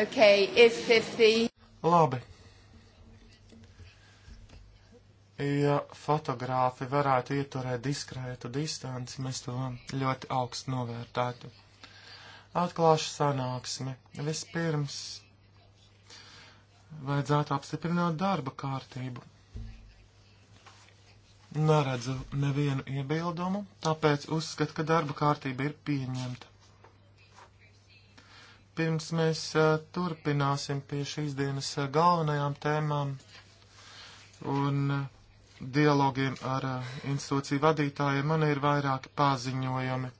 Okay, if, if the... Labi. Ja fotogrāfi varētu ieturēt diskrētu distanci, mēs to ļoti augstu novērtētu. Atklāšu sanāksmi. Vispirms vajadzētu apstiprināt darba kārtību. Neredzu nevienu iebildumu, tāpēc uzskatu, ka darba kārtība ir pieņemta. Pirms mēs turpināsim pie šīs dienas galvenajām tēmām un dialogiem ar institūciju vadītājiem, man ir vairāki paziņojumi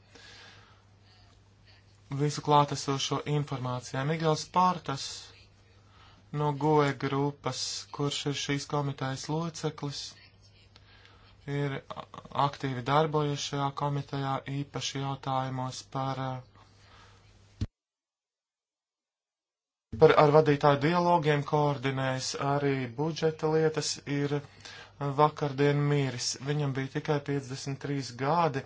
visu klātesošo informācijā. Migels Pārtas no GOE grupas, kurš ir šīs komitejas loceklis, ir aktīvi darbojušajā komitejā īpaši jautājumos par uh, Par ar vadītāju dialogiem koordinējas arī budžeta lietas ir eh, vakardien mīris. Viņam bija tikai 53 gadi,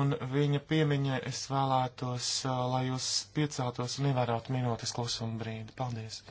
un viņa piemiņai es vēlētos, eh, lai jūs pieceltos un ievērot minūtes klusuma brīdi. Paldies!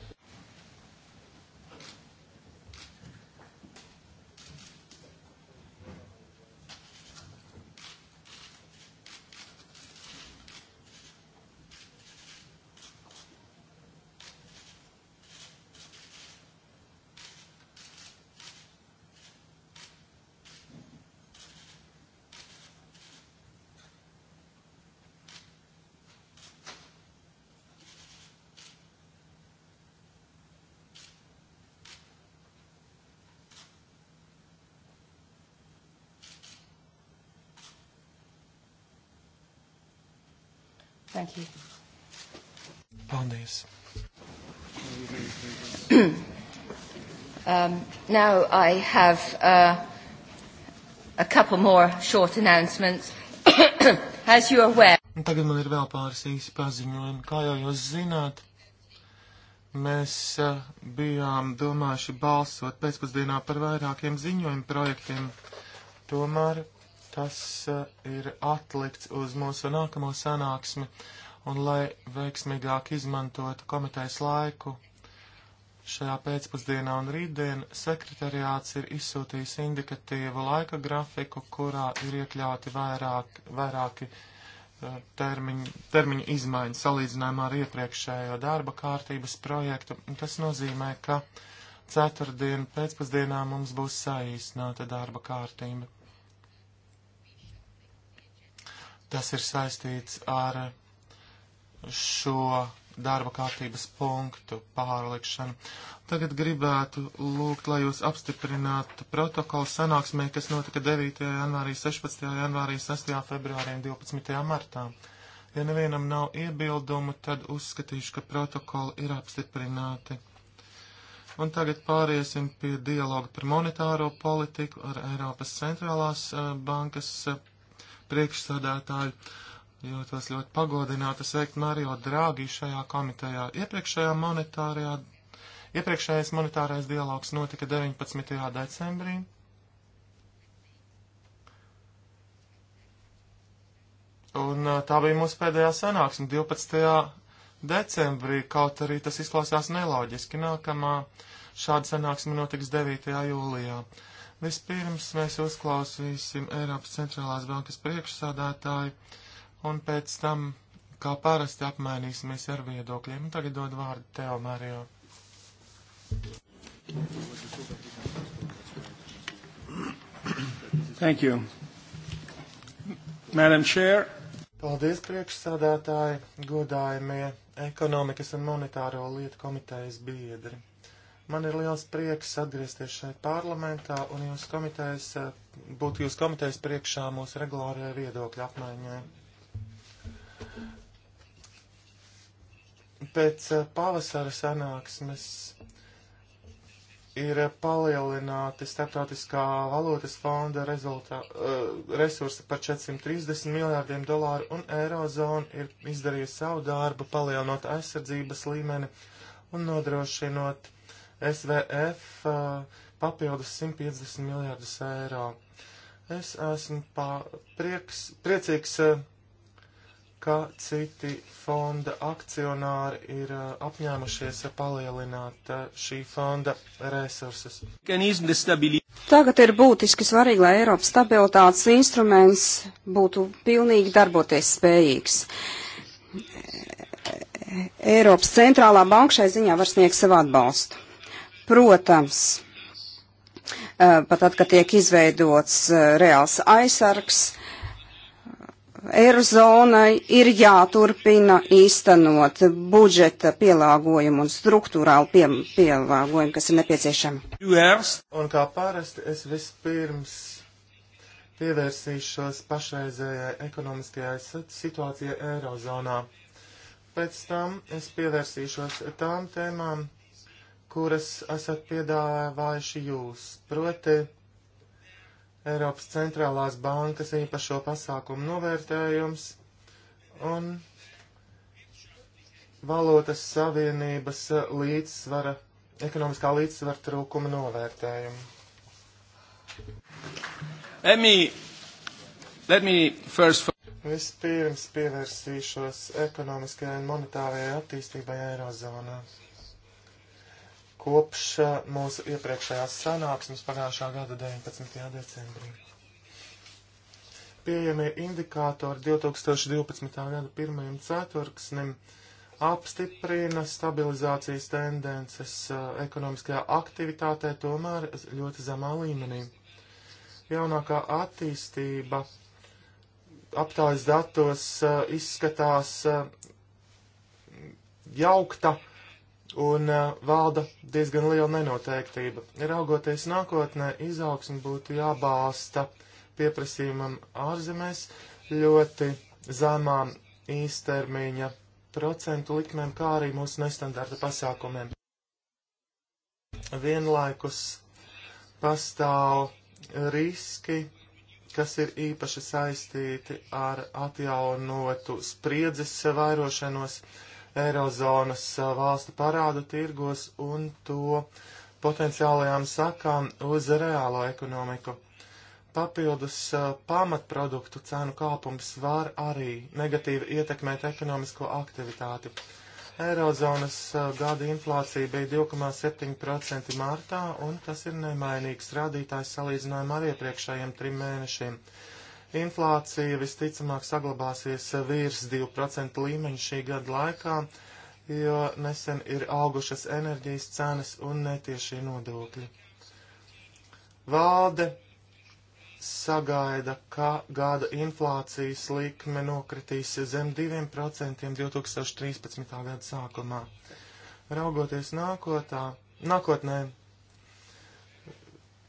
now I have uh, a couple more short announcements. As you are aware. Un tagad man ir vēl pāris īsi paziņojumi. Kā jau jūs zināt, mēs uh, bijām domājuši balsot pēcpusdienā par vairākiem ziņojumu projektiem. Tomēr tas uh, ir atlikts uz mūsu nākamo sanāksmi, un lai veiksmīgāk izmantotu komitejas laiku, Šajā pēcpusdienā un rītdien sekretariāts ir izsūtījis indikatīvu laika grafiku, kurā ir iekļauti vairāk, vairāki eh, termiņu, termiņu izmaiņu salīdzinājumā ar iepriekšējo darba kārtības projektu. Tas nozīmē, ka ceturtdien pēcpusdienā mums būs saīsnāta darba kārtība. Tas ir saistīts ar šo darba kārtības punktu pārlikšanu. Tagad gribētu lūgt, lai jūs apstiprinātu protokolu sanāksmē, kas notika 9. janvārī, 16. janvārī, 6. februārī un 12. martā. Ja nevienam nav iebildumu, tad uzskatīšu, ka protokoli ir apstiprināti. Un tagad pāriesim pie dialoga par monetāro politiku ar Eiropas centrālās eh, bankas eh, priekšsādātāju jūtos ļoti pagodināta sveikt Mario Draghi šajā komitejā. Iepriekšējā monetārajā, iepriekšējais monetārais dialogs notika 19. decembrī. Un tā bija mūsu pēdējā sanāksme 12. decembrī, kaut arī tas izklausās neloģiski. Nākamā šāda sanāksme notiks 9. jūlijā. Vispirms mēs uzklausīsim Eiropas centrālās bankas priekšsādātāju un pēc tam, kā parasti, apmainīsimies ar viedokļiem. Tagad dod vārdu tev, Mario. Thank you. Madam Chair. Paldies, priekšsādātāji, godājumie ekonomikas un monetāro lietu komitejas biedri. Man ir liels prieks atgriezties šeit parlamentā un jūs komitejas, būt jūs komitejas priekšā mūsu regulārajai viedokļa apmaiņai. pēc eh, pavasara sanāksmes ir palielināti starptautiskā valūtas fonda rezultā, uh, resursi par 430 miljārdiem dolāru, un Eirozona ir izdarījusi savu darbu, palielinot aizsardzības līmeni un nodrošinot SVF uh, eh, papildus 150 miljārdus eiro. Es esmu pā, prieks, priecīgs. Uh, ka citi fonda akcionāri ir uh, apņēmušies palielināt uh, šī fonda resursus. Tagad ir būtiski svarīgi, lai Eiropas stabilitātes instruments būtu pilnīgi darboties spējīgs. Eiropas centrālā banka šai ziņā var sniegt savu atbalstu. Protams, uh, pat tad, kad tiek izveidots reāls aizsargs, Eirozonai ir jāturpina īstenot budžeta pielāgojumu un struktūrālu pie, pielāgojumu, kas ir nepieciešami. Un kā parasti es vispirms pievērsīšos pašreizējai ekonomiskajai situācijai Eirozonā. Pēc tam es pievērsīšos tām tēmām, kuras esat piedāvājuši jūs, proti Eiropas centrālās bankas īpašo pasākumu novērtējums un valūtas savienības līdzsvara, ekonomiskā līdzsvara trūkuma novērtējumu. Let me, let me first... Vispirms pievērsīšos ekonomiskajai un monetārajai attīstībai Eirozonā kopš mūsu iepriekšējās sanāksmes pagājušā gada 19. decembrī. Pieejamie indikātori 2012. gada 1. ceturksnim apstiprina stabilizācijas tendences ekonomiskajā aktivitātē, tomēr ļoti zemā līmenī. Jaunākā attīstība aptājas datos izskatās jaukta un uh, valda diezgan liela nenoteiktība. Raugoties nākotnē, izaugsmi būtu jābāsta pieprasījumam ārzemēs ļoti zemām īstermiņa procentu likmēm, kā arī mūsu nestandarta pasākumiem. Vienlaikus pastāv riski, kas ir īpaši saistīti ar atjaunotu spriedzes vairošanos, uh, Eirozonas valstu parādu tirgos un to potenciālajām sakām uz reālo ekonomiku. Papildus pamatproduktu cenu kāpums var arī negatīvi ietekmēt ekonomisko aktivitāti. Eirozonas gada inflācija bija 2,7% martā, un tas ir nemainīgs rādītājs salīdzinājumā ar iepriekšējiem trim mēnešiem. Inflācija visticamāk saglabāsies virs 2% līmeņa šī gada laikā, jo nesen ir augušas enerģijas cenas un netiešie nodokļi. Valde sagaida, ka gada inflācijas likme nokritīs zem 2% 2013. gada sākumā. Raugoties nākotā, nākotnē,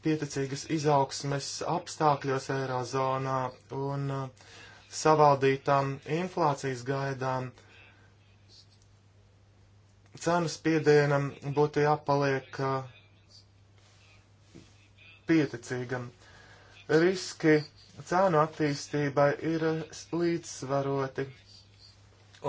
pieticīgas izaugsmes apstākļos Eirozonā un uh, savaldītām inflācijas gaidām cenu spiedienam būtu jāpaliek uh, pieticīgam. Riski cēnu attīstībai ir uh, līdzsvaroti,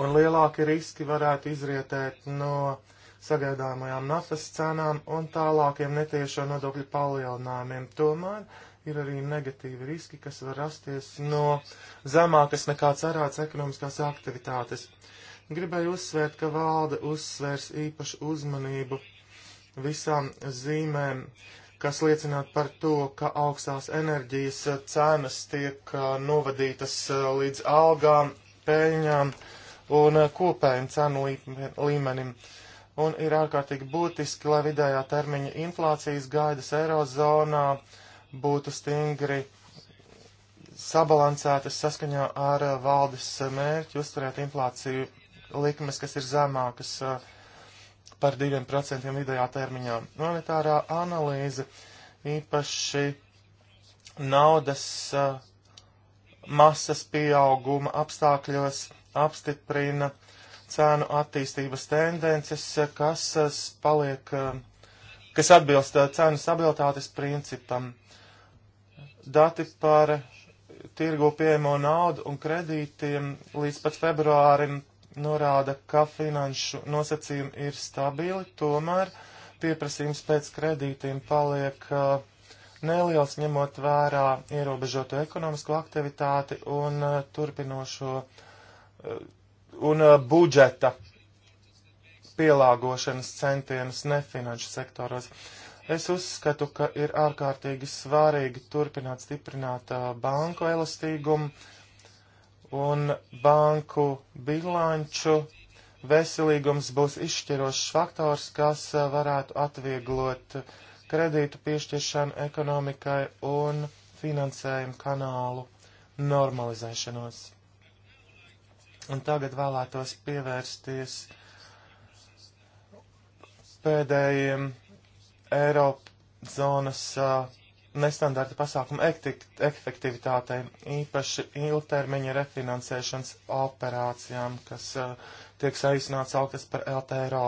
un lielāki riski varētu izrietēt no uh, sagaidāmajām naftas cenām un tālākiem netiešo nodokļu palielinājumiem. Tomēr ir arī negatīvi riski, kas var rasties no zemākas nekā cerēts ekonomiskās aktivitātes. Gribēju uzsvērt, ka valde uzsvērs īpašu uzmanību visām zīmēm, kas liecinātu par to, ka augstās enerģijas cenas tiek uh, novadītas uh, līdz algām, peļņām un uh, kopējiem cenu līmenim. Lī un ir ārkārtīgi būtiski, lai vidējā termiņa inflācijas gaidas eirozonā būtu stingri sabalansētas saskaņā ar eh, valdes eh, mērķi uzturēt inflāciju likmes, kas ir zemākas eh, par 2% vidējā termiņā. Monetārā analīze īpaši naudas masas pieauguma apstākļos apstiprina uh, cēnu attīstības tendences, kas eh, paliek, eh, kas atbilst eh, cēnu stabilitātes principam. Dati par tirgu pieejamo naudu un kredītiem līdz pat februārim norāda, ka finanšu nosacījumi ir stabili, tomēr pieprasījums pēc kredītiem paliek uh, neliels, ņemot vērā ierobežoto ekonomisko aktivitāti un uh, turpinošo uh, un uh, budžeta pielāgošanas centienus nefinanšu sektoros. Es uzskatu, ka ir ārkārtīgi svarīgi turpināt stiprināt uh, banku elastīgumu un banku bilanču veselīgums būs izšķirošs faktors, kas uh, varētu atvieglot kredītu piešķiršanu ekonomikai un finansējumu kanālu normalizēšanos. Un tagad vēlētos pievērsties pēdējiem Eiropas zonas uh, nestandarta pasākumu efektivitātei, īpaši ilgtermiņa refinansēšanas operācijām, kas uh, tiek saīsināts augtas par LTRO.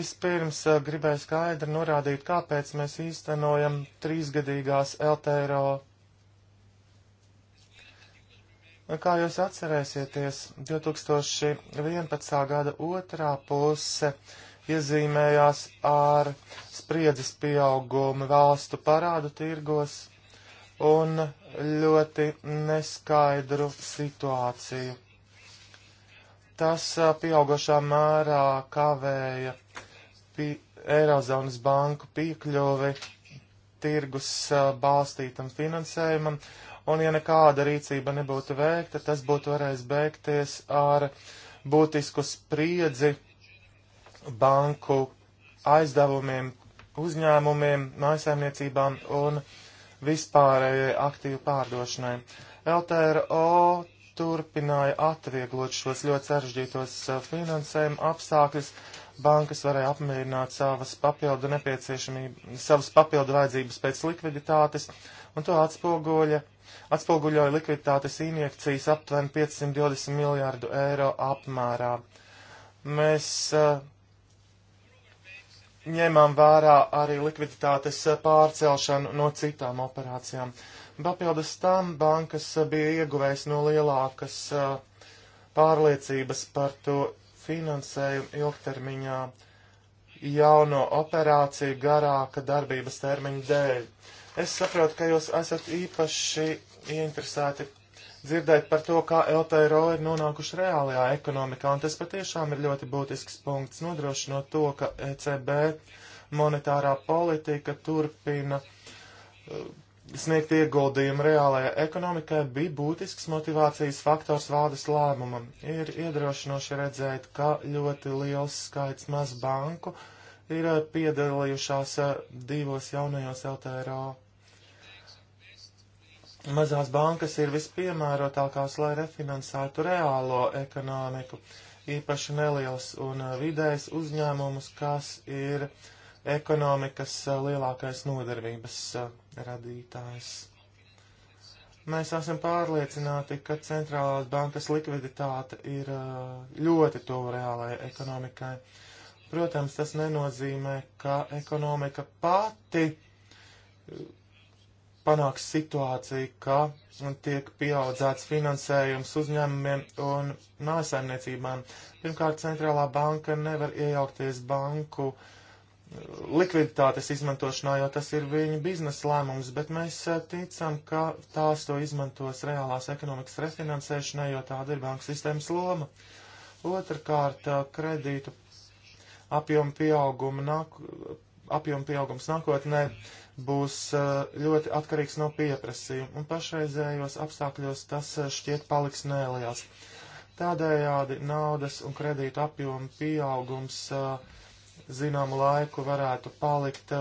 Vispirms uh, gribēju skaidri norādīt, kāpēc mēs īstenojam trīsgadīgās LTRO Kā jūs atcerēsieties, 2011. gada otrā puse iezīmējās ar spriedzes pieaugumu valstu parādu tirgos un ļoti neskaidru situāciju. Tas pieaugošā mērā kavēja pi Eirozonas banku piekļuvi tirgus balstītam finansējumam un ja nekāda rīcība nebūtu veikta, tas būtu varējis beigties ar būtisku spriedzi banku aizdevumiem, uzņēmumiem, mājasēmniecībām un vispārējai aktīvu pārdošanai. LTRO turpināja atvieglot šos ļoti sarežģītos eh, finansējuma apstākļus. Bankas varēja apmierināt savas papildu nepieciešamības, savas papildu vajadzības pēc likviditātes, un to atspoguļa atspoguļoja likviditātes injekcijas aptuveni 520 miljārdu eiro apmērā. Mēs uh, eh, ņēmām vērā arī likviditātes eh, pārcelšanu no citām operācijām. Papildus tam bankas eh, bija ieguvējis no lielākas uh, pārliecības par to finansējumu ilgtermiņā jauno operāciju garāka darbības termiņa dēļ. Uh, Es saprotu, ka jūs esat īpaši ieinteresēti dzirdēt par to, kā LTRO ir nonākuši reālajā ekonomikā, un tas patiešām ir ļoti būtisks punkts, nodrošinot to, ka ECB monetārā politika turpina uh, sniegt ieguldījumu reālajai ekonomikai bija būtisks motivācijas faktors valdes lēmumam. Ir iedrošinoši redzēt, ka ļoti liels skaits maz banku ir uh, piedalījušās uh, divos jaunajos LTRO Mazās bankas ir vispiemērotākās, lai refinansētu reālo ekonomiku, īpaši neliels un vidējs uzņēmumus, kas ir ekonomikas lielākais nodarbības radītājs. Mēs esam pārliecināti, ka centrālās bankas likviditāte ir ļoti tuvu reālajai ekonomikai. Protams, tas nenozīmē, ka ekonomika pati panāks situācija, ka tiek pieaudzēts finansējums uzņēmumiem un mājasaimniecībām. Pirmkārt, centrālā banka nevar iejaukties banku likviditātes izmantošanā, jo tas ir viņu biznesa lēmums, bet mēs eh, ticam, ka tās to izmantos reālās ekonomikas refinansēšanai, jo tāda ir banka sistēmas loma. Otrakārt, eh, kredītu apjomu pieauguma nāk, apjomu pieaugums nākotnē būs eh, ļoti atkarīgs no pieprasījuma, un pašreizējos apstākļos tas eh, šķiet paliks neliels. Tādējādi naudas un kredītu apjoma pieaugums eh, zināmu laiku varētu palikt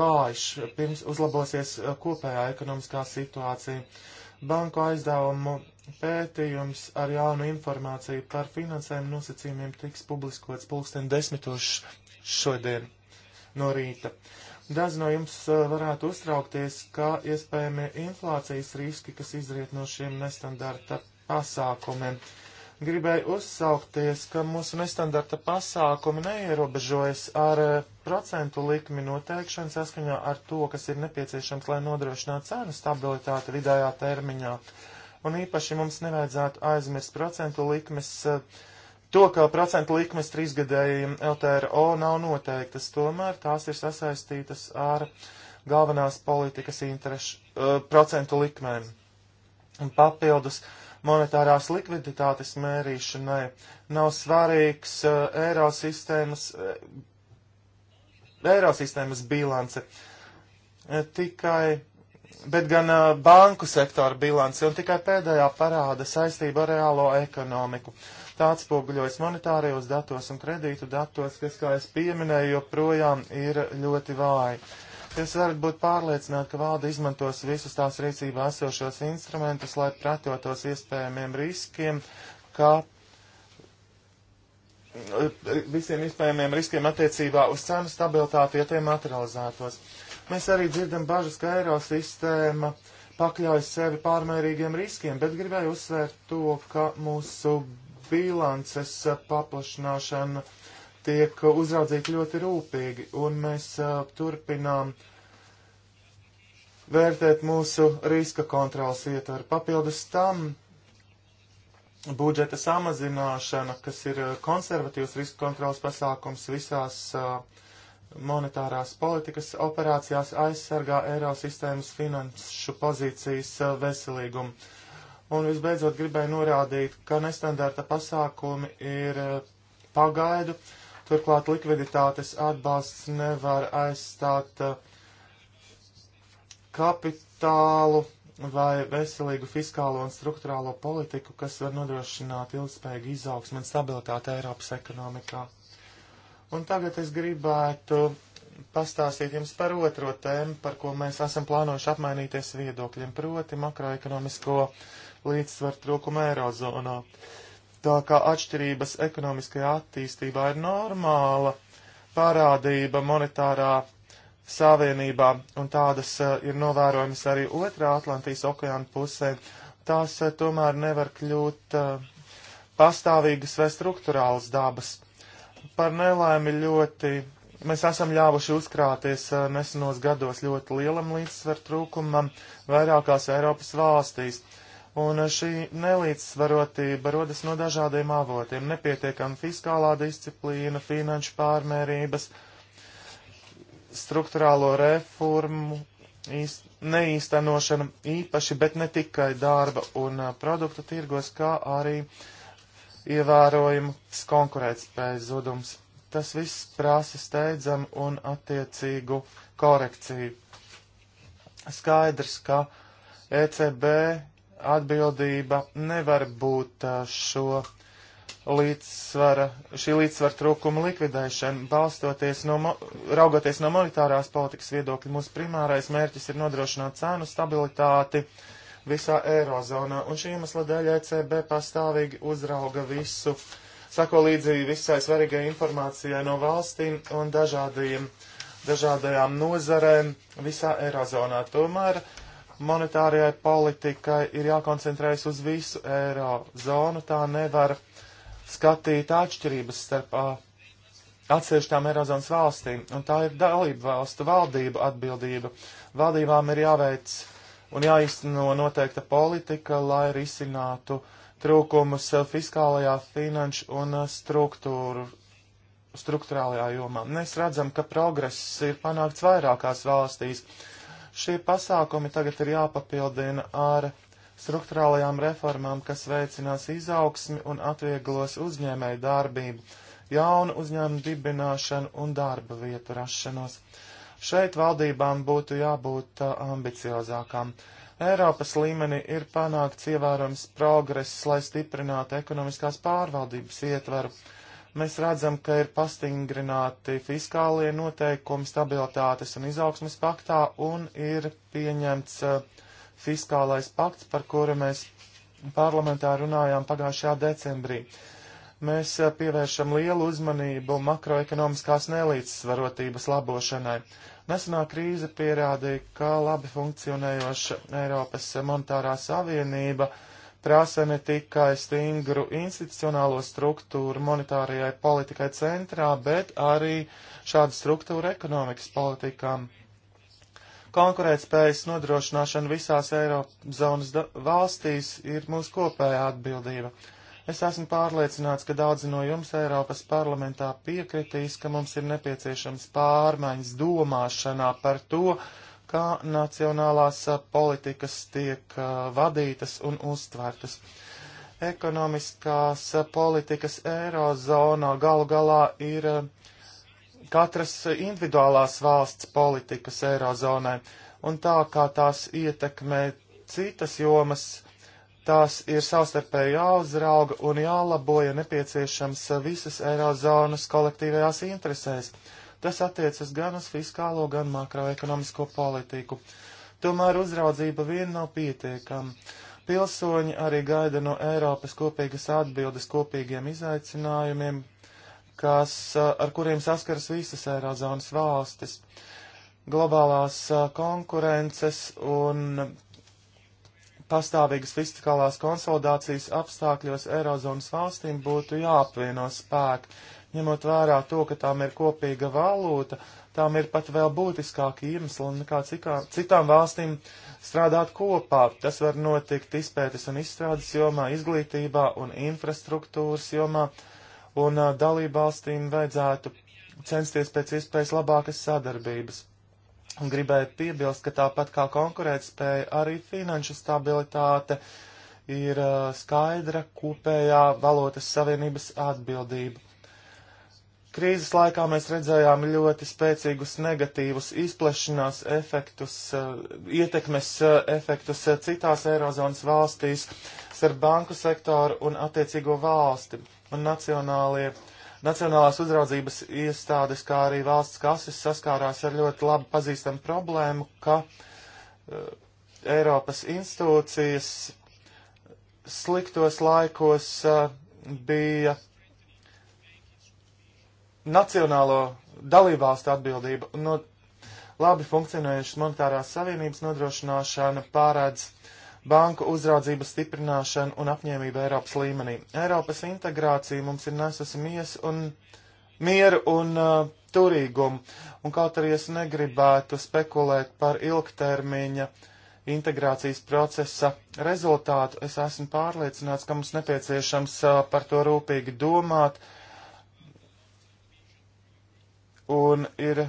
vājš, pirms uzlabosies kopējā ekonomiskā situācija. Banku aizdevumu pētījums ar jaunu informāciju par finansējumu nosacījumiem tiks publiskots pulksten desmitos šodien no rīta. Daži no jums eh, varētu uztraukties, kā iespējamie inflācijas riski, kas izriet no šiem nestandarta pasākumiem. Gribēju uzsaukties, ka mūsu nestandarta pasākumi neierobežojas ar eh, procentu likmi noteikšanu saskaņā ar to, kas ir nepieciešams, lai nodrošinātu cenu stabilitāti vidējā termiņā. Un īpaši mums nevajadzētu aizmirst procentu likmes uh, To, ka procentu likmes trīsgadējiem LTRO nav noteiktas, tomēr tās ir sasaistītas ar galvenās politikas interešu uh, procentu likmēm. Un papildus monetārās likviditātes mērīšanai nav svarīgs uh, eirosistēmas, uh, eirosistēmas bilance, uh, tikai, bet gan uh, banku sektora bilance un tikai pēdējā parāda saistība ar reālo ekonomiku. Uh, Tāds spoguļojas monetārajos datos un kredītu datos, kas, kā es pieminēju, joprojām ir ļoti vāji. Jūs varat būt pārliecināti, ka valde izmantos visus tās rīcībā esošos instrumentus, lai pretotos iespējamiem riskiem, kā visiem iespējamiem riskiem attiecībā uz cenu stabilitāti, ja tie materializētos. Mēs arī dzirdam bažas, ka eiro sistēma pakļaujas sevi pārmērīgiem riskiem, bet gribēju uzsvērt to, ka mūsu bilances eh, paplašināšana tiek uzraudzīta ļoti rūpīgi, un mēs eh, turpinām vērtēt mūsu riska kontrols ietvaru. Papildus tam budžeta samazināšana, kas ir eh, konservatīvs riska kontrols pasākums visās monetārās politikas operācijās, aizsargā Eirosistēmas finanšu pozīcijas veselīgumu Un visbeidzot gribēju norādīt, ka nestandarta pasākumi ir eh, pagaidu, turklāt likviditātes atbalsts nevar aizstāt eh, kapitālu vai veselīgu fiskālo un struktūrālo politiku, kas var nodrošināt ilgspējīgu izaugsmu un stabilitāti Eiropas ekonomikā. Un tagad es gribētu pastāstīt jums par otro tēmu, par ko mēs esam plānojuši apmainīties viedokļiem, proti makroekonomisko uh, līdzsvaru trūkumu Eirozonā. Tā kā atšķirības ekonomiskajā attīstībā ir normāla parādība monetārā savienībā, un tādas uh, ir novērojamas arī otrā Atlantijas okeāna pusē, tās uh, tomēr nevar kļūt uh, pastāvīgas vai struktūrāls dabas. Par nelaimi ļoti mēs esam ļāvuši uzkrāties nesenos gados ļoti lielam līdzsver trūkumam vairākās Eiropas valstīs. Un šī nelīdzsvarotība rodas no dažādiem avotiem - nepietiekama fiskālā disciplīna, finanšu pārmērības, struktūrālo reformu īst, neīstenošana īpaši, bet ne tikai darba un produktu tirgos, kā arī ievērojams konkurētspējas zudums. Tas viss prasa steidzamu un attiecīgu korekciju. Skaidrs, ka ECB atbildība nevar būt uh, šo līdzsvara, šī līdzsvara trūkuma likvidēšana, balstoties no, raugoties no monetārās politikas viedokļa. Mūsu primārais mērķis ir nodrošināt cēnu stabilitāti visā Eirozonā, un šī iemesla dēļ ECB pastāvīgi uzrauga visu, sako līdzi visai svarīgai informācijai no valstīm un dažādajiem, dažādajām nozarēm visā Eirozonā. Tomēr uh, monetārajai politikai ir jākoncentrējas uz visu eirozonu. Tā nevar skatīt atšķirības starp atsevišķām Eirozonas valstīm, un tā ir dalību valstu valdību atbildība. Valdībām ir jāveic un jāizteno noteikta politika, lai risinātu trūkumus fiskālajā, finanšu un struktūru, struktūrālajā jomā. Mēs redzam, ka progress ir panākts vairākās valstīs. Uh, Šie pasākumi tagad ir jāpapildina ar struktūrālajām reformām, kas veicinās izaugsmi un atvieglos uzņēmēju darbību, jaunu uzņēmumu dibināšanu un darba vietu rašanos. Šeit valdībām būtu jābūt uh, ambiciozākām. Eiropas līmenī ir panākts ievērojams progress, lai stiprinātu ekonomiskās pārvaldības ietveru mēs redzam, ka ir pastingrināti fiskālie noteikumi stabilitātes un izaugsmes paktā un ir pieņemts uh, fiskālais pakts, par kuru mēs parlamentā runājām pagājušajā decembrī. Mēs uh, pievēršam lielu uzmanību makroekonomiskās nelīdzsvarotības labošanai. Nesenā krīze pierādīja, ka labi funkcionējoša Eiropas monetārā savienība uh, prasa ne tikai stingru institucionālo struktūru monetārajai politikai centrā, bet arī šādu struktūru ekonomikas politikām. Konkurētspējas nodrošināšana visās Eirozonas valstīs ir mūsu kopējā atbildība. Es esmu pārliecināts, ka daudzi no jums Eiropas parlamentā piekritīs, ka mums ir nepieciešams pārmaiņas domāšanā par to, uh, kā nacionālās politikas tiek vadītas un uztvertas. Ekonomiskās politikas eirozonā galu galā ir katras individuālās valsts politikas eirozonai, un tā kā tās ietekmē citas jomas, tās ir savstarpēji jāuzrauga un jālabo, ja nepieciešams, visas eirozonas kolektīvajās interesēs. Tas attiecas gan uz fiskālo, gan makroekonomisko politiku. Tomēr uzraudzība vien nav pietiekama. Pilsoņi arī gaida no Eiropas kopīgas atbildes kopīgiem izaicinājumiem, kas, ar kuriem saskaras visas Eirozonas valstis. Globālās konkurences un pastāvīgas fiskālās konsolidācijas apstākļos Eirozonas valstīm būtu jāapvieno spēki. Ņemot vērā to, ka tām ir kopīga valūta, tām ir pat vēl būtiskāki iemesli nekā cikā, citām valstīm strādāt kopā. Tas var notikt izpētes un izstrādes jomā, izglītībā un infrastruktūras jomā, un uh, dalībvalstīm vajadzētu censties pēc iespējas labākas sadarbības. Un gribēju piebilst, ka tāpat kā konkurētspēja, arī finanšu stabilitāte ir uh, skaidra kopējā valotas savienības atbildība. Krīzes laikā mēs redzējām ļoti spēcīgus negatīvus izplešanās efektus, eh, ietekmes eh, efektus eh, citās Eirozonas valstīs starp banku sektoru un attiecīgo valsti un nacionālie. Nacionālās uzraudzības iestādes, kā arī valsts kases saskārās ar ļoti labi pazīstamu problēmu, ka uh, Eiropas institūcijas sliktos laikos uh, bija nacionālo dalībvalstu atbildību. No nu, labi funkcionējušas monetārās savienības nodrošināšana pārēdz banku uzraudzības stiprināšanu un apņēmību Eiropas līmenī. Eiropas integrācija mums ir nesusi mies un mieru un uh, turīgumu, un kaut arī es negribētu spekulēt par ilgtermiņa integrācijas procesa rezultātu, es esmu pārliecināts, ka mums nepieciešams uh, par to rūpīgi domāt, uh, un ir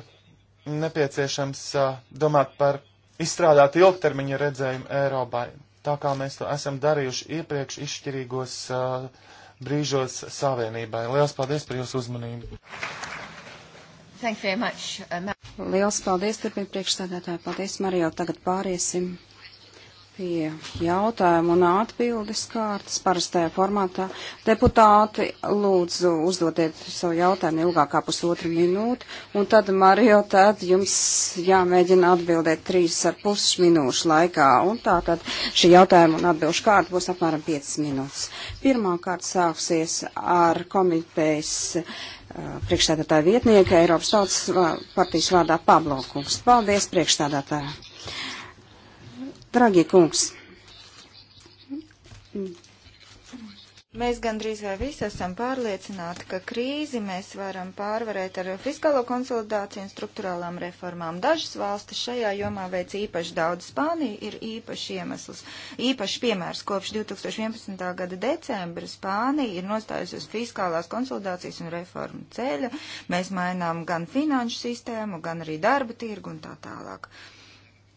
nepieciešams uh, domāt par izstrādāt ilgtermiņa redzējumu Eiropai, tā kā mēs to esam darījuši iepriekš izšķirīgos uh, brīžos Savienībai. Lielas paldies par jūsu uzmanību! Uh, Liels paldies, turpina priekšstādātāji. Paldies, Marijo. Tagad pāriesim pie jautājumu un atbildes kārtas parastajā formātā. Deputāti, lūdzu, uzdodiet savu jautājumu ilgākā pusotru minūti, un tad, Mario, tad jums jāmēģina atbildēt trīs ar pus minūšu laikā, un tā tad šī jautājuma un atbilšu kārta būs apmēram 5 minūtes. Pirmā kārta sāksies ar komitejas uh, priekšstādātāja vietnieka Eiropas tautas partijas vārdā Pablo Kungs. Paldies, priekšstādātāja! Dragie kungs! Mēs gandrīz vai visi esam pārliecināti, ka krīzi mēs varam pārvarēt ar fiskālo konsolidāciju un struktūrālām reformām. Dažas valstis šajā jomā veic īpaši daudz. Spānija ir īpaši iemesls. Īpaši piemērs kopš 2011. gada decembra Spānija ir nostājusi uz fiskālās konsolidācijas un reformu ceļa. Mēs mainām gan finanšu sistēmu, gan arī darba tirgu un tā tālāk. Uh,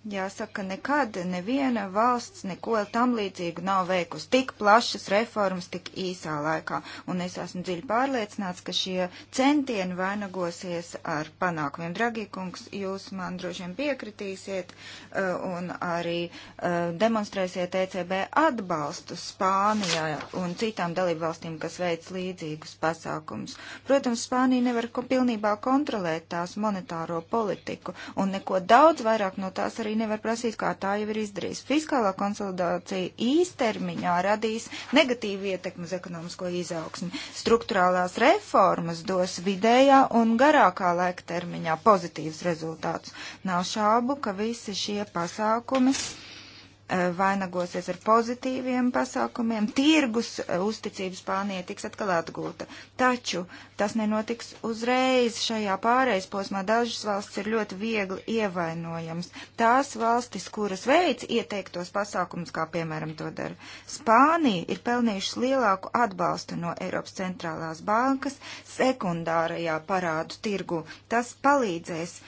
Jāsaka, nekad neviena valsts neko tam līdzīgu nav veikusi. Tik plašas reformas tik īsā laikā. Un es esmu dziļi pārliecināts, ka šie centieni vainagosies ar panākumiem. Dragīkungs, jūs man droši vien piekritīsiet uh, un arī uh, demonstrēsiet ECB atbalstu Spānijā un citām dalību valstīm, kas veic līdzīgus pasākumus. Protams, Spānija nevar ko pilnībā kontrolēt tās monetāro politiku un neko daudz vairāk no tās arī arī nevar prasīt, kā tā jau ir izdarījusi. Fiskālā konsolidācija īstermiņā radīs negatīvu ietekmi uz ekonomisko izaugsmi. Struktūrālās reformas dos vidējā un garākā laika termiņā pozitīvs rezultāts. Nav šābu, ka visi šie pasākumi eh, vainagosies ar pozitīviem pasākumiem, tirgus eh, uzticības pārnie tiks atkal atgūta. Taču Tas nenotiks uzreiz šajā pārejas posmā. Dažas valstis ir ļoti viegli ievainojams. Tās valstis, kuras veids ieteiktos pasākumus, kā piemēram to dara Spānija, ir pelnījušas lielāku atbalstu no Eiropas centrālās bankas sekundārajā parādu tirgu. Tas palīdzēs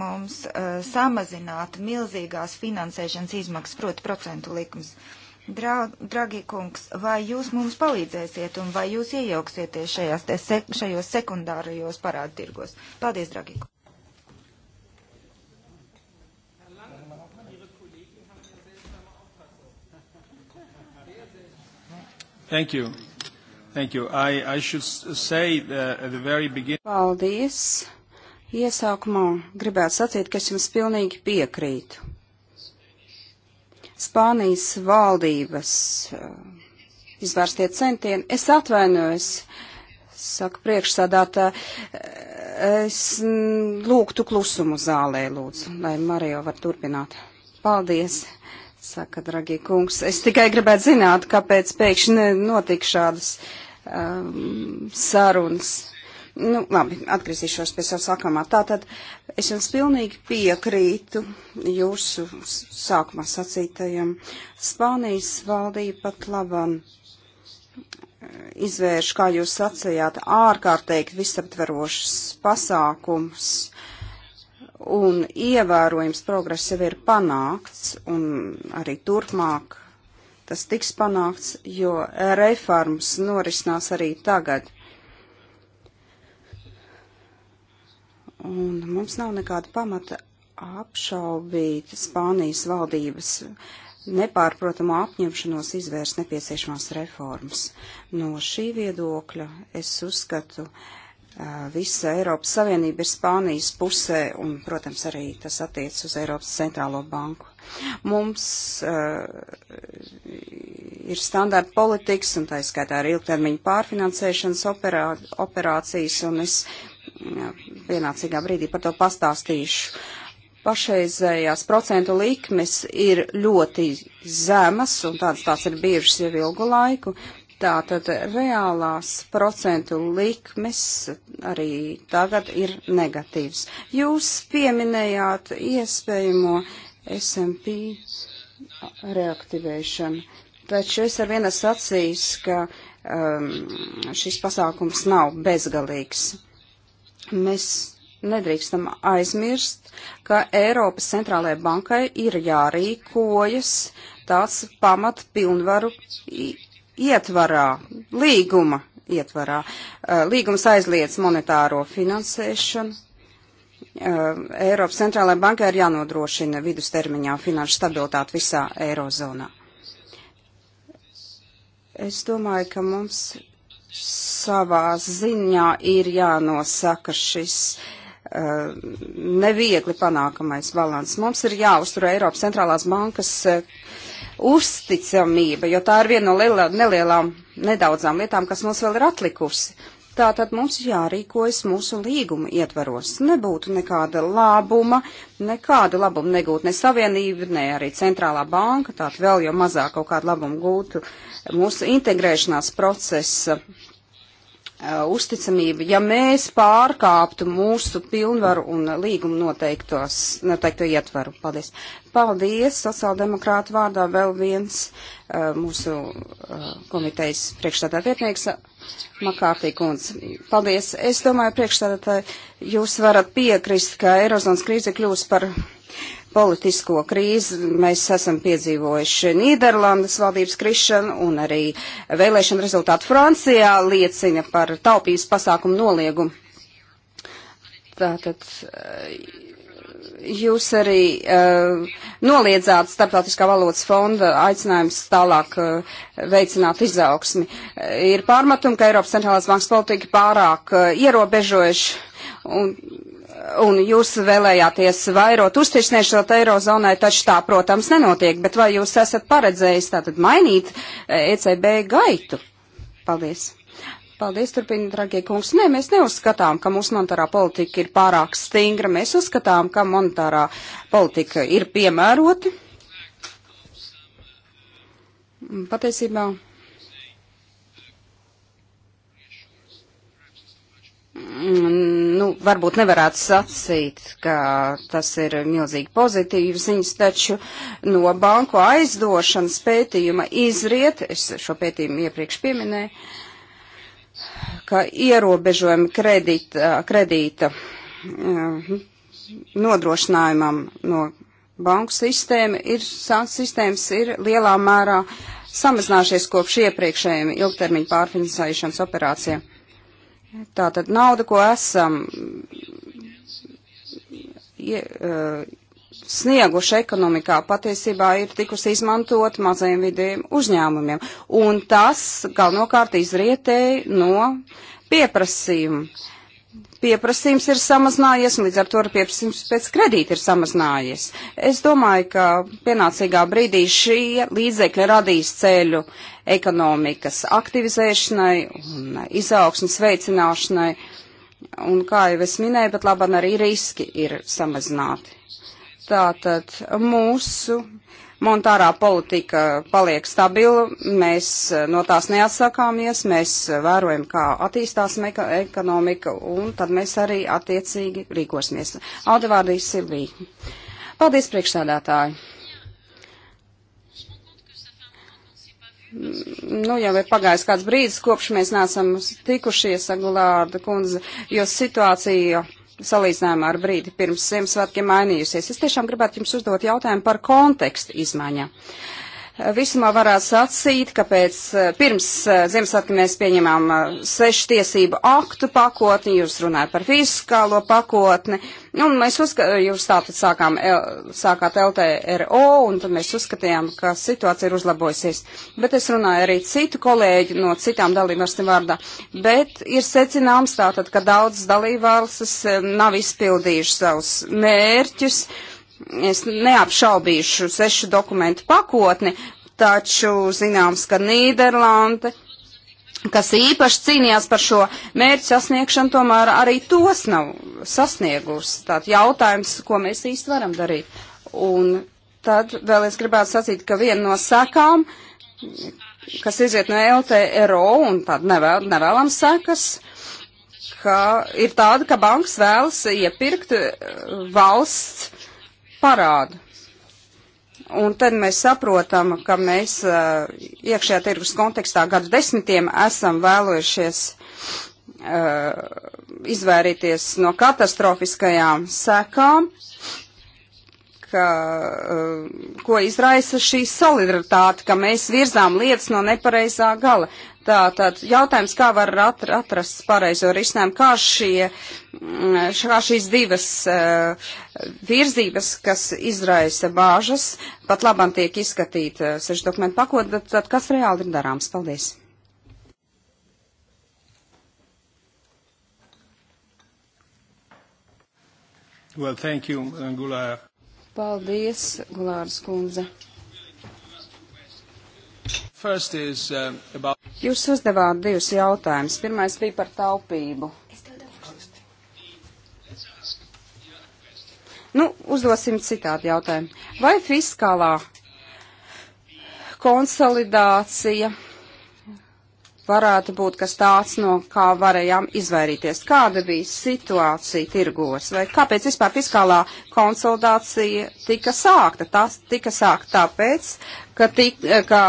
mums uh, samazināt milzīgās finansēšanas izmaksas, proti procentu likums. Uh, Draud, dragi kungs, vai jūs mums palīdzēsiet un vai jūs iejauksieties šajās te, sek, šajos sekundārajos parādu tirgos? Paldies, dragi kungs. Thank you. Thank you. I, I should say that uh, at the very beginning. Paldies. Iesākumā gribētu sacīt, ka es jums pilnīgi piekrītu. Spānijas valdības eh, izvērstie centieni. Es atvainojos, saka priekšsādātā, eh, es mm, lūgtu klusumu zālē, lūdzu, lai Marijo var turpināt. Paldies, saka, dragie kungs. Es tikai gribētu zināt, kāpēc pēkšņi notika šādas um, sarunas. Nu, labi, atgriezīšos pie savas sākamā. Tātad es jums pilnīgi piekrītu jūsu sākumā sacītajam. Spānijas valdība pat labam eh, izvērš, kā jūs sacījāt, ārkārtīgi visaptverošas pasākums un ievērojams progress jau ir panākts un arī turpmāk tas tiks panākts, jo reformas norisinās arī tagad. Un mums nav nekāda pamata apšaubīt Spānijas valdības nepārprotamu apņemšanos izvērst nepieciešamās reformas. No šī viedokļa es uzskatu, visa Eiropas Savienība ir Spānijas pusē, un, protams, arī tas attiec uz Eiropas centrālo banku. Mums uh, ir standarta politikas, un tā izskaitā arī ilgtermiņa pārfinansēšanas operā, operācijas, un es pienācīgā brīdī par to pastāstīšu. Pašreizējās procentu likmes ir ļoti zemas, un tādas tās ir bijušas jau ilgu laiku. Tātad reālās procentu likmes arī tagad ir negatīvs. Jūs pieminējāt iespējamo SMP reaktivēšanu, taču es ar vienu sacīs, ka um, šis pasākums nav bezgalīgs. Mēs nedrīkstam aizmirst, ka Eiropas centrālajai bankai ir jārīkojas tāds pamat pilnvaru ietvarā, līguma ietvarā. Uh, līgums aizliedz monetāro finansēšanu. Uh, Eiropas centrālajai bankai ir jānodrošina vidustermiņā finanšu stabilitāti visā Eirozonā. Es domāju, ka mums savā ziņā ir jānosaka šis uh, neviegli panākamais balans. Mums ir jāuztur Eiropas centrālās bankas uh, uzticamība, jo tā ir viena no lielā, nelielām, nedaudzām lietām, kas mums vēl ir atlikusi. Tātad mums jārīkojas mūsu līguma ietvaros. Nebūtu nekāda labuma, nekāda labuma negūtu ne savienība, ne arī centrālā banka, tātad vēl jau mazāk kaut kādu labumu gūtu mūsu integrēšanās procesa Eh, uzticamība, ja mēs pārkāptu mūsu pilnvaru un līgumu noteiktos, noteikto ietvaru. Paldies. Paldies, sociāldemokrāta vārdā vēl viens uh, mūsu uh, komitejas priekšstādā vietnieks Makārtī kundz. Paldies. Es domāju, priekšstādātāji, jūs varat piekrist, ka Eirozonas krīze kļūs par politisko krīzi. Mēs esam piedzīvojuši Nīderlandes valdības krišanu un arī vēlēšana rezultātu Francijā liecina par taupības pasākumu noliegumu. Tātad eh, jūs arī uh, noliedzāt Startautiskā valodas fonda aicinājums tālāk uh, veicināt izaugsmi. Uh, ir pārmetumi, ka Eiropas centrālās bankas politika pārāk uh, ierobežojuši un un jūs vēlējāties vairot uzticēšanos Eirozonai, taču tā, protams, nenotiek. Bet vai jūs esat paredzējis tātad mainīt ECB e gaitu? Paldies! Paldies, turpina, dragie kungs. Nē, mēs neuzskatām, ka mūsu monetārā politika ir pārāk stingra. Mēs uzskatām, ka monetārā politika ir piemēroti. Patiesībā Mm, nu, varbūt nevarētu sacīt, ka tas ir milzīgi pozitīvs ziņas, taču no banku aizdošanas pētījuma izriet, es šo pētījumu iepriekš pieminēju, ka ierobežojumi kredīta, kredīta nodrošinājumam no banku sistēma ir, sistēmas ir lielā mērā samazinājušies kopš iepriekšējiem ilgtermiņu pārfinansēšanas operācijām. Tā tad nauda, ko esam ie, e, snieguši ekonomikā, patiesībā ir tikusi izmantot mazajiem vidējiem uzņēmumiem. Un tas galvenokārt izrietēja no pieprasījuma pieprasījums ir samazinājies, un līdz ar to pieprasījums pēc kredīta ir samazinājies. Es domāju, ka pienācīgā brīdī šie līdzekļi radīs ceļu ekonomikas aktivizēšanai un izaugsmas veicināšanai, un kā jau es minēju, bet labāk arī riski ir samazināti. Tātad mūsu monetārā politika paliek stabila, mēs eh, no tās neatsakāmies, mēs eh, vērojam, kā attīstās ekonomika, un tad mēs arī attiecīgi rīkosimies. Aldevārdīs Silvija. Paldies, priekšsēdētāji! Mm, nu, jau ir pagājis kāds brīdis, kopš mēs neesam tikušies, Aglārda kundze, jo situācija salīdzinājumā ar brīdi pirms Ziemassvētkiem mainījusies. Es tiešām gribētu jums uzdot jautājumu par kontekstu izmaiņām. Visumā varētu sacīt, ka pēc, pirms eh, Ziemassvētkiem mēs pieņemām eh, sešu tiesību aktu pakotni, jūs runājat par fiskālo pakotni, Un nu, mēs uzskatām, jūs tātad sākām, sākāt LTRO, un tad mēs uzskatījām, ka situācija ir uzlabojusies. Bet es runāju arī citu kolēģi no citām dalībvalstīm vārdā. Bet ir secināms tātad, ka daudzas dalībvalstis eh, nav izpildījušas savus mērķus. Es neapšaubīšu sešu dokumentu pakotni, taču zināms, ka Nīderlanda kas īpaši cīnījās par šo mērķu sasniegšanu, tomēr arī tos nav sasniegusi. Tātad jautājums, ko mēs īsti varam darīt. Un tad vēl es gribētu sacīt, ka viena no sekām, kas iziet no LTRO un tāda nevēl, nevēlams sekas, ka ir tāda, ka bankas vēlas iepirkt valsts parādu. Un tad mēs saprotam, ka mēs uh, iekšējā tirgus kontekstā gadu desmitiem esam vēlojušies uh, izvairīties no katastrofiskajām sekām, ka, uh, ko izraisa šī solidaritāte, ka mēs virzām lietas no nepareizā gala. Tātad jautājums, kā var atrast pareizo risinājumu, kā, šie, mm, kā šīs divas uh, virzības, kas izraisa bāžas, pat labam tiek izskatīta eh, sešu dokumentu pakota, tad kas reāli ir darāms? Paldies! Well, thank you, Gulāra. Paldies, Gulāras kundze. Is, um, about... Jūs uzdevāt divus jautājumus. Pirmais bija par taupību. Nu, uzdosim citādi jautājumu. Vai fiskālā konsolidācija varētu būt kas tāds, no kā varējām izvairīties. Kāda bija situācija tirgos? Vai kāpēc vispār fiskālā konsolidācija tika sākta? Tās tika sākta tāpēc, ka, tik, ka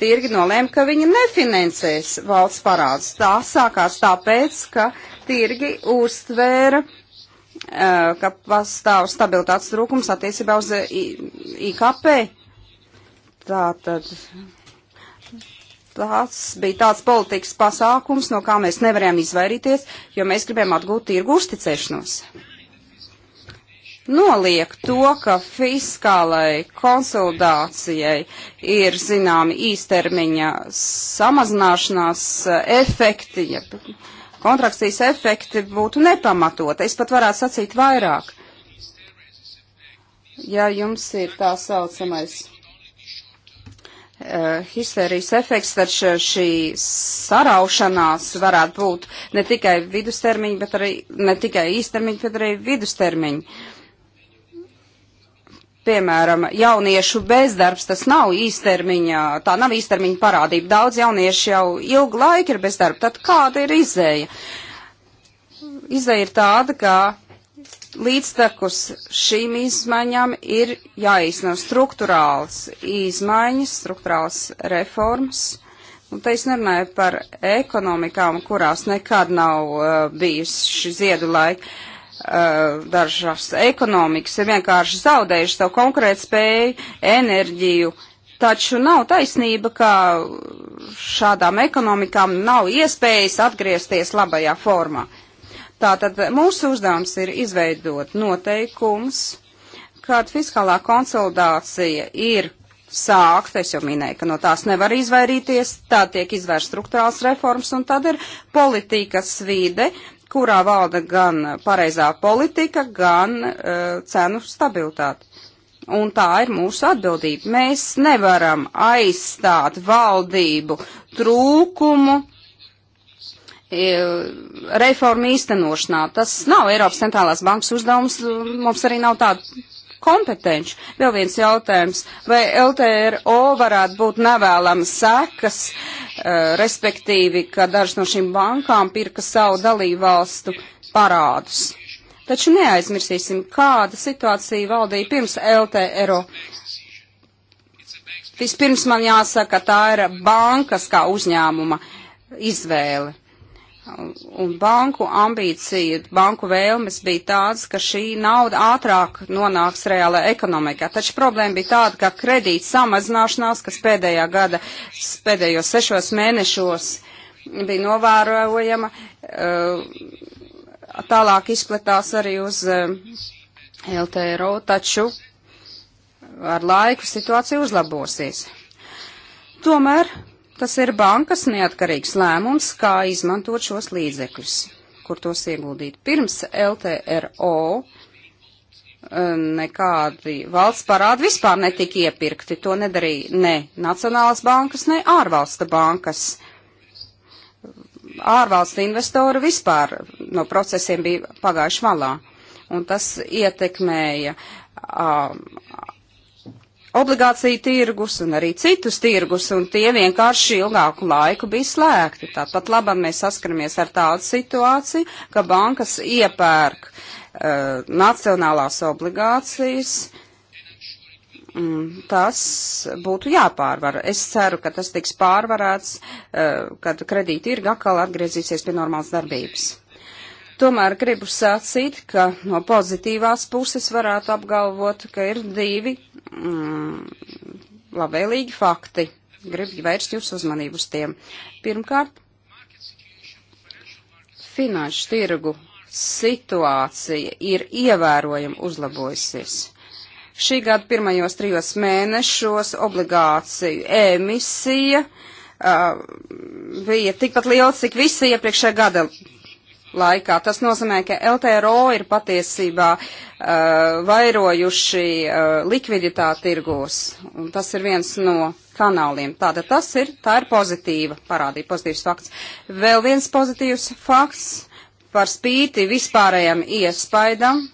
tirgi nolēma, ka viņi nefinansēs valsts parādus. Tā sākās tāpēc, ka tirgi uztvēra eh, ka pastāv stabilitātes trūkums attiecībā uz eh, IKP. Tātad tāds bija tāds politikas pasākums, no kā mēs nevarējām izvairīties, jo mēs gribējām atgūt tirgu uzticēšanos noliek to, ka fiskālai konsolidācijai ir zināmi īstermiņa samazināšanās efekti, ja kontrakcijas efekti būtu nepamatota. Es pat varētu sacīt vairāk. Ja jums ir tā saucamais uh, eh, histērijas efekts, tad šī saraušanās varētu būt ne tikai vidustermiņa, bet arī ne tikai īstermiņa, bet arī vidustermiņa. Piemēram, jauniešu bezdarbs tas nav īstermiņa, tā nav īstermiņa parādība. Daudz jauniešu jau ilgu laiku ir bezdarba. Tad kāda ir izēja? Izēja ir tāda, ka līdztekus šīm izmaiņām ir jāizsno struktūrāls izmaiņas, struktūrāls reformas. Un te es nerunāju par ekonomikām, kurās nekad nav uh, bijis šī ziedu laika. Uh, dažas ekonomikas ir vienkārši zaudējuši savu konkurētspēju, enerģiju. Taču nav taisnība, ka šādām ekonomikām nav iespējas atgriezties labajā formā. Tātad mūsu uzdevums ir izveidot noteikums, kad fiskālā konsolidācija ir sākta, es jau minēju, ka no tās nevar izvairīties, tā tiek izvērst struktūrāls reformas un tad ir politikas vīde, kurā valda gan pareizā politika, gan uh, cenu stabilitāte. Un tā ir mūsu atbildība. Mēs nevaram aizstāt valdību trūkumu eh, reformu īstenošanā. Tas nav Eiropas centrālās bankas uzdevums, mums arī nav tāda kompetenci. Vēl viens jautājums, vai LTRO varētu būt nevēlamas sekas, eh, respektīvi, ka dažas no šīm bankām pirka savu dalību valstu parādus. Taču neaizmirsīsim, kāda situācija valdīja pirms LTRO. Vispirms man jāsaka, tā ir bankas kā uzņēmuma izvēle un banku ambīcija, banku vēlmes bija tādas, ka šī nauda ātrāk nonāks reālajā ekonomikā. Taču problēma bija tāda, ka kredīta samazināšanās, kas pēdējā gada, pēdējos sešos mēnešos bija novērojama, eh, tālāk izplatās arī uz eh, LTRO, taču ar laiku situācija uzlabosies. Tomēr Tas ir bankas neatkarīgs lēmums, kā izmantot šos līdzekļus, kur tos ieguldīt. Pirms LTRO eh, nekādi valsts parādi vispār netika iepirkti. To nedarīja ne Nacionālas bankas, ne ārvalsta bankas. Ārvalsta investori vispār no procesiem bija pagājuši malā. Un tas ietekmēja um, obligāciju tirgus un arī citus tirgus, un tie vienkārši ilgāku laiku bija slēgti. Tāpat labam mēs saskaramies ar tādu situāciju, ka bankas iepērk uh, nacionālās obligācijas. Mm, tas būtu jāpārvar. Es ceru, ka tas tiks pārvarēts, uh, kad kredīti ir atkal atgriezīsies pie normālas darbības. Tomēr gribu sacīt, ka no pozitīvās puses varētu apgalvot, ka ir divi mm, labvēlīgi fakti. Gribu vērst jūsu uzmanību uz tiem. Pirmkārt, finanšu tirgu situācija ir ievērojami uzlabojusies. Šī gada pirmajos trijos mēnešos obligāciju emisija uh, bija tikpat liela, cik visi iepriekšējā gada laikā. Tas nozīmē, ka LTRO ir patiesībā uh, vairojuši uh, likviditāti tirgos, un tas ir viens no kanāliem. Tātad tas ir, tā ir pozitīva parādība, pozitīvs fakts. Vēl viens pozitīvs fakts par spīti vispārējām iespaidam,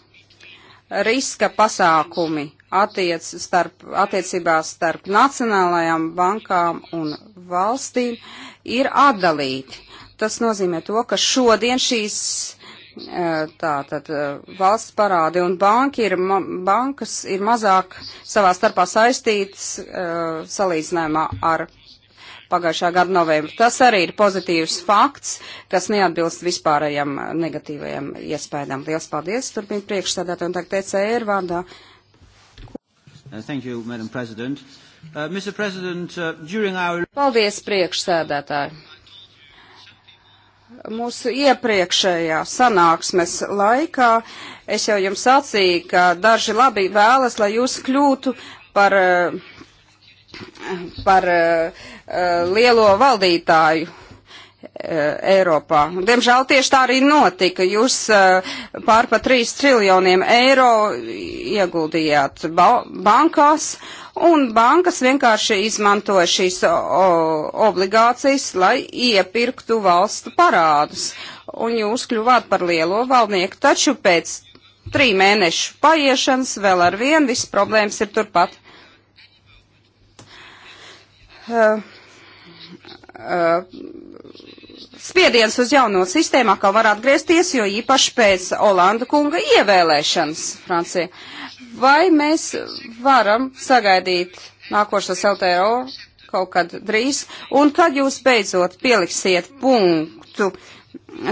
riska pasākumi attiec starp, attiecībā starp nacionālajām bankām un valstīm ir atdalīti. Tas nozīmē to, ka šodien šīs eh, tātad eh, valsts parādi un banki ir, bankas ir mazāk savā starpā saistītas eh, salīdzinājumā ar pagājušā gada novembra. Tas arī ir pozitīvs fakts, kas neatbilst vispārējam negatīvajam iespējām. Lielas paldies, turpina priekšstādāt un tagad ECR vārdā. Uh, thank you, Madam President. Uh, Mr. President, uh, during our... Paldies, priekšsēdētāji mūsu iepriekšējā sanāksmes laikā es jau jums sacīju, ka daži labi vēlas, lai jūs kļūtu par, eh, par eh, eh, lielo valdītāju Eh, Eiropā. Diemžēl tieši tā arī notika. Jūs eh, pār pa 3 triljoniem eiro ieguldījāt ba bankās, un bankas vienkārši izmantoja šīs obligācijas, lai iepirktu valstu parādus. Un jūs kļuvāt par lielo valdnieku, taču pēc trī mēnešu paiešanas vēl ar vienu viss problēmas ir turpat. Uh, uh, spiediens uz jauno sistēmu atkal var atgriezties, jo īpaši pēc Olanda kunga ievēlēšanas Francija. Vai mēs varam sagaidīt nākošos LTO kaut kad drīz, un kad jūs beidzot pieliksiet punktu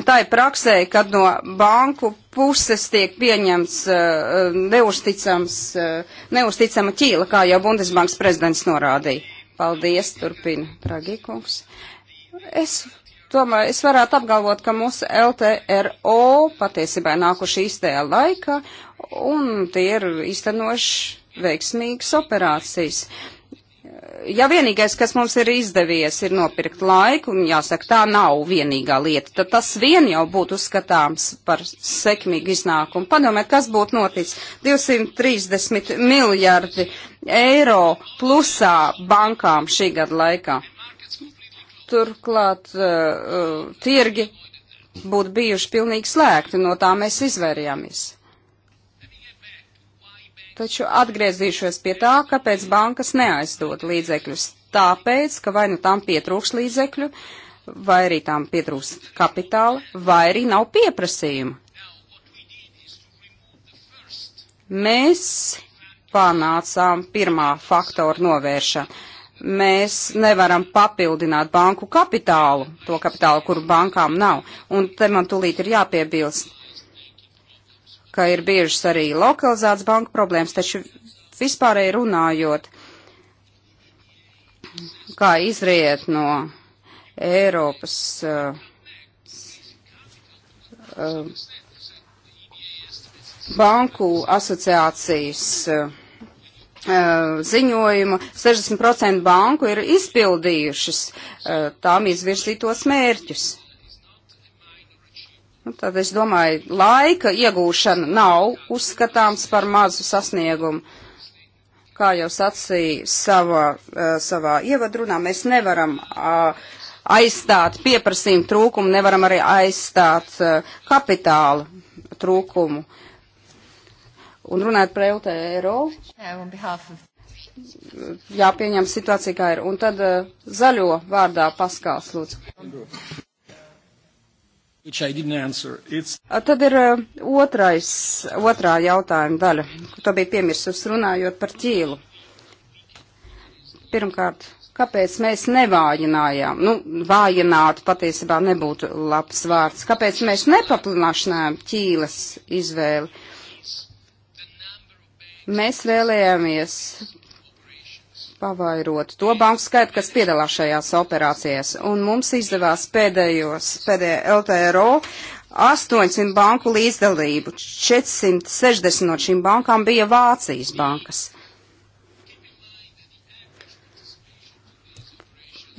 tai praksē, kad no banku puses tiek pieņemts uh, neusticams, uh, neusticama ķīla, kā jau Bundesbankas prezidents norādīja. Paldies, turpina Pragīkungs. Es Tomēr es varētu apgalvot, ka mūsu LTRO patiesībā ir nākuši īstajā laikā un tie ir īstenoši veiksmīgas operācijas. Ja vienīgais, kas mums ir izdevies, ir nopirkt laiku, un jāsaka, tā nav vienīgā lieta, tad tas vien jau būtu uzskatāms par sekmīgu iznākumu. Padomājiet, kas būtu noticis. 230 miljardi eiro plusā bankām šī gada laikā. Turklāt uh, tirgi būtu bijuši pilnīgi slēgti, no tā mēs izvairījāmies. Taču atgriezīšos pie tā, kāpēc bankas neaizdod līdzekļus. Tāpēc, ka vai nu tām pietrūks līdzekļu, vai arī tām pietrūks kapitāla, vai arī nav pieprasījuma. Mēs panācām pirmā faktora novēršanu mēs nevaram papildināt banku kapitālu, to kapitālu, kuru bankām nav. Un te man tūlīt ir jāpiebilst, ka ir biežas arī lokalizētas banku problēmas, taču vispārēji runājot, kā izriet no Eiropas uh, uh, banku asociācijas. Uh, Uh, ziņojumu 60% banku ir izpildījušas uh, tām izvirzītos mērķus. Nu, tad es domāju, laika iegūšana nav uzskatāms par mazu sasniegumu. Kā jau sacīja savā, uh, savā ievadrunā, mēs nevaram aizstāt pieprasījumu trūkumu, nevaram arī aizstāt kapitāla trūkumu. Uh, Un runājot par LTRO, jāpieņem situācija, kā ir. Un tad uh, zaļo vārdā paskāls, lūdzu. Tad ir uh, otrais, otrā jautājuma daļa, ko to bija piemirsus runājot par ķīlu. Pirmkārt, kāpēc mēs nevājinājām? Nu, vājināt patiesībā nebūtu labs vārds. Kāpēc mēs nepaplināšanājām ķīles izvēli? Mēs vēlējāmies pavairot to banku skaitu, kas piedalās šajās operācijās, un mums izdevās pēdējos, pēdējā LTRO 800 banku līdzdalību, 460 no šīm bankām bija Vācijas bankas.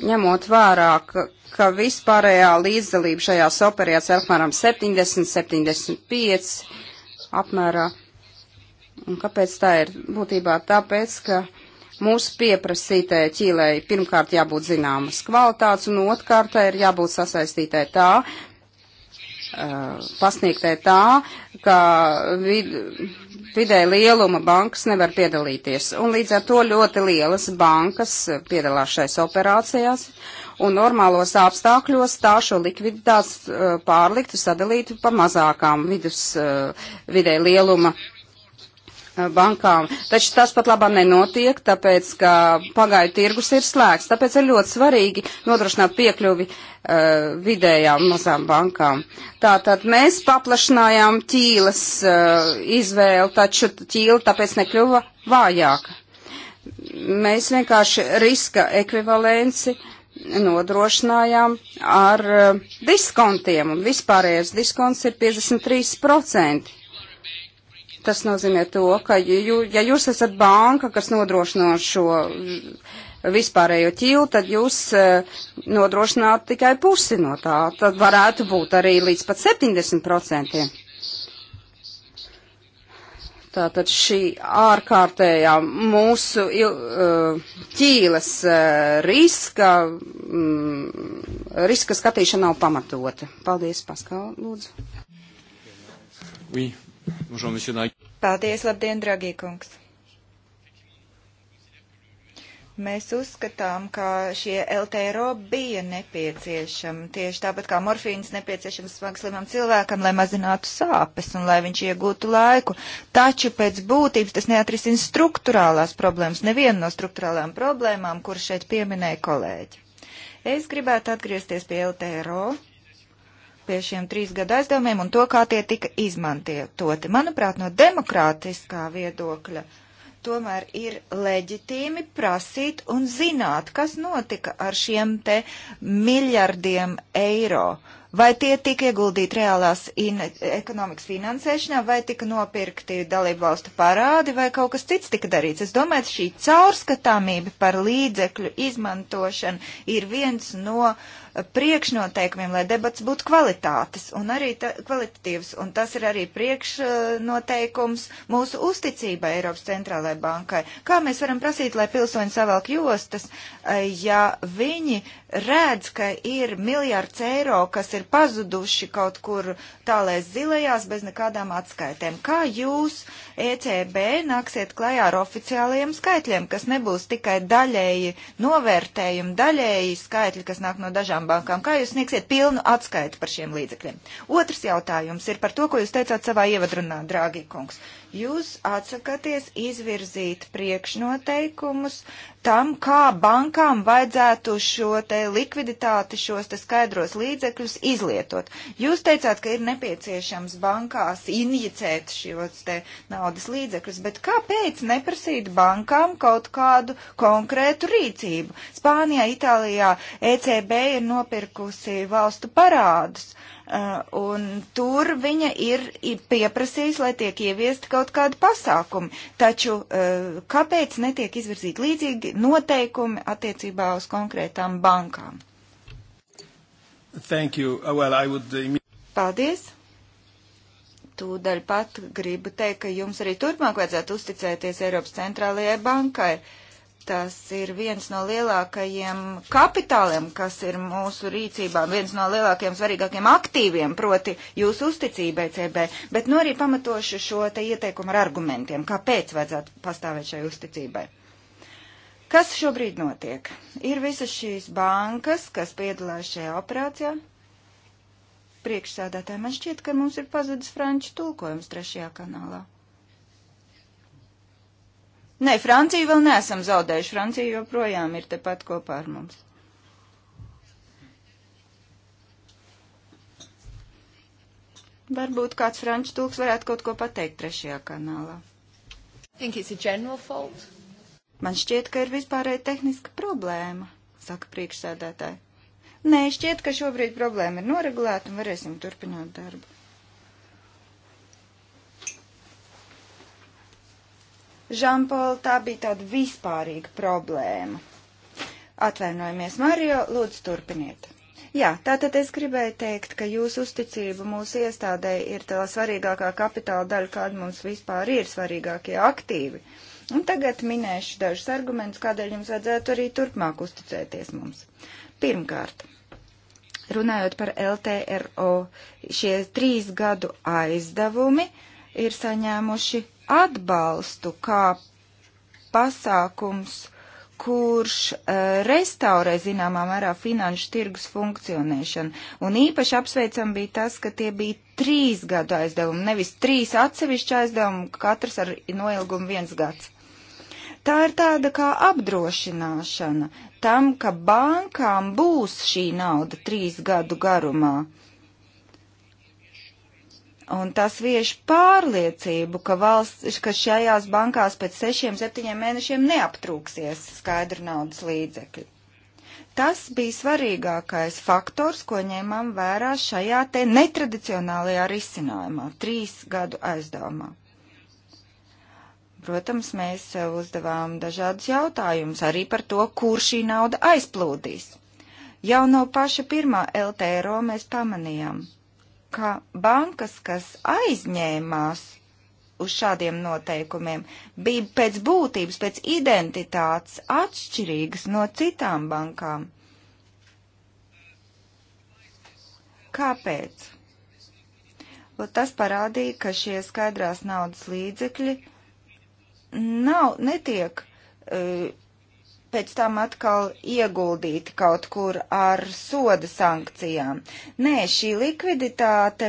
Ņemot vērā, ka, ka vispārējā līdzdalība šajās operācijās apmēram 70-75 apmērā. Un kāpēc tā ir? Būtībā tāpēc, ka mūsu pieprasītē ķīlei pirmkārt jābūt zināmas kvalitātes, un otrkārt ir jābūt sasaistītē tā, pasniegtē tā, ka vid, vidē lieluma bankas nevar piedalīties. Un līdz ar to ļoti lielas bankas piedalās šais operācijās, un normālos apstākļos tā šo likviditātes pārliktu sadalītu pa mazākām vidus, vidē lieluma bankām Eh, bankām. Taču tas pat labā nenotiek, tāpēc, ka pagāju tirgus ir slēgts. Tāpēc ir ļoti svarīgi nodrošināt piekļuvi uh, vidējām mazām bankām. Tātad mēs paplašinājām ķīles uh, izvēli, taču ķīla tāpēc nekļuva vājāka. Mēs vienkārši riska ekvivalenci nodrošinājām ar uh, diskontiem, un vispārējais diskonts ir 53%. Tas nozīmē to, ka jū, ja jūs esat banka, kas nodrošino šo vispārējo ķīlu, tad jūs eh, nodrošināt tikai pusi no tā. Tad varētu būt arī līdz pat 70%. Tātad šī ārkārtējā mūsu eh, ķīles eh, riska, mm, riska skatīšana nav pamatota. Paldies, Paskal, lūdzu. Oui, Paldies, labdien, dragie kungs! Mēs uzskatām, ka šie LTRO bija nepieciešami, tieši tāpat kā morfīns nepieciešams smags slimam cilvēkam, lai mazinātu sāpes un lai viņš iegūtu laiku. Taču pēc būtības tas neatrisina struktūrālās problēmas, nevienu no struktūrālām problēmām, kuras šeit pieminēja kolēģi. Es gribētu atgriezties pie LTRO pie šiem trīs gadu aizdevumiem un to, kā tie tika izmantoti. Manuprāt, no demokrātiskā viedokļa tomēr ir leģitīmi prasīt un zināt, kas notika ar šiem te miljardiem eiro. Vai tie tika ieguldīti reālās in ekonomikas finansēšanā, vai tika nopirkti dalību valstu parādi, vai kaut kas cits tika darīts. Es domāju, šī caurskatāmība par līdzekļu izmantošanu ir viens no uh, priekšnoteikumiem, lai debats būtu kvalitātes un arī ta, kvalitatīvs. Un tas ir arī priekšnoteikums mūsu uzticībai Eiropas centrālajai bankai. Kā mēs varam prasīt, lai pilsoņi savelk jostas, ja viņi redz, ka ir miljārds eiro, kas ir pazuduši kaut kur tālēs zilajās bez nekādām atskaitēm? Kā jūs, ECB, nāksiet klajā ar oficiālajiem skaitļiem, kas nebūs tikai daļēji novērtējumi, daļēji skaitļi, kas nāk no dažām citām bankām? Kā jūs sniegsiet pilnu atskaitu par šiem līdzekļiem? Otrs jautājums ir par to, ko jūs teicāt savā ievadrunā, drāgi kungs. Jūs atsakaties izvirzīt priekšnoteikumus tam, kā bankām vajadzētu šo te likviditāti, šos te skaidros līdzekļus izlietot. Jūs teicāt, ka ir nepieciešams bankās injicēt šos te naudas līdzekļus, bet kāpēc neprasīt bankām kaut kādu konkrētu rīcību? Spānijā, Itālijā ECB ir nopirkusi valstu parādus. Uh, Eh, un tur viņa ir pieprasījusi, lai tiek ieviesti kaut kādi pasākumi. Taču eh, kāpēc netiek izvirzīt līdzīgi noteikumi attiecībā uz konkrētām bankām? Thank you. Uh, well, I would... Uh, Paldies! Tūdaļ pat gribu teikt, ka jums arī turpmāk vajadzētu uzticēties Eiropas centrālajai bankai. Uh, Tas ir viens no lielākajiem kapitāliem, kas ir mūsu rīcībā, viens no lielākajiem svarīgākiem aktīviem, proti jūsu uzticība ECB, bet nu arī pamatošu šo te ieteikumu ar argumentiem, kāpēc vajadzētu pastāvēt šai uzticībai. Kas šobrīd notiek? Ir visas šīs bankas, kas piedalās šajā operācijā. Priekšsēdētāji, man šķiet, ka mums ir pazudis franču tulkojums trešajā kanālā. Nē, Franciju vēl neesam zaudējuši. Francija joprojām ir tepat kopā ar mums. Varbūt kāds franču tulks varētu kaut ko pateikt trešajā kanālā. Man šķiet, ka ir vispārēja tehniska problēma, saka priekšsēdētāji. Nē, šķiet, ka šobrīd problēma ir noregulēta un varēsim turpināt darbu. Žampola, tā bija tāda vispārīga problēma. Atvainojamies, Mario, lūdzu turpiniet. Jā, tātad es gribēju teikt, ka jūsu uzticība mūsu iestādē ir tā svarīgākā kapitāla daļa, kāda mums vispār ir svarīgākie aktīvi. Un tagad minēšu dažus argumentus, kādēļ jums vajadzētu arī turpmāk uzticēties mums. Pirmkārt, runājot par LTRO, šie trīs gadu aizdevumi ir saņēmuši atbalstu kā pasākums, kurš uh, restaurē zināmā mērā finanšu tirgus funkcionēšanu. Un īpaši apsveicam bija tas, ka tie bija trīs gadu aizdevumi, nevis trīs atsevišķi aizdevumi, katrs ar noilgumu viens gads. Tā ir tāda kā apdrošināšana tam, ka bankām būs šī nauda trīs gadu garumā. Uh, Un tas vieš pārliecību, ka, valsts, ka šajās bankās pēc sešiem, septiņiem mēnešiem neaptrūksies skaidru naudas līdzekļi. Tas bija svarīgākais faktors, ko ņēmām vērā šajā te netradicionālajā risinājumā, trīs gadu aizdevumā. Protams, mēs sev uzdevām dažādus jautājumus arī par to, kur šī nauda aizplūdīs. Jau no paša pirmā LTRO mēs pamanījām, ka bankas, kas aizņēmās uz šādiem noteikumiem, bija pēc būtības, pēc identitātes atšķirīgas no citām bankām. Kāpēc? Lūk, tas parādīja, ka šie skaidrās naudas līdzekļi nav, netiek uh, pēc tam atkal ieguldīti kaut kur ar soda sankcijām. Nē, šī likviditāte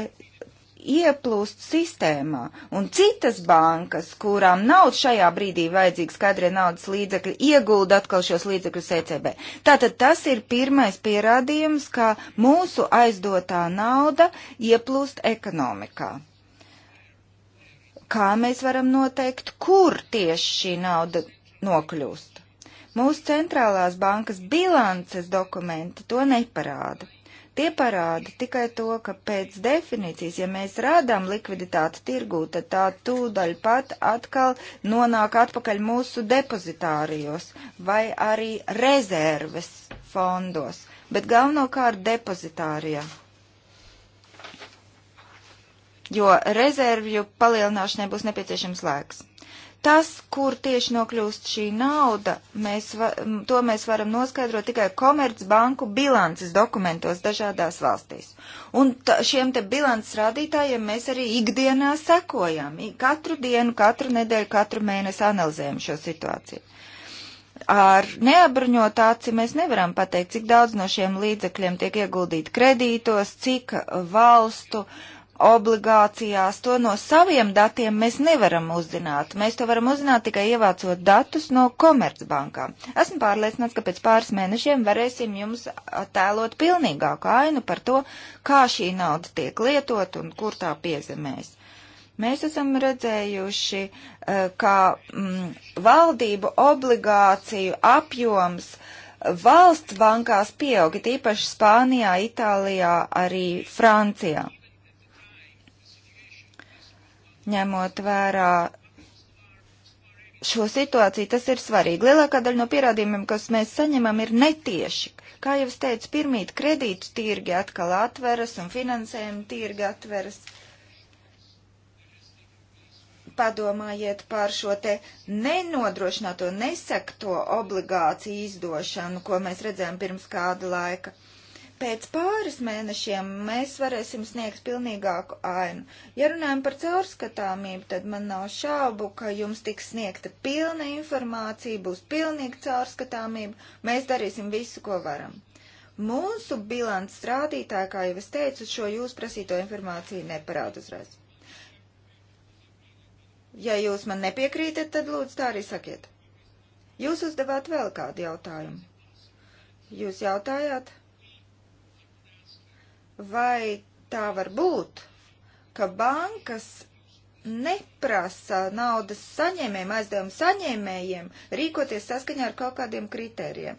ieplūst sistēmā, un citas bankas, kurām nav šajā brīdī vajadzīgi skaidri naudas līdzekļi, iegulda atkal šos līdzekļus ECB. Tātad tas ir pirmais pierādījums, ka mūsu aizdotā nauda ieplūst ekonomikā. Kā mēs varam noteikt, kur tieši šī nauda nokļūst? Mūsu centrālās bankas bilances dokumenti to neparāda. Tie parāda tikai to, ka pēc definīcijas, ja mēs rādām likviditāti tirgū, tad tā tūdaļ pat atkal nonāk atpakaļ mūsu depozitārijos vai arī rezerves fondos, bet galvenokārt depozitārijā. Jo rezervju palielināšanai būs nepieciešams laiks tas, kur tieši nokļūst šī nauda, mēs va, to mēs varam noskaidrot tikai Komercbanku bilances dokumentos dažādās valstīs. Un ta, šiem te bilances rādītājiem mēs arī ikdienā sekojam. Katru dienu, katru nedēļu, katru mēnesi analizējam šo situāciju. Ar neabruņotu aci mēs nevaram pateikt, cik daudz no šiem līdzekļiem tiek ieguldīti kredītos, cik valstu uh, obligācijās, to no saviem datiem mēs nevaram uzzināt. Mēs to varam uzzināt tikai ievācot datus no komercbankām. Esmu pārliecināts, ka pēc pāris mēnešiem varēsim jums attēlot pilnīgāku ainu par to, kā šī nauda tiek lietot un kur tā piezemēs. Mēs esam redzējuši, eh, ka mm, valdību obligāciju apjoms valsts bankās pieauga, tīpaši Spānijā, Itālijā, arī Francijā. Ņemot vērā šo situāciju, tas ir svarīgi. Lielākā daļa no pierādījumiem, kas mēs saņemam, ir netieši. Kā jau es teicu, pirmīt kredītu tirgi atkal atveras un finansējuma tirgi atveras. Padomājiet par šo te nenodrošināto, nesekto obligāciju izdošanu, ko mēs redzējām pirms kāda laika. Uh, Pēc pāris mēnešiem mēs varēsim sniegt pilnīgāku ainu. Ja runājam par caurskatāmību, tad man nav šaubu, ka jums tiks sniegta pilna informācija, būs pilnīga caurskatāmība. Mēs darīsim visu, ko varam. Mūsu bilants strādītāji, kā jau es teicu, šo jūs prasīto informāciju neparāda uzreiz. Ja jūs man nepiekrītat, tad lūdzu tā arī sakiet. Jūs uzdevāt vēl kādu jautājumu. Jūs jautājāt? Vai tā var būt, ka bankas neprasa naudas saņēmējiem, aizdevumu saņēmējiem rīkoties saskaņā ar kaut kādiem kritērijiem?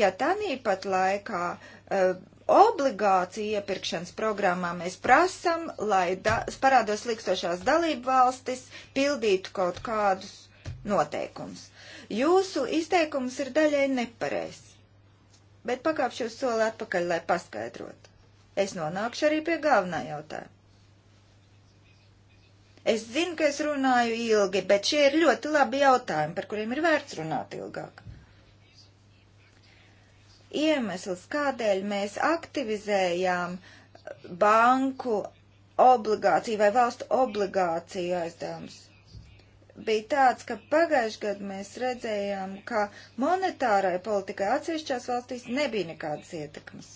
Ja tāpat laikā uh, obligāciju iepirkšanas programmā mēs prasam, lai da, parādos likstošās dalību valstis pildītu kaut kādus noteikumus. Jūsu izteikums ir daļai nepareizs, bet pakāpšos soli atpakaļ, lai paskaidrotu es nonākšu arī pie galvenā jautājuma. Es zinu, ka es runāju ilgi, bet šie ir ļoti labi jautājumi, par kuriem ir vērts runāt ilgāk. Iemesls, kādēļ mēs aktivizējām banku obligāciju vai valstu obligāciju aizdevumus, bija tāds, ka pagājušajā gadā mēs redzējām, ka monetārai politikai atsevišķās valstīs nebija nekādas ietekmes.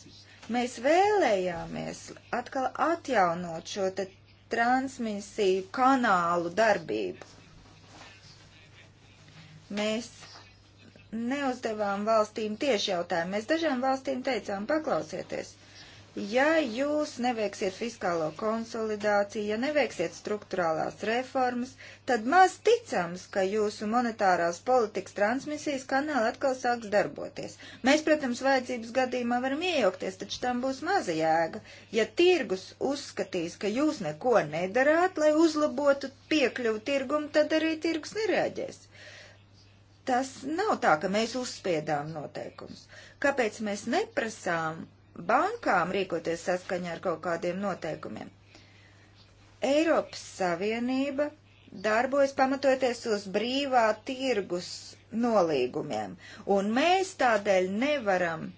Mēs vēlējāmies atkal atjaunot šo te transmisiju kanālu darbību. Mēs neuzdevām valstīm tieši jautājumu. Mēs dažām valstīm teicām, paklausieties, Ja jūs neveiksiet fiskālo konsolidāciju, ja neveiksiet struktūrālās reformas, tad maz ticams, ka jūsu monetārās politikas transmisijas kanāli atkal sāks darboties. Mēs, protams, vajadzības gadījumā varam iejaukties, taču tam būs maza jēga. Ja tirgus uzskatīs, ka jūs neko nedarāt, lai uzlabotu piekļuvu tirgumu, tad arī tirgus nereaģēs. Tas nav tā, ka mēs uzspiedām noteikumus. Kāpēc mēs neprasām bankām rīkoties saskaņā ar kaut kādiem noteikumiem. Eiropas Savienība darbojas pamatoties uz brīvā tirgus nolīgumiem, un mēs tādēļ nevaram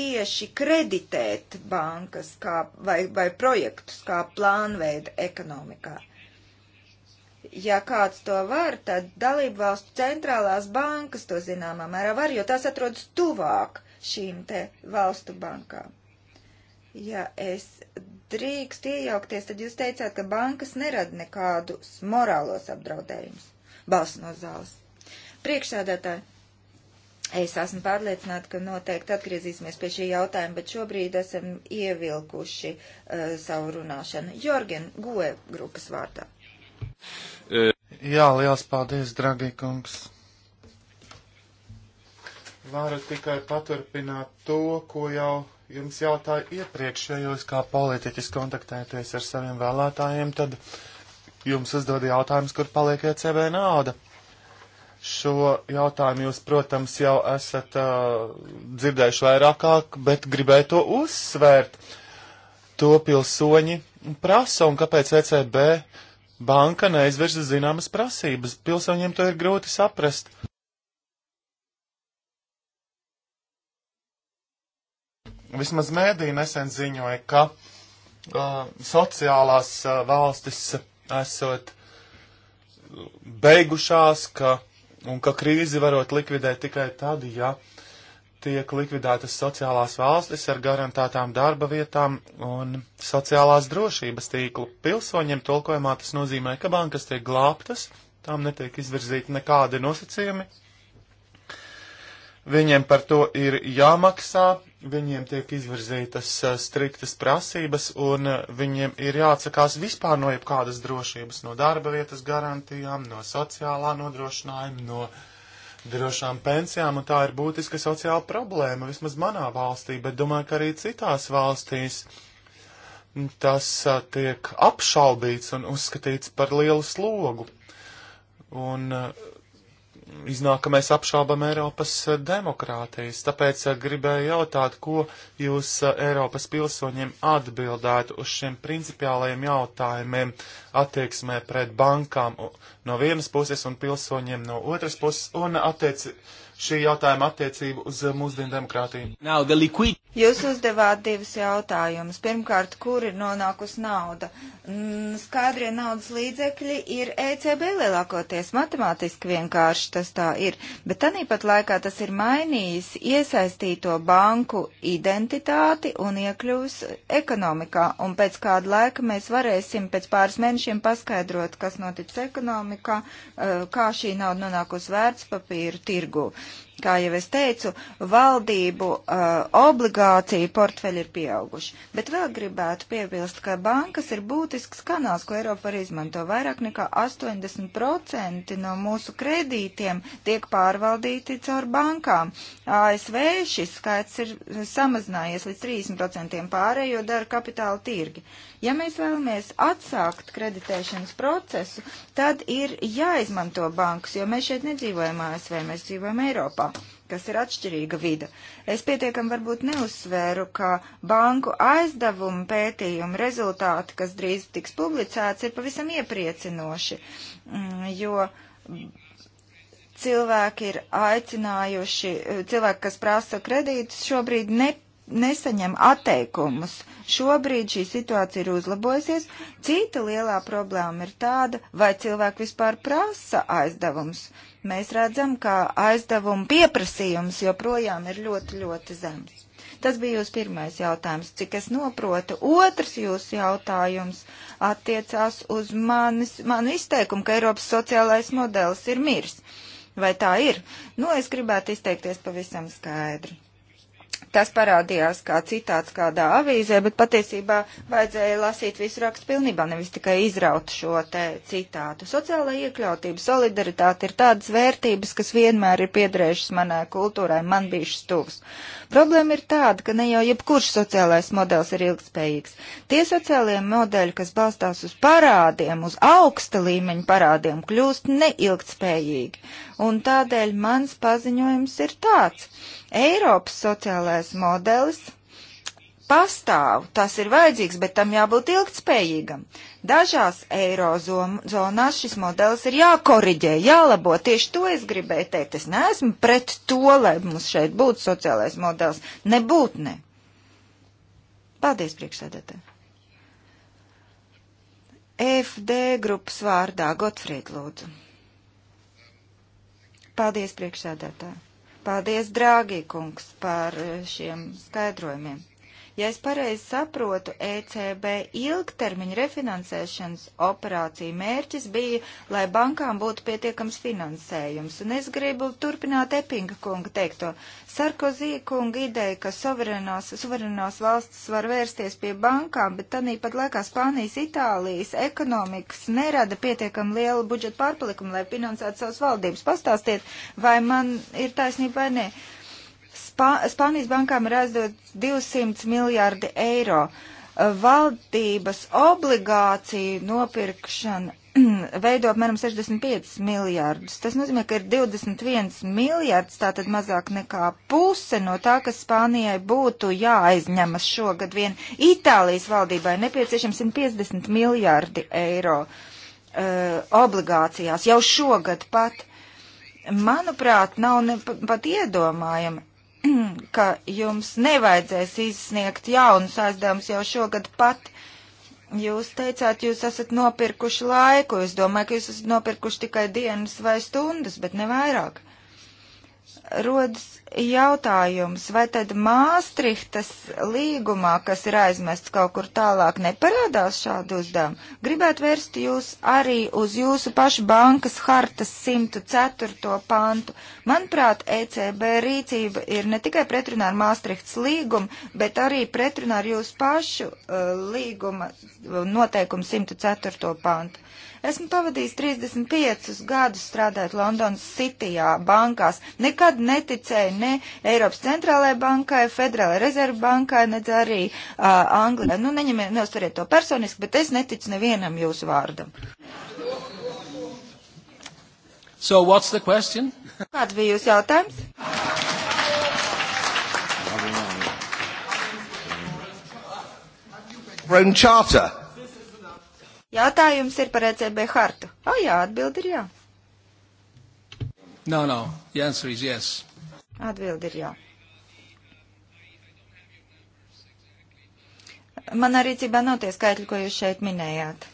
tieši kreditēt bankas kā, vai, vai projektus kā plānveida ekonomikā. Ja kāds to var, tad dalību valstu centrālās bankas to zināmā mērā var, jo tās atrodas tuvāk uh, šīm te valstu bankām. Ja es drīkstu iejaukties, tad jūs teicāt, ka bankas nerada nekādus morālos apdraudējumus. Balsts no zāles. Priekšsēdētāji, es esmu pārliecināta, ka noteikti atgriezīsimies pie šī jautājuma, bet šobrīd esam ievilkuši uh, savu runāšanu. Jorgen Goe grupas vārdā. Jā, liels paldies, dragie kungs varu tikai paturpināt to, ko jau jums jautāju iepriekš, ja jūs kā politiķis kontaktēties ar saviem vēlētājiem, tad jums uzdod jautājums, kur paliek ECB nauda. Šo jautājumu jūs, protams, jau esat uh, dzirdējuši vairākāk, bet gribēju to uzsvērt. To pilsoņi prasa, un kāpēc ECB banka neizvirza zināmas prasības? Pilsoņiem to ir grūti saprast. Vismaz mēdī nesen ziņoja, ka uh, sociālās uh, valstis esot beigušās, ka, un ka krīzi varot likvidēt tikai tad, ja tiek likvidētas sociālās valstis ar garantētām darba vietām un sociālās drošības tīklu. Pilsoņiem tulkojumā tas nozīmē, ka bankas tiek glābtas, tām netiek izvirzīti nekādi nosacījumi. Viņiem par to ir jāmaksā, viņiem tiek izvirzītas eh, striktas prasības, un eh, viņiem ir jāatsakās vispār no jebkādas drošības, no darba vietas garantijām, no sociālā nodrošinājuma, no drošām pensijām, un tā ir būtiska sociāla problēma, vismaz manā valstī, bet domāju, ka arī citās valstīs tas eh, tiek apšaubīts un uzskatīts par lielu slogu. Un iznāk, ka mēs apšaubam Eiropas eh, demokrātijas. Tāpēc eh, gribēju jautāt, ko jūs eh, Eiropas pilsoņiem atbildētu uz šiem principiālajiem jautājumiem attieksmē pret bankām no vienas puses un pilsoņiem no otras puses un attiecībā šī jautājuma attiecību uz mūsdienu demokrātiju. Jūs uzdevāt divus jautājumus. Pirmkārt, kur ir nonākusi nauda? Mm, skaidrie naudas līdzekļi ir ECB lielākoties. Matemātiski vienkārši tas tā ir. Bet tanīpat laikā tas ir mainījis iesaistīto banku identitāti un iekļūs ekonomikā. Un pēc kāda laika mēs varēsim pēc pāris mēnešiem paskaidrot, kas noticis ekonomikā, eh, kā šī nauda nonākusi vērtspapīru tirgu. Kā jau es teicu, valdību uh, obligāciju portfeļi ir pieauguši. Bet vēl gribētu piebilst, ka bankas ir būtisks kanāls, ko Eiropa var izmanto. Vairāk nekā 80% no mūsu kredītiem tiek pārvaldīti caur bankām. ASV šis skaits ir samazinājies līdz 30% pārējo dara kapitāla tirgi. Uh, Ja mēs vēlamies atsākt kreditēšanas procesu, tad ir jāizmanto bankas, jo mēs šeit nedzīvojam ASV, mēs dzīvojam Eiropā kas ir atšķirīga vida. Es pietiekam varbūt neuzsvēru, ka banku aizdevumu pētījumu rezultāti, kas drīz tiks publicēts, ir pavisam iepriecinoši, mm, jo cilvēki ir aicinājuši, cilvēki, kas prasa kredītus, šobrīd ne, nesaņem atteikumus. Šobrīd šī situācija ir uzlabojusies. Cita lielā problēma ir tāda, vai cilvēki vispār prasa aizdevumus. Mēs redzam, ka aizdevumu pieprasījums joprojām ir ļoti, ļoti zems. Tas bija jūsu pirmais jautājums, cik es noprotu. Otrs jūsu jautājums attiecās uz manis, manu izteikumu, ka Eiropas sociālais modelis ir mirs. Vai tā ir? Nu, es gribētu izteikties pavisam skaidri. Tas parādījās kā citāts kādā avīzē, bet patiesībā vajadzēja lasīt visu rakstu pilnībā, nevis tikai izraut šo te citātu. Sociālā iekļautība, solidaritāte ir tādas vērtības, kas vienmēr ir piedrējušas manai kultūrai, man bijušas tuvas. Problēma ir tāda, ka ne jau jebkurš sociālais modelis ir ilgspējīgs. Tie sociālie modeļi, kas balstās uz parādiem, uz augsta līmeņa parādiem, kļūst neilgspējīgi. Un tādēļ mans paziņojums ir tāds. Eiropas sociālais modelis pastāv, tas ir vajadzīgs, bet tam jābūt ilgtspējīgam. Dažās eirozonās šis modelis ir jākoriģē, jālabo. Tieši to es gribēju teikt. Es neesmu pret to, lai mums šeit būtu sociālais modelis. Nebūt ne. Paldies, priekšsēdētāji. FD grupas vārdā Gotfrīd lūdzu. Paldies, priekšsēdētāji. Paldies, drāgī kungs, par eh, šiem skaidrojumiem. Ja es pareizi saprotu, ECB ilgtermiņa refinansēšanas operācija mērķis bija, lai bankām būtu pietiekams finansējums. Un es gribu turpināt Epinga kunga teikto. Sarkozī kunga ideja, ka suverenās, suverenās valstis var vērsties pie bankām, bet tanī pat laikā Spānijas, Itālijas ekonomikas nerada pietiekam lielu budžetu pārpalikumu, lai finansētu savas valdības. Pastāstiet, vai man ir taisnība vai nē. Spā Spānijas bankām ir aizdot 200 miljārdi eiro. Valdības obligāciju nopirkšana veido apmēram 65 miljārdus. Tas nozīmē, ka ir 21 miljārds, tātad mazāk nekā puse no tā, kas Spānijai būtu jāaizņemas šogad vien. Itālijas valdībai nepieciešams 150 miljārdi eiro uh, obligācijās jau šogad pat. Manuprāt, nav ne, pat iedomājami, ka jums nevajadzēs izsniegt jaunus aizdevumus jau šogad pat. Jūs teicāt, jūs esat nopirkuši laiku. Es domāju, ka jūs esat nopirkuši tikai dienas vai stundas, bet ne vairāk rodas jautājums, vai tad Māstrihtas līgumā, kas ir aizmests kaut kur tālāk, neparādās šādu uzdevumu? Gribētu vērst jūs arī uz jūsu pašu bankas hartas 104. pantu. Manuprāt, ECB rīcība ir ne tikai pretrunā ar Māstrihtas līgumu, bet arī pretrunā ar jūsu pašu uh, līguma noteikumu 104. pantu. Esmu pavadījis 35 gadus strādājot Londonas Cityjā bankās. Nekad neticēju ne Eiropas centrālajai bankai, Federālajai rezervu bankai, ne arī uh, Anglijai. Nu, neņemiet, neusturiet to personiski, bet es neticu nevienam jūsu vārdam. So what's the question? Kāds bija jūsu jautājums? Rome Charter. Jautājums ir par ECB hartu. O oh, jā, atbild ir jā. No, no, the answer is yes. Atbild ir jā. Man arī cībā nav tie skaitļi, ko jūs šeit minējāt.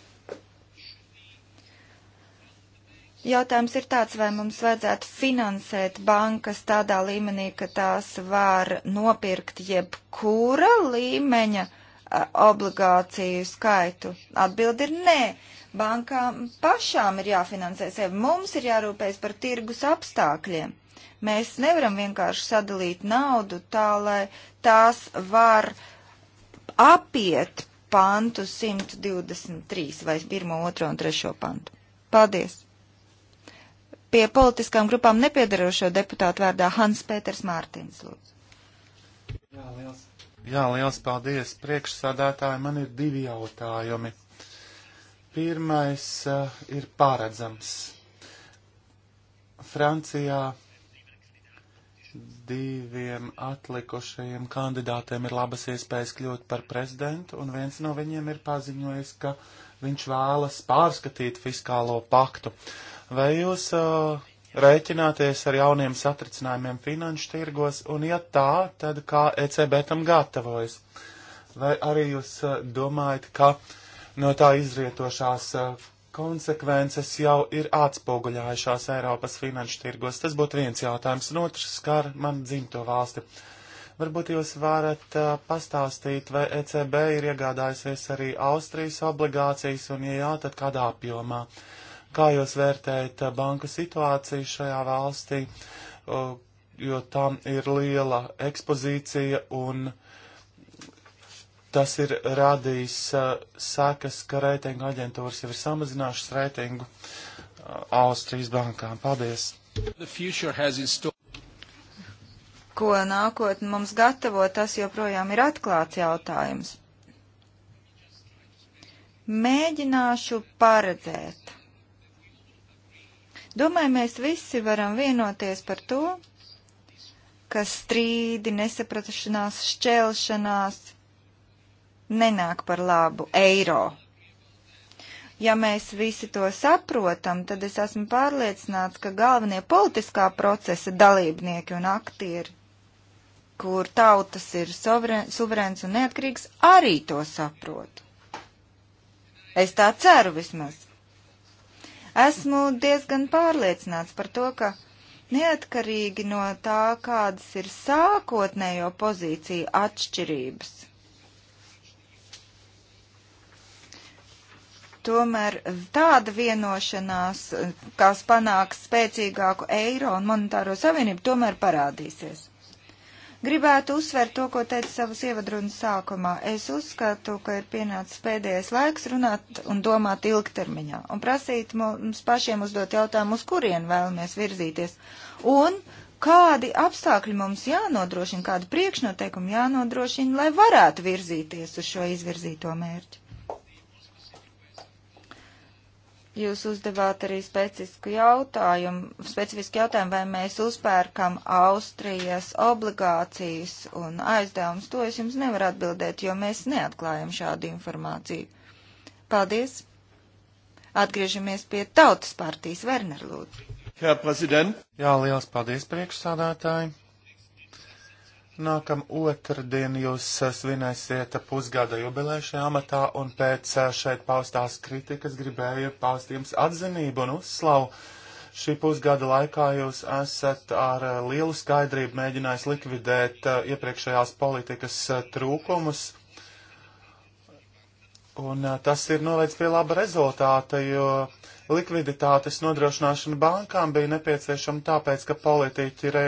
Jautājums ir tāds, vai mums vajadzētu finansēt bankas tādā līmenī, ka tās var nopirkt jebkura līmeņa uh, obligāciju skaitu? Atbildi ir nē. Bankām pašām ir jāfinansē sevi. Mums ir jārūpējas par tirgus apstākļiem. Mēs nevaram vienkārši sadalīt naudu tā, lai tās var apiet pantu 123 vai 1, 2 un 3 pantu. Paldies! Pie politiskām grupām nepiedarošo deputātu vārdā Hans Pēters Mārtiņš. Lūdzu. Jā, liels. Jā, liels paldies priekšsādātāji. Man ir divi jautājumi. Pirmais uh, ir paredzams. Francijā diviem atlikušajiem kandidātiem ir labas iespējas kļūt par prezidentu, un viens no viņiem ir paziņojis, ka viņš vēlas pārskatīt fiskālo paktu. Vai jūs uh, rēķināties ar jauniem satricinājumiem finanšu tirgos, un ja tā, tad kā ECB tam gatavojas? Vai arī jūs eh, domājat, ka no tā izrietošās eh, konsekvences jau ir atspoguļojušās Eiropas finanšu tirgos? Tas būtu viens jautājums, un otrs skar man dzimto valsti. Varbūt jūs varat uh, pastāstīt, vai ECB ir iegādājusies arī Austrijas obligācijas, un ja jā, tad kādā apjomā? Uh, Kā jūs vērtējat uh, banku situāciju šajā valstī, uh, jo tam ir liela ekspozīcija un tas ir radījis uh, sekas, ka reitingu aģentūras jau ir samazinājušas reitingu Austrijas bankām. Paldies! Ko nākotnē mums gatavo, tas joprojām ir atklāts jautājums. Mēģināšu paredzēt Domāju, mēs visi varam vienoties par to, ka strīdi, nesaprašanās, šķelšanās nenāk par labu eiro. Ja mēs visi to saprotam, tad es esmu pārliecināts, ka galvenie politiskā procesa dalībnieki un aktieri, kur tautas ir suverēns un neatkarīgs, arī to saprot. Es tā ceru vismaz. Esmu diezgan pārliecināts par to, ka neatkarīgi no tā, kādas ir sākotnējo pozīciju atšķirības. Tomēr tāda vienošanās, kas panāks spēcīgāku eiro un monetāro savienību, tomēr parādīsies. Gribētu uzsvērt to, ko teicu savas ievadrunas sākumā. Es uzskatu, ka ir pienācis pēdējais laiks runāt un domāt ilgtermiņā un prasīt mums pašiem uzdot jautājumu, uz kurien vēlamies virzīties. Un kādi apstākļi mums jānodrošina, kādi priekšnoteikumi jānodrošina, lai varētu virzīties uz šo izvirzīto mērķi. Jūs uzdevāt arī specifisku jautājumu, specifisku jautājumu, vai mēs uzpērkam Austrijas obligācijas un aizdevumus. To es jums nevaru atbildēt, jo mēs neatklājam šādu informāciju. Paldies! Atgriežamies pie Tautas partijas Werner Lūdzu. Jā, prezident. Jā, liels paldies priekšsādātāji. Nākam otrdien jūs eh, svinēsiet pusgada jubilēju šajā amatā, un pēc eh, šeit paustās kritikas gribēju paust jums atzinību un uzslavu. Šī pusgada laikā jūs esat ar eh, lielu skaidrību mēģinājis likvidēt iepriekšējās politikas trūkumus, un tas ir novēc pie laba rezultāta, jo likviditātes nodrošināšana bankām bija nepieciešama tāpēc, ka politiķi re,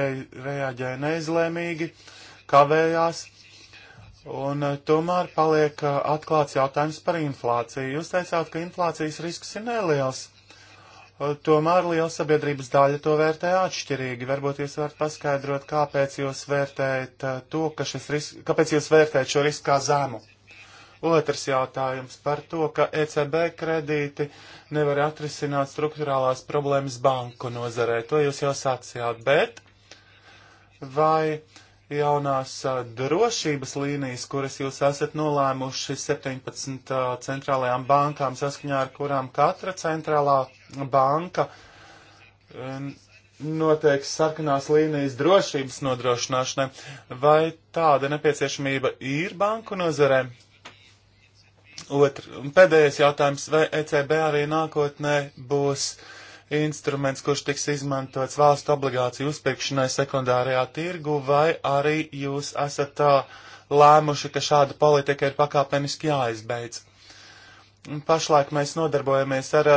reaģēja neizlēmīgi, uh, kavējās. Un eh, tomēr paliek eh, atklāts jautājums par inflāciju. Jūs teicāt, ka inflācijas risks ir neliels. Eh, tomēr liela sabiedrības daļa to vērtē atšķirīgi. Varbūt jūs varat paskaidrot, kāpēc jūs vērtējat to, ka šis risks, kāpēc jūs vērtējat šo risku kā zemu. Otrs jautājums par to, ka ECB kredīti nevar atrisināt struktūrālās problēmas banku nozarē. To jūs jau sacījāt, bet vai jaunās drošības līnijas, kuras jūs esat nolēmuši 17 centrālajām bankām, saskaņā ar kurām katra centrālā banka noteikti sarkanās līnijas drošības nodrošināšanai. Vai tāda nepieciešamība ir banku nozarē? Otr, pēdējais jautājums, vai ECB arī nākotnē būs uh, instruments, kurš tiks izmantots valstu obligāciju uzpirkšanai sekundārajā tirgu, vai arī jūs esat tā lēmuši, ka šāda politika ir pakāpeniski jāizbeidz. Pašlaik mēs nodarbojamies ar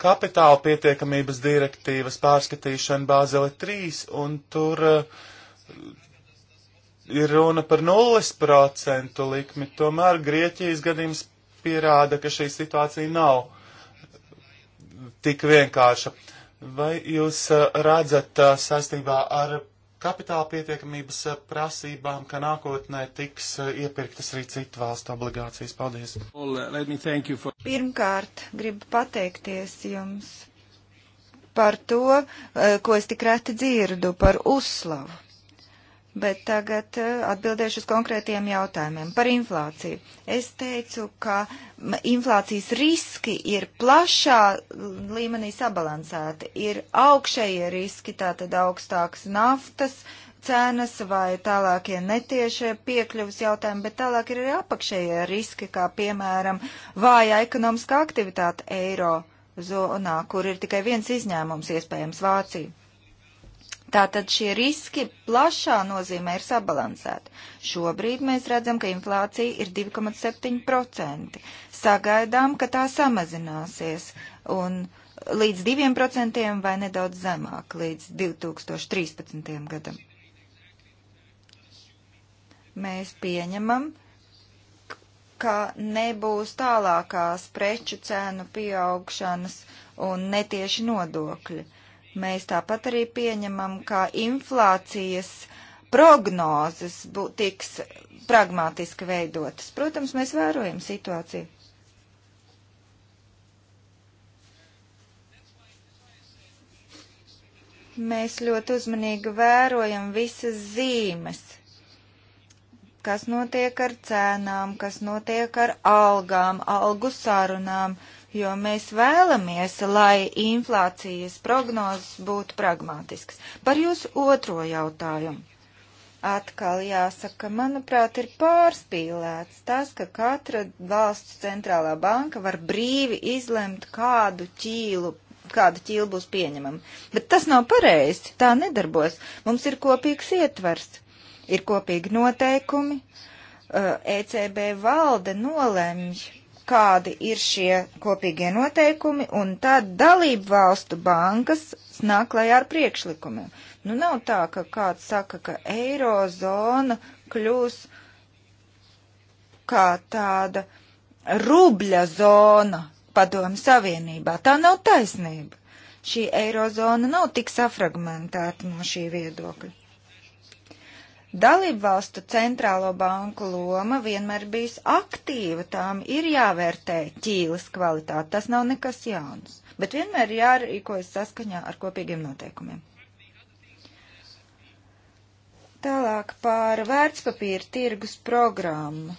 kapitāla pietiekamības direktīvas pārskatīšanu Bāzele 3, un tur ir runa par 0% likmi. Tomēr Grieķijas gadījums pierāda, ka šī situācija nav tik vienkārša. Vai jūs uh, redzat uh, saistībā ar kapitāla pietiekamības uh, prasībām, ka nākotnē tiks iepirktas arī citu valstu obligācijas? Paldies! Pirmkārt, gribu pateikties jums par to, ko es tik reti dzirdu, par uzslavu. Bet tagad eh, atbildēšu uz konkrētiem jautājumiem par inflāciju. Es teicu, ka inflācijas riski ir plašā līmenī sabalansēti. Ir augšējie riski, tātad augstākas naftas cenas vai tālākie netiešie piekļuvas jautājumi, bet tālāk ir arī apakšējie riski, kā piemēram vāja ekonomiskā aktivitāte eiro zonā, kur ir tikai viens izņēmums, iespējams Vācija. Tātad šie riski plašā nozīmē ir sabalansēti. Šobrīd mēs redzam, ka inflācija ir 2,7%. Sagaidām, ka tā samazināsies un līdz 2% vai nedaudz zemāk līdz 2013. gadam. Mēs pieņemam, ka nebūs tālākās preču cēnu pieaugšanas un netieši nodokļi. Uh, Mēs tāpat arī pieņemam, ka inflācijas prognozes tiks pragmatiski veidotas. Protams, mēs vērojam situāciju. Mēs ļoti uzmanīgi vērojam visas zīmes, kas notiek ar cēnām, kas notiek ar algām, algu sarunām. Uh, jo mēs vēlamies, lai inflācijas prognozes būtu pragmātiskas. Par jūsu otro jautājumu. Atkal jāsaka, manuprāt, ir pārspīlēts tas, ka katra valsts centrālā banka var brīvi izlemt, kādu ķīlu kāda ķīla būs pieņemama. Bet tas nav pareizi, tā nedarbos. Mums ir kopīgs ietvers, ir kopīgi noteikumi. Uh, ECB valde nolemj kādi ir šie kopīgie noteikumi, un tad dalību valstu bankas nāk klajā ar priekšlikumiem. Nu, nav tā, ka kāds saka, ka eirozona kļūs kā tāda rubļa zona padomu savienībā. Tā nav taisnība. Šī eirozona nav tik safragmentēta no šī viedokļa. Dalībvalstu centrālo banku loma vienmēr bijis aktīva, tām ir jāvērtē ķīles kvalitāte, tas nav nekas jauns, bet vienmēr jārīkojas saskaņā ar kopīgiem noteikumiem. Tālāk par vērtspapīra tirgus programmu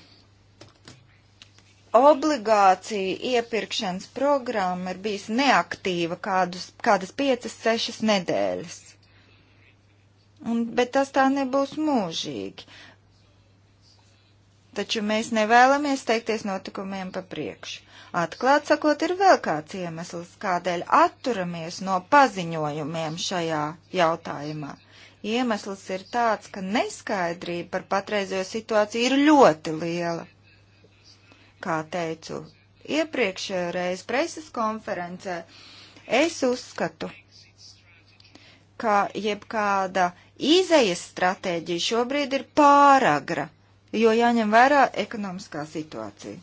obligāciju iepirkšanas programma ir bijusi neaktīva kādus, kādas 5-6 nedēļas. Un, bet tas tā nebūs mūžīgi. Taču mēs nevēlamies steigties notikumiem pa priekšu. Atklāt sakot, ir vēl kāds iemesls, kādēļ atturamies no paziņojumiem šajā jautājumā. Iemesls ir tāds, ka neskaidrība par patreizējo situāciju ir ļoti liela. Kā teicu iepriekšējā reizē preses konferencē, es uzskatu, ka jebkāda Īzējas stratēģija šobrīd ir pāragra, jo jāņem vērā ekonomiskā situācija.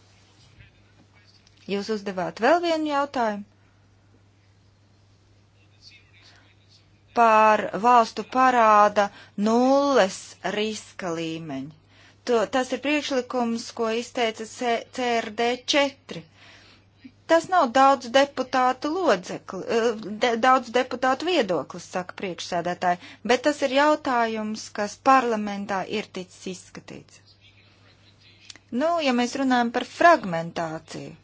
Jūs uzdevāt vēl vienu jautājumu par valstu parāda nulles riska līmeņu. To, tas ir priekšlikums, ko izteica CRD 4. Tas nav daudz deputātu lodzekli, eh, de, daudz deputātu viedoklis, saka priekšsēdētāji, bet tas ir jautājums, kas parlamentā ir ticis izskatīts. Nu, ja mēs runājam par fragmentāciju,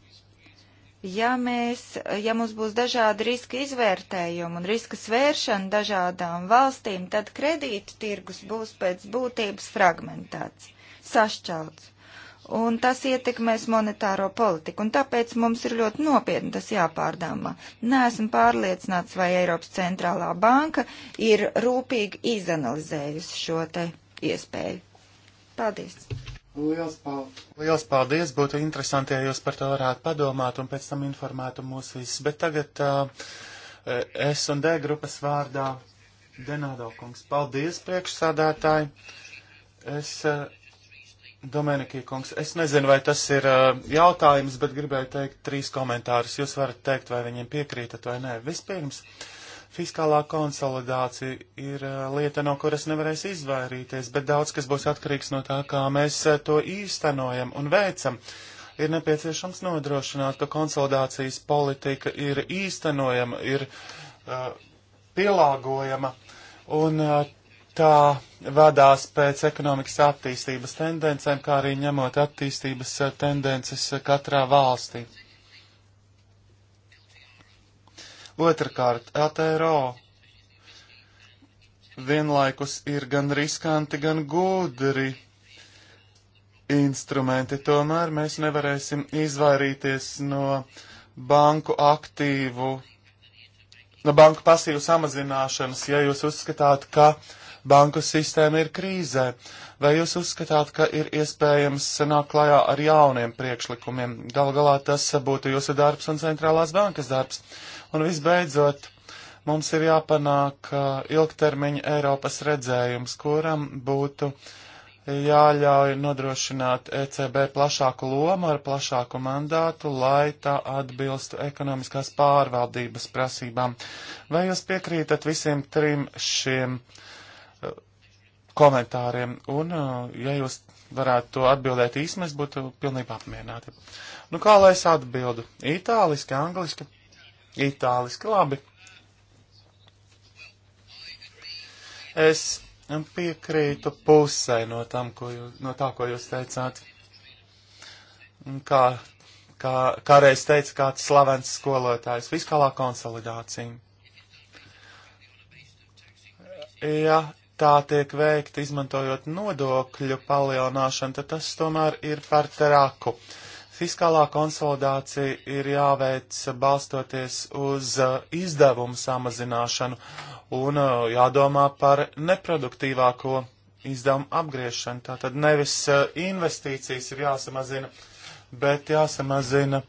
ja mēs, ja mums būs dažādi riska izvērtējumi un riska svēršana dažādām valstīm, tad kredītu tirgus būs pēc būtības fragmentāts, sašķelts un tas ietekmēs monetāro politiku, un tāpēc mums ir ļoti nopietni tas jāpārdāmā. Nesmu pārliecināts, vai Eiropas centrālā banka ir rūpīgi izanalizējusi šo te iespēju. Paldies! Liels paldies. Liels paldies! Būtu interesanti, ja jūs par to varētu padomāt un pēc tam informētu mūs visus. Bet tagad uh, S un D grupas vārdā Denādo kungs. Paldies, priekšsādātāji! Es uh, Domēnikī kungs, es nezinu, vai tas ir uh, jautājums, bet gribēju teikt trīs komentārus. Jūs varat teikt, vai viņiem piekrītat vai nē. Vispirms, fiskālā konsolidācija ir uh, lieta, no kuras nevarēs izvairīties, bet daudz kas būs atkarīgs no tā, kā mēs uh, to īstenojam un veicam. Ir nepieciešams nodrošināt, ka konsolidācijas politika ir īstenojama, ir uh, pielāgojama. Un uh, tā vadās pēc ekonomikas attīstības tendencēm, kā arī ņemot attīstības eh, tendences eh, katrā valstī. Otrakārt, LTRO vienlaikus ir gan riskanti, gan gudri instrumenti, tomēr mēs nevarēsim izvairīties no banku aktīvu, no banku pasīvu samazināšanas, ja jūs uzskatāt, ka uh, banku sistēma ir krīzē. Vai jūs uzskatāt, ka ir iespējams nākt klajā ar jauniem priekšlikumiem? Gal galā tas būtu jūsu darbs un centrālās bankas darbs. Un visbeidzot, mums ir jāpanāk uh, ilgtermiņa Eiropas redzējums, kuram būtu jāļauj nodrošināt ECB plašāku lomu ar plašāku mandātu, lai tā atbilstu ekonomiskās pārvaldības prasībām. Vai jūs piekrītat visiem trim šiem uh, komentāriem, un, eh, ja jūs varētu to atbildēt īsi, mēs būtu pilnībā apmierināti. Nu, kā lai es atbildu? Itāliski, angliski? Itāliski, labi. Es piekrītu pusē no, tam, ko jūs, no tā, ko jūs teicāt. Kā, kā, kā reiz teica kāds slavens skolotājs, fiskālā konsolidācija. Ja tā tiek veikta izmantojot nodokļu palielināšanu, tad tas tomēr ir par traku. Fiskālā konsolidācija ir jāveic balstoties uz uh, izdevumu samazināšanu un uh, jādomā par neproduktīvāko izdevumu apgriešanu. Tātad nevis uh, investīcijas ir jāsamazina, bet jāsamazina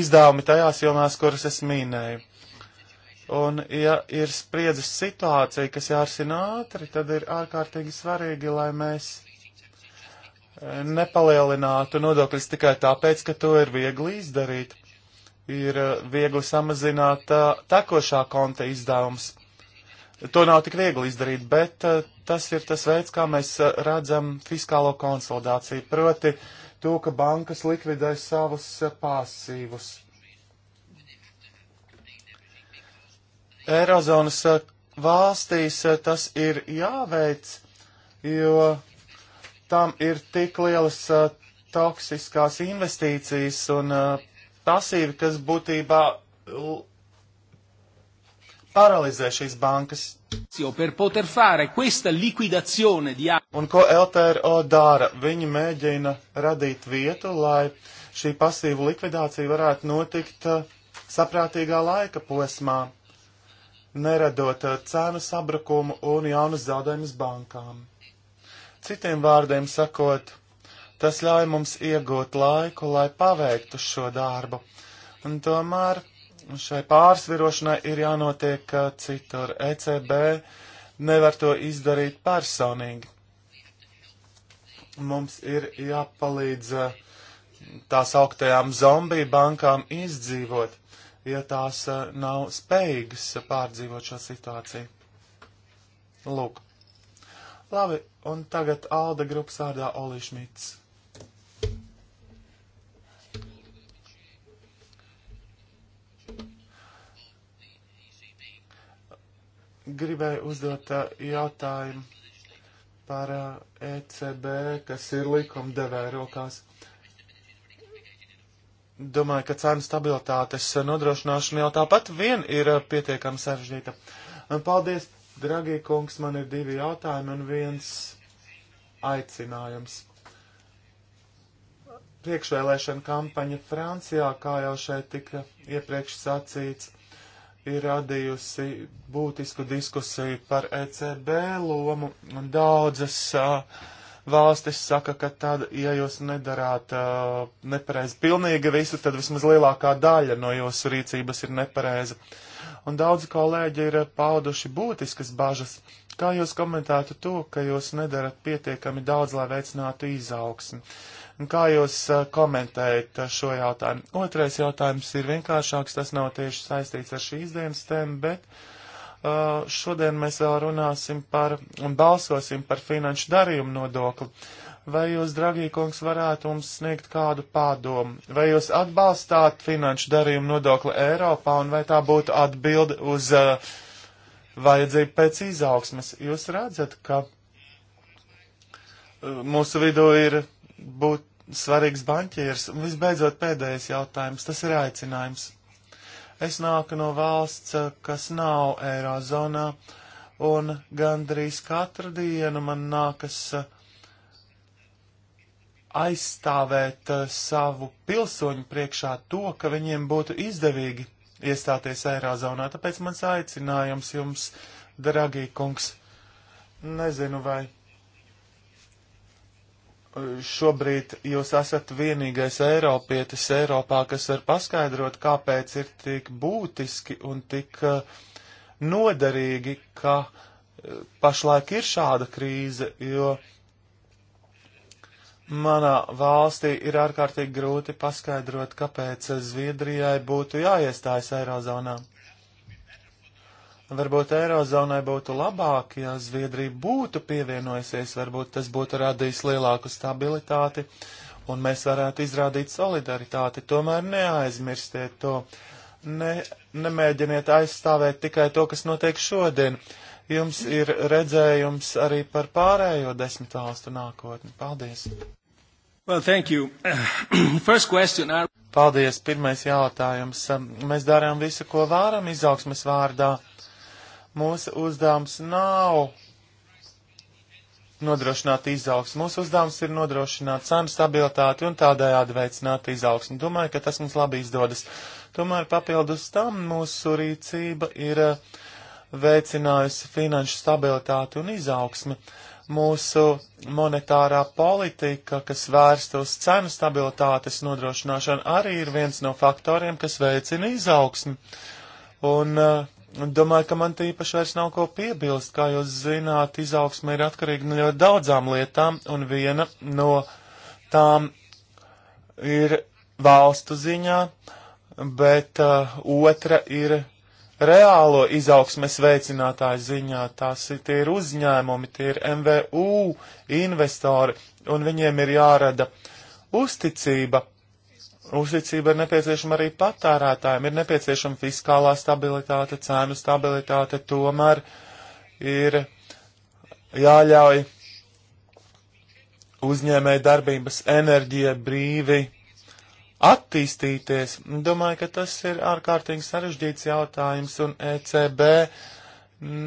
izdevumi tajās jomās, kuras es mīnēju. Un, ja ir spriedzes situācija, kas jārisina ātri, tad ir ārkārtīgi svarīgi, lai mēs e, nepalielinātu nodokļus tikai tāpēc, ka to ir viegli izdarīt. Ir e, viegli samazināt tekošā konta izdevums. To nav tik viegli izdarīt, bet e, tas ir tas veids, kā mēs redzam fiskālo konsolidāciju, proti to, ka bankas likvidē savus pasīvus Eirozonas eh, valstīs eh, tas ir jāveic, jo tam ir tik lielas eh, toksiskās investīcijas un pasīvi, kas būtībā paralizē šīs bankas. Per poter fare questa liquidazione di Un ko LTRO dara? Viņi mēģina radīt vietu, lai šī pasīva likvidācija varētu notikt saprātīgā laika posmā neradot uh, cenu sabrukumu un jaunas zaudējumus bankām. Citiem vārdiem sakot, tas ļauj mums iegūt laiku, lai paveiktu šo darbu, un tomēr šai pārsvirošanai ir jānotiek uh, citur. ECB nevar to izdarīt personīgi. Mums ir jāpalīdz uh, tās augtajām zombiju bankām izdzīvot ja tās eh, nav spējīgas pārdzīvot šo situāciju. Lūk. Labi, un tagad Alda grupas vārdā Olī Šmits. gribēju uzdot eh, jautājumu par ECB, eh, e kas ir likumdevēja rokās domāju, ka cenu stabilitātes nodrošināšana jau tāpat vien ir eh, pietiekami sarežģīta. Paldies, dragie kungs, man ir divi jautājumi un viens aicinājums. Priekšvēlēšana kampaņa Francijā, kā jau šeit tika iepriekš sacīts, ir radījusi būtisku diskusiju par ECB lomu un daudzas uh, valstis saka, ka tad, ja jūs nedarāt uh, nepareizi pilnīgi visu, tad vismaz lielākā daļa no jūsu rīcības ir nepareiza. Un daudzi kolēģi ir pauduši būtiskas bažas. Kā jūs komentētu to, ka jūs nedarat pietiekami daudz, lai veicinātu izaugsmi? Un kā jūs uh, komentējat šo jautājumu? Otrais jautājums ir vienkāršāks, tas nav tieši saistīts ar šīs dienas tēmu, bet uh, Uh, šodien mēs vēl runāsim par un balsosim par finanšu darījumu nodokli. Vai jūs, dragīgi kungs, varētu mums sniegt kādu pārdomu? Vai jūs atbalstāt finanšu darījumu nodokli Eiropā un vai tā būtu atbildi uz uh, vajadzību pēc izaugsmes? Jūs redzat, ka uh, mūsu vidū ir būt svarīgs banķieris. Un visbeidzot pēdējais jautājums, tas ir aicinājums. Es nāku no valsts, eh, kas nav Eirozonā, un gandrīz katru dienu man nākas eh, aizstāvēt eh, savu pilsoņu priekšā to, ka viņiem būtu izdevīgi iestāties Eirozonā. Tāpēc mans aicinājums jums, dragī kungs, nezinu vai šobrīd jūs esat vienīgais Eiropietis Eiropā, kas var paskaidrot, kāpēc ir tik būtiski un tik eh, noderīgi, ka eh, pašlaik ir šāda krīze, jo manā valstī ir ārkārtīgi grūti paskaidrot, kāpēc Zviedrijai būtu jāiestājas Eirozonā. Varbūt Eirozonai būtu labāk, ja Zviedrija būtu pievienojusies, varbūt tas būtu radījis lielāku stabilitāti un mēs varētu izrādīt solidaritāti. Tomēr neaizmirstiet to. Ne, nemēģiniet aizstāvēt tikai to, kas notiek šodien. Jums ir redzējums arī par pārējo desmit valstu nākotni. Paldies! Well, thank you. First question. Are... Paldies, pirmais jautājums. Mēs darām visu, ko varam izaugsmes vārdā Mūsu uzdevums nav nodrošināt izaugsmu. Mūsu uzdevums ir nodrošināt cenu stabilitāti un tādējādi veicināt izaugsmu. Domāju, ka tas mums labi izdodas. Tomēr papildus tam mūsu rīcība ir eh, veicinājusi finanšu stabilitāti un izaugsmi. Mūsu monetārā politika, kas vērsta uz cenu stabilitātes nodrošināšanu, arī ir viens no faktoriem, kas veicina izaugsmi. Un uh, Domāju, ka man te īpaši vairs nav ko piebilst. Kā jūs zināt, izaugsme ir atkarīga no ļoti daudzām lietām, un viena no tām ir valstu ziņā, bet uh, otra ir reālo izaugsmes veicinātāju ziņā. Tās ir, tie ir uzņēmumi, tie ir MVU investori, un viņiem ir jārada uzticība Uzticība ir nepieciešama arī patērētājiem, ir nepieciešama fiskālā stabilitāte, cēnu stabilitāte, tomēr ir jāļauj uzņēmēji darbības enerģija brīvi attīstīties. Domāju, ka tas ir ārkārtīgi sarežģīts jautājums, un ECB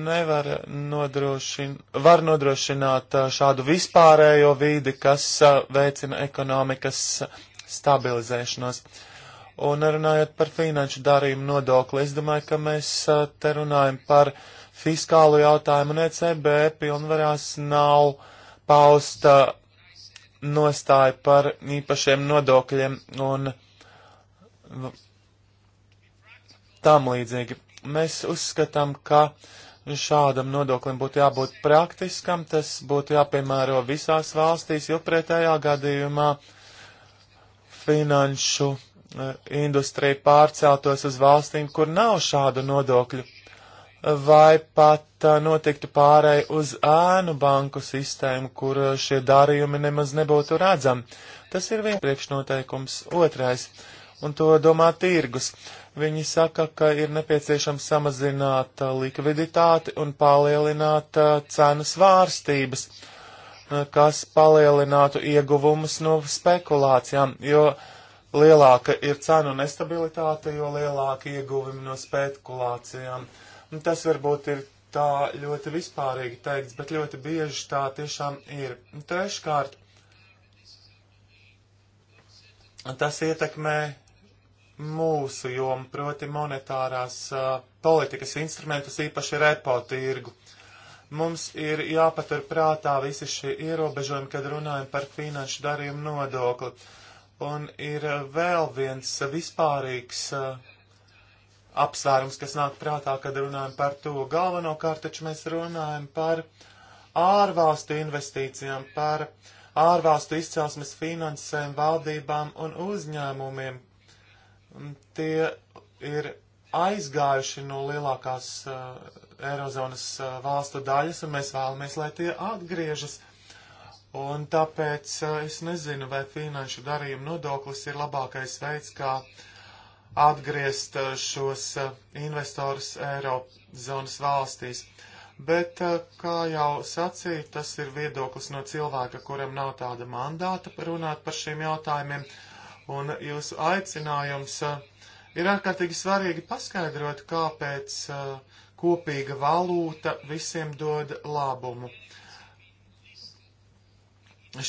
nevar nodrošināt, var nodrošināt šādu vispārējo vīdi, kas veicina ekonomikas stabilizēšanos. Un runājot par finanšu darījumu nodokli, es domāju, ka mēs te runājam par fiskālu jautājumu, un ECB pilnvarās nav pausta nostāja par īpašiem nodokļiem un tam līdzīgi. Mēs uzskatām, ka šādam nodoklim būtu jābūt praktiskam, tas būtu jāpiemēro visās valstīs, jo pretējā gadījumā uh, finanšu e, industrija pārceltos uz valstīm, kur nav šādu nodokļu, vai pat e, notiktu pārēj uz ēnu banku sistēmu, kur e, šie darījumi nemaz nebūtu redzami. Tas ir viens priekšnoteikums. Otrais, un to domā tirgus. Viņi saka, ka ir nepieciešams samazināt likviditāti un palielināt cenu svārstības. Uh, kas palielinātu ieguvumus no spekulācijām, jo lielāka ir cenu nestabilitāte, jo lielāka ieguvumi no spekulācijām. Un tas varbūt ir tā ļoti vispārīgi teikts, bet ļoti bieži tā tiešām ir. Un treškārt, tas ietekmē mūsu jomu, proti monetārās uh, politikas instrumentus, īpaši repo tirgu. Uh, Mums ir jāpatur prātā visi šie ierobežojumi, kad runājam par finanšu darījumu nodokli. Un ir eh, vēl viens vispārīgs eh, apsvērums, kas nāk prātā, kad runājam par to. Galvenokārt taču mēs runājam par ārvalstu investīcijām, par ārvalstu izcelsmes finansēm, valdībām un uzņēmumiem. Tie ir aizgājuši no lielākās uh, Eirozonas uh, valstu daļas, un mēs vēlamies, lai tie atgriežas. Un tāpēc uh, es nezinu, vai finanšu darījuma nodoklis ir labākais veids, kā atgriezt uh, šos uh, investorus Eirozonas valstīs. Bet, uh, kā jau sacīju, tas ir viedoklis no cilvēka, kuram nav tāda mandāta runāt par šiem jautājumiem, un jūsu aicinājums. Uh, Ir ārkārtīgi svarīgi paskaidrot, kāpēc uh, kopīga valūta visiem dod labumu.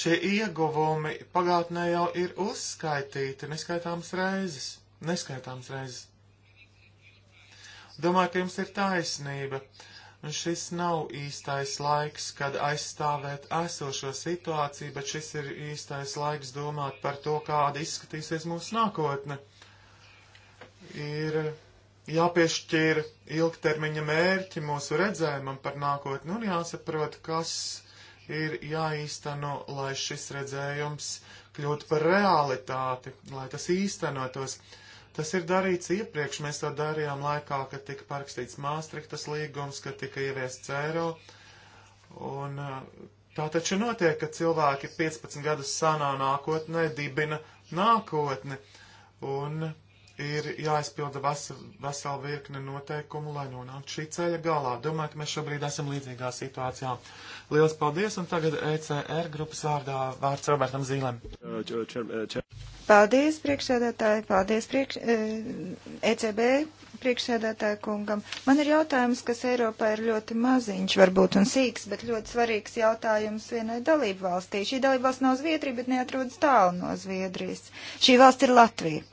Šie ieguvumi pagātnē jau ir uzskaitīti neskaitāms reizes. Neskaitāms reizes. Domāju, ka jums ir taisnība. Un šis nav īstais laiks, kad aizstāvēt esošo situāciju, bet šis ir īstais laiks domāt par to, kāda izskatīsies mūsu nākotne ir jāpiešķir ilgtermiņa mērķi mūsu redzējumam par nākotni un jāsaprot, kas ir jāīsteno, lai šis redzējums kļūtu par realitāti, lai tas īstenotos. Tas ir darīts iepriekš, mēs to darījām laikā, kad tika parakstīts Māstriktas līgums, kad tika ieviests eiro. Un uh, tā taču notiek, ka cilvēki 15 gadus sanā nākotnē dibina nākotni. Un ir jāizpilda vesela virkne noteikumu, lai nonāktu šī ceļa galā. Domāju, ka mēs šobrīd esam līdzīgā situācijā. Lielas paldies, un tagad ECR grupas vārdā vārds Robertam Zīlēm. Paldies, priekšsēdētāji, paldies priekš, ECB e priekšsēdētāja kungam. Man ir jautājums, kas Eiropā ir ļoti maziņš, varbūt un sīks, bet ļoti svarīgs jautājums vienai dalību valstī. Šī dalība valsts nav Zviedrija, bet neatrodas tālu no Zviedrijas. Šī valsts ir Latvija.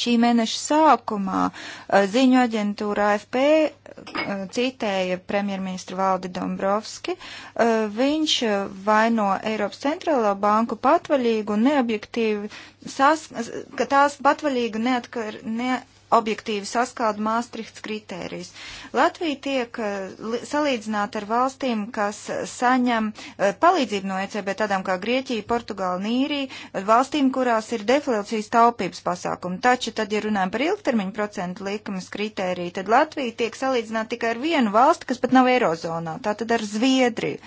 Šī mēneša sākumā eh, ziņu aģentūra AFP eh, citēja premjerministru Valdi Dombrovski. Eh, viņš vaino Eiropas centrālā banku patvaļīgu un neobjektīvu, sas, ka tās patvaļīgu neatkar, neatkar objektīvi saskauda Māstrihts kritērijus. Latvija tiek eh, salīdzināta ar valstīm, kas saņem eh, palīdzību no ECB, tādām kā Grieķija, Portugāla, Nīrija, valstīm, kurās ir deflācijas taupības pasākumi. Taču, tad, ja runājam par ilgtermiņu procentu likumas kritēriju, tad Latvija tiek salīdzināta tikai ar vienu valsti, kas pat nav Eirozonā, tātad ar Zviedriju.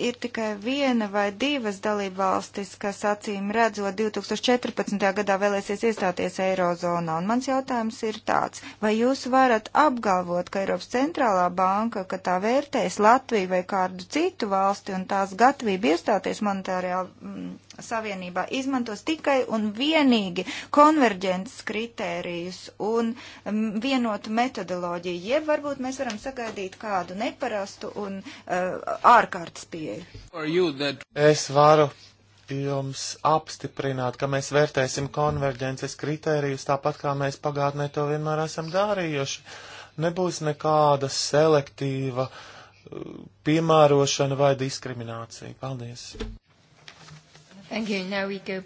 ir tikai viena vai divas dalībvalstis, kas acīm redzot 2014. gadā vēlēsies iestāties Eirozonā. Un mans jautājums ir tāds, vai jūs varat apgalvot, ka Eiropas centrālā banka, ka tā vērtēs Latviju vai kādu citu valsti un tās gatavību iestāties monetārajā mm, Savienībā izmantos tikai un vienīgi konverģences kritērijus un mm, vienotu metodoloģiju, jeb varbūt mēs varam sagaidīt kādu neparastu un uh, ārkārtas pieeju. Es varu jums apstiprināt, ka mēs vērtēsim konverģences kritērijus tāpat, kā mēs pagātnē to vienmēr esam darījuši. Nebūs nekāda selektīva eh, piemērošana vai diskriminācija. Paldies! To...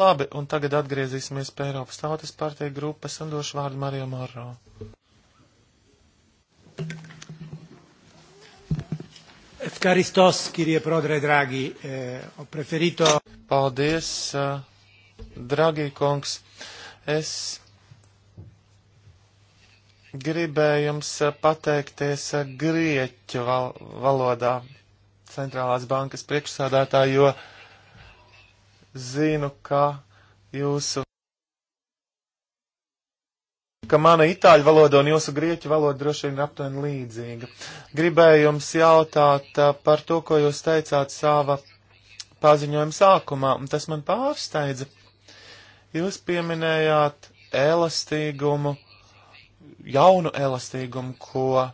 Labi, un tagad atgriezīsimies pie Eiropas Tautas partija grupas un došu vārdu Mario Morro. Efkaristos, kirie prodre, dragi, eh, preferito. Paldies, eh, dragi kungs. Es gribēju jums eh, pateikties eh, grieķu val valodā centrālās bankas priekšsādātā, jo zinu, ka jūsu, ka mana itāļu valoda un jūsu grieķu valoda droši vien ir aptuveni līdzīga. Gribēju jums jautāt par to, ko jūs teicāt sava paziņojuma sākumā, un tas man pārsteidza. Jūs pieminējāt elastīgumu, jaunu elastīgumu, ko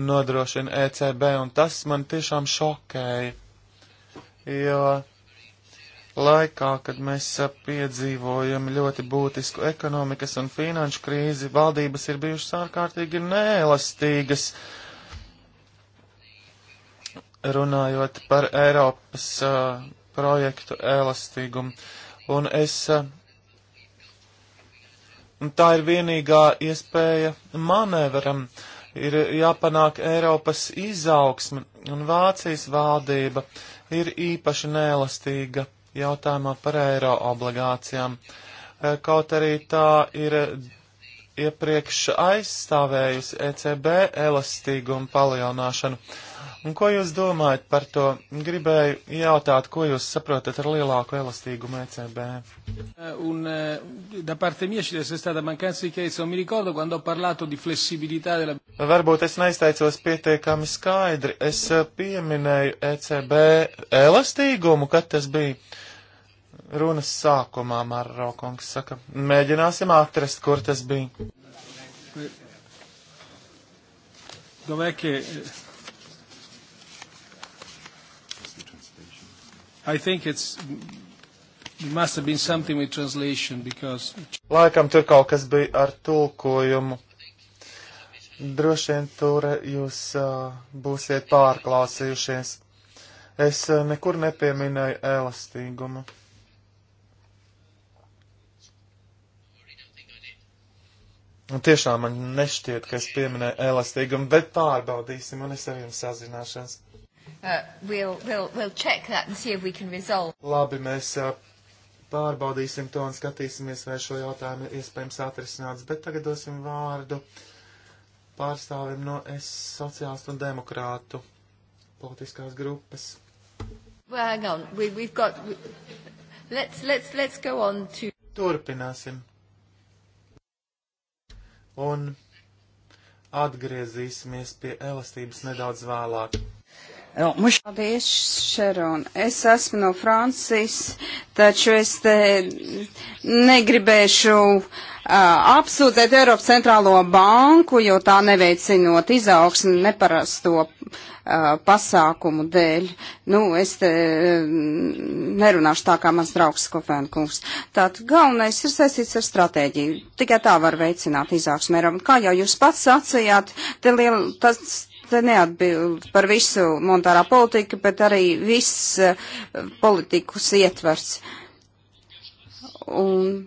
nodrošina ECB, un tas man tiešām šokēja, jo Laikā, kad mēs piedzīvojam ļoti būtisku ekonomikas un finanšu krīzi, valdības ir bijušas ārkārtīgi neelastīgas. Runājot par Eiropas uh, projektu elastīgumu. Un es uh, Un tā ir vienīgā iespēja manevram. Ir jāpanāk Eiropas izaugsme, un Vācijas valdība ir īpaši nēlastīga jautājumā par eiro obligācijām. Eh, kaut arī tā ir iepriekš aizstāvējusi ECB elastīgumu palielināšanu. Uh, Un ko jūs domājat par to? Gribēju jautāt, ko jūs saprotat ar lielāku elastīgumu ECB? Eh, un, eh, da parte mia ci deve stata mancanza di chiarezza. Mi ricordo quando ho parlato di flessibilità della... Varbūt es neizteicos pietiekami skaidri. Es eh, pieminēju ECB elastīgumu, kad tas bija runas sākumā, Marro kungs saka. Mēģināsim atrast, kur tas bija. Dov'è che I think it's must have been something with translation because. Laikam tur kaut kas bija ar tulkojumu. Droši vien tur jūs uh, būsiet pārklausījušies. Es uh, nekur nepieminēju elastīgumu. Un tiešām man nešķiet, ka es pieminēju elastīgumu, bet pārbaudīsim un es ar jums sazināšos. Uh, we'll, we'll, we'll check that and see if we can resolve. Labi, mēs uh, pārbaudīsim to un skatīsimies, vai šo jautājumu ir iespējams atrisināts, bet tagad dosim vārdu pārstāvim no es sociālistu un demokrātu politiskās grupas. Well, hang on, we, we've got, we, let's, let's, let's go on to... Turpināsim. Un atgriezīsimies pie elastības nedaudz vēlāk. Muš... Paldies, Šeron. Es esmu no Francijas, taču es te negribēšu uh, apsūdzēt Eiropas centrālo banku, jo tā neveicinot izaugsmi neparasto uh, pasākumu dēļ. Nu, es te uh, nerunāšu tā kā mans draugs Skofēnkungs. Tātad galvenais ir saistīts ar stratēģiju. Tikai tā var veicināt izaugsmi. Kā jau jūs pats sacījāt, te liela, tas te neatbild par visu monetārā politika, bet arī viss eh, politikas ietvars. Un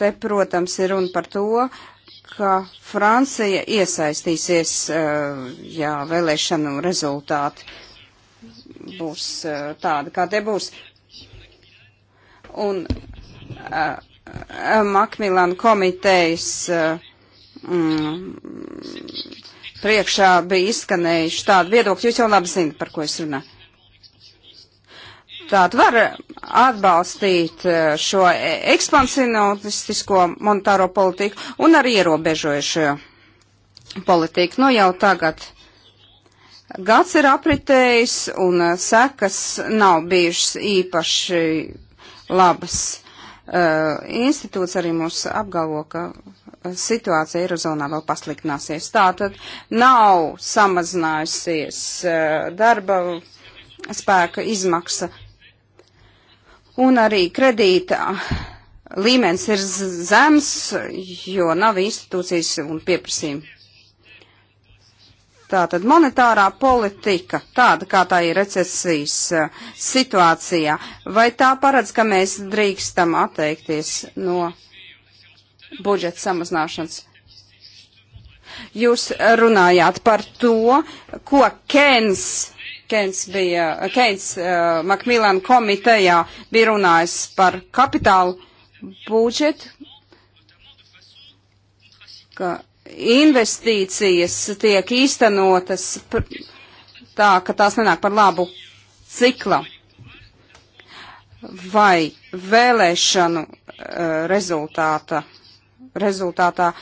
te, protams, ir runa par to, ka Francija iesaistīsies, eh, ja vēlēšanu rezultāti būs eh, tādi, kā te būs. Un Makmilāna komitejas mm, priekšā bija izskanējuši tādu viedokļu, jūs jau labi zinat, par ko es runāju. Tātad var atbalstīt eh, šo ekspansionistisko monetāro politiku un arī ierobežojušo politiku. Nu jau tagad gads ir apritējis un eh, sekas nav bijušas īpaši labas. Uh, institūts arī mūs apgalvo, ka situācija Eirozonā vēl pasliktināsies. Tātad nav samazinājusies eh, darba spēka izmaksa un arī kredīta ah, līmenis ir zems, jo nav institūcijas un pieprasījumi. Tātad monetārā politika, tāda kā tā ir recesijas eh, situācijā, vai tā paredz, ka mēs drīkstam atteikties no budžeta samazināšanas. Jūs runājāt par to, ko Kens, Kens bija, Kens uh, Makmilana komitejā bija runājis par kapitālu budžetu, ka investīcijas tiek īstenotas tā, ka tās nenāk par labu cikla vai vēlēšanu uh, rezultāta rezultātā uh,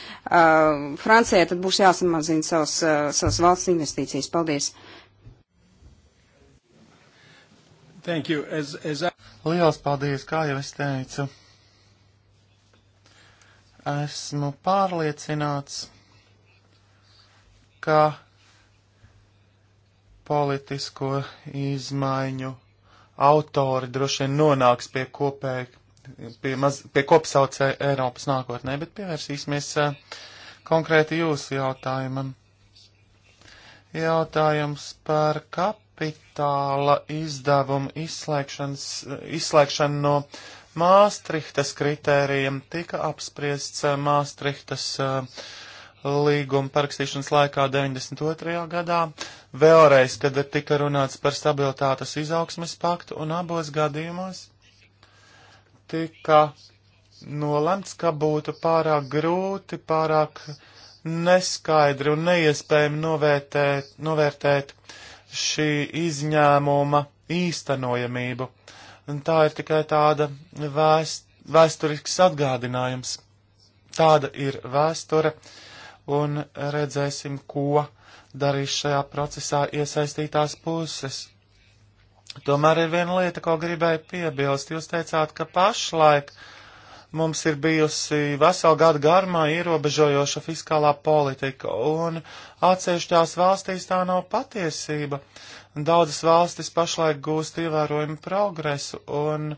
Francijai tad būs jāsamazina savas, uh, savas valsts investīcijas. Paldies! As, as I... Lielas paldies, kā jau es teicu. Esmu pārliecināts, ka politisko izmaiņu autori droši vien nonāks pie kopēja pie, maz, pie kopsaucē Eiropas nākotnē, bet pievērsīsimies konkrēti jūsu jautājumam. Jautājums par kapitāla izdevumu izslēgšanu no Māstrihtas kritērijiem tika apspriests Māstrihtas līguma parakstīšanas laikā 92. gadā, vēlreiz, kad tika runāts par stabilitātes izaugsmes paktu, un abos gadījumos tika nolemts, ka būtu pārāk grūti, pārāk neskaidri un neiespējami novērtēt, novērtēt šī izņēmuma īstenojamību. Un tā ir tikai tāda vēst, vēsturisks atgādinājums. Tāda ir vēsture, un redzēsim, ko darīs šajā procesā iesaistītās puses. Tomēr ir viena lieta, ko gribēju piebilst. Jūs teicāt, ka pašlaik mums ir bijusi veselu gadu garumā ierobežojoša fiskālā politika, un atsevišķās valstīs tā nav patiesība. Daudzas valstis pašlaik gūst ievērojumu progresu, un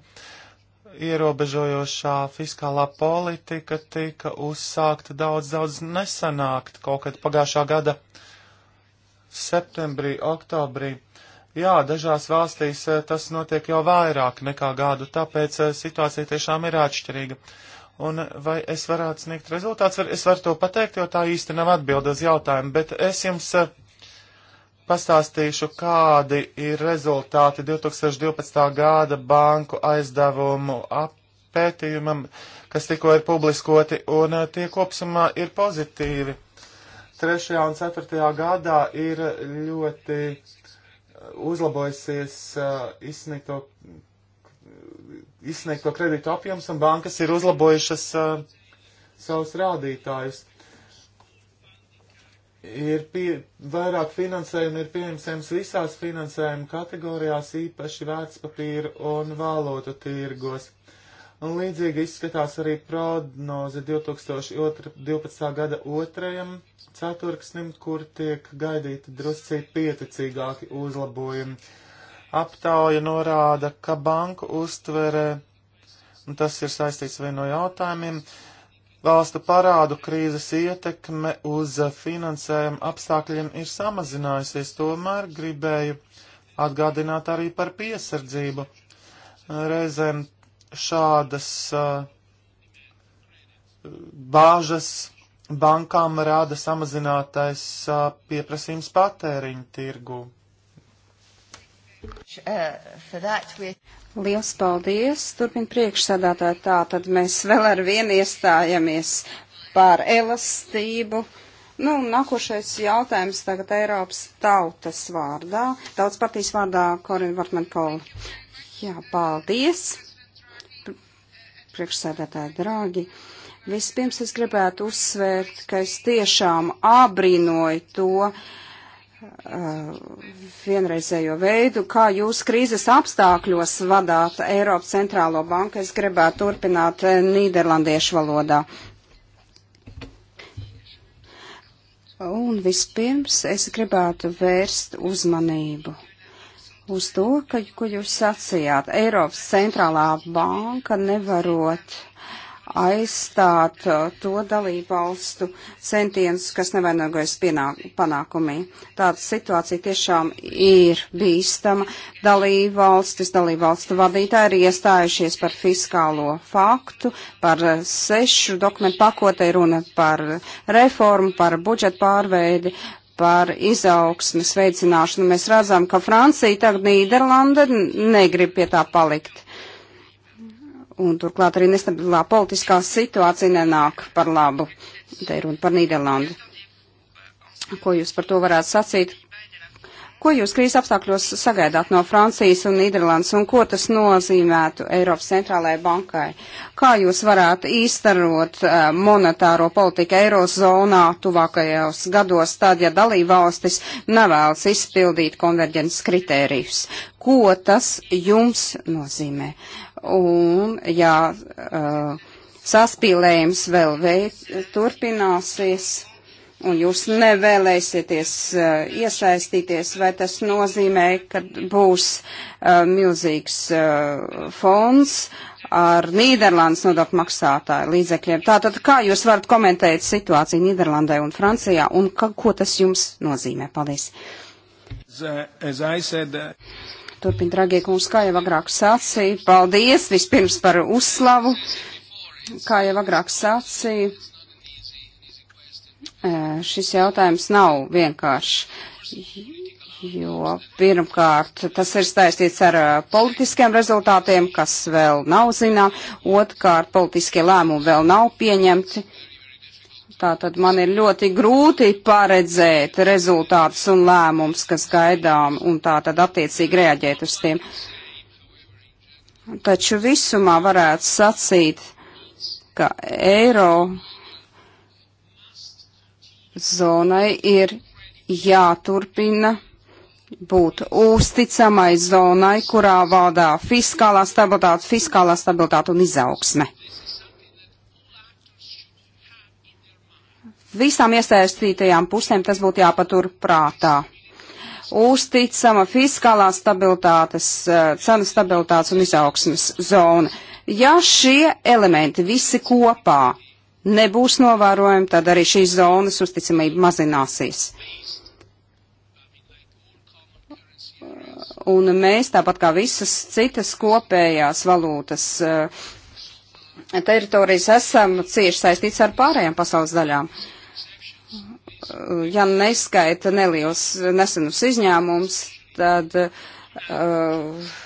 ierobežojošā fiskālā politika tika uzsākta daudz, daudz nesanākt kaut kad pagājušā gada septembrī, oktobrī Jā, dažās valstīs eh, tas notiek jau vairāk nekā gadu, tāpēc eh, situācija tiešām ir atšķirīga. Un eh, vai es varētu sniegt rezultāts? Es varu to pateikt, jo tā īsti nav atbilde uz jautājumu, bet es jums pastāstīšu, kādi ir rezultāti 2012. gada banku aizdevumu pētījumam, kas tikko ir publiskoti, un tie kopsumā ir pozitīvi. Trešajā un ceturtajā gadā ir ļoti uzlabojusies uh, izsniegto, izsniegto kredītu apjoms un bankas ir uzlabojušas uh, savus rādītājus. Ir pie, vairāk finansējumi, ir pieņemsams visās finansējuma kategorijās, īpaši vērtspapīra un valotu tirgos. Un līdzīgi izskatās arī prognoze 2012. gada otrajam ceturksnim, kur tiek gaidīti druscīt pieticīgāki uzlabojumi. Aptauja norāda, ka banku uztvere, un tas ir saistīts vienu no jautājumiem, Valstu parādu krīzes ietekme uz finansējumu apstākļiem ir samazinājusies, tomēr gribēju atgādināt arī par piesardzību. Reizēm šādas uh, bāžas bankām rāda samazinātais uh, pieprasījums patēriņu tirgu. Liels paldies! Turpin priekšsādātāji tā, tad mēs vēl ar vienu iestājamies par elastību. Nu, nākošais jautājums tagad Eiropas tautas vārdā, tautas partijas vārdā Korina Vartmankola. Jā, paldies! priekšsēdētāji draugi. Vispirms es gribētu uzsvērt, ka es tiešām abrīnoju to uh, vienreizējo veidu, kā jūs krīzes apstākļos vadāt Eiropas centrālo banku. Es gribētu turpināt uh, nīderlandiešu valodā. Un vispirms es gribētu vērst uzmanību uz to, ka, ko jūs sacījāt. Eiropas centrālā banka nevarot aizstāt uh, to dalību valstu centienus, kas nevainojas panākumī. Tāda situācija tiešām ir bīstama. Dalību valstis, dalību valstu vadītāji ir iestājušies par fiskālo faktu, par uh, sešu dokumentu pakotē runa par reformu, par budžetu pārveidi, par izaugsmes veicināšanu. Mēs redzam, ka Francija, tagad Nīderlanda negrib pie tā palikt. Un turklāt arī nestabilā politiskā situācija nenāk par labu. Te ir runa par Nīderlandi. Ko jūs par to varētu sacīt? Ko jūs krīzes apstākļos sagaidāt no Francijas un Nīderlandes un ko tas nozīmētu Eiropas centrālajai bankai? Kā jūs varētu īstenot eh, monetāro politiku Eirozonā tuvākajos gados, tad, ja dalībvalstis nevēlas izpildīt konverģences kritērijus? Ko tas jums nozīmē? Un, ja, uh, saspīlējums vēl veid, turpināsies un jūs nevēlēsieties uh, iesaistīties, vai tas nozīmē, ka būs uh, milzīgs uh, fonds ar Nīderlandes nodokļu maksātāju līdzekļiem. Tātad, kā jūs varat komentēt situāciju Nīderlandē un Francijā, un ka, ko tas jums nozīmē? Paldies! Uh, Turpin, dragie kungs, kā jau agrāk sācīja, paldies vispirms par uzslavu, kā jau agrāk sācīja šis jautājums nav vienkāršs, jo pirmkārt tas ir staistīts ar politiskiem rezultātiem, kas vēl nav zinām, otrkārt politiskie lēmumi vēl nav pieņemti. Tātad man ir ļoti grūti paredzēt rezultātus un lēmumus, kas gaidām, un tātad attiecīgi reaģēt uz tiem. Taču visumā varētu sacīt, ka eiro zonai ir jāturpina būt uzticamai zonai, kurā valdā fiskālā stabilitāte, fiskālā stabilitāte un izaugsme. Visām iesaistītajām pusēm tas būtu jāpatur prātā. Uzticama fiskālā stabilitātes, eh, cenu stabilitātes un izaugsmes zona. Ja šie elementi visi kopā nebūs novērojama, tad arī šīs zonas uzticamība mazināsies. Un mēs, tāpat kā visas citas kopējās valūtas eh, teritorijas, esam cieši saistīts ar pārējām pasaules daļām. Ja neskaita neliels nesenus izņēmums, tad uh,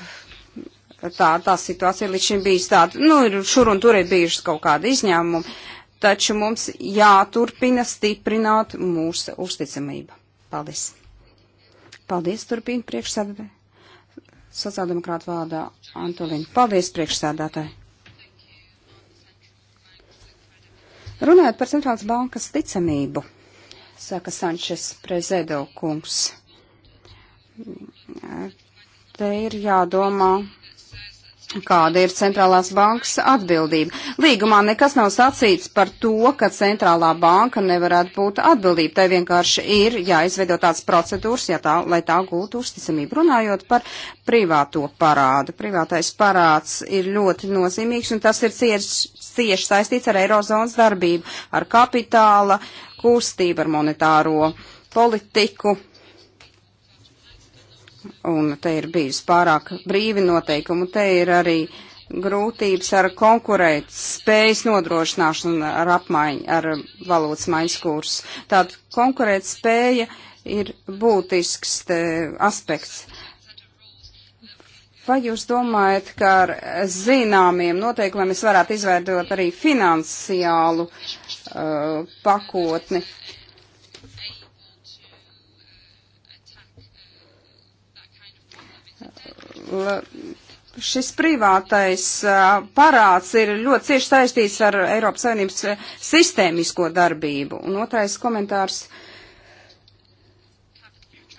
tā, tā situācija līdz šim bijis tāda, nu, šur un tur ir bijušas kaut kādi izņēmumi, taču mums jāturpina stiprināt mūsu uzticamību. Paldies! Paldies, turpina priekšsēdētāji. Sociāldemokrāta vārdā Antolīna. Paldies, priekšsēdētāji. Runājot par centrālās bankas ticamību, saka Sančes Prezedo kungs, te ir jādomā kāda ir centrālās bankas atbildība. Līgumā nekas nav sacīts par to, ka centrālā banka nevarētu būt atbildība. Tai vienkārši ir jāizveido tāds procedūras, ja tā, lai tā gūtu uzticamību. Runājot par privāto parādu. Privātais parāds ir ļoti nozīmīgs un tas ir cieši, cieši saistīts ar eirozonas darbību, ar kapitāla kustību, ar monetāro politiku un te ir bijis pārāk brīvi noteikumi, te ir arī grūtības ar konkurēt spējas nodrošināšanu ar apmaiņu, ar valūtas maiņas kursu. Tātad konkurēt spēja ir būtisks te, aspekts. Vai jūs domājat, ka ar zināmiem noteikumiem es varētu izveidot arī finansiālu uh, pakotni? Uh, šis privātais uh, parāds ir ļoti cieši saistīts ar Eiropas Savienības uh, sistēmisko darbību. Un otrais komentārs.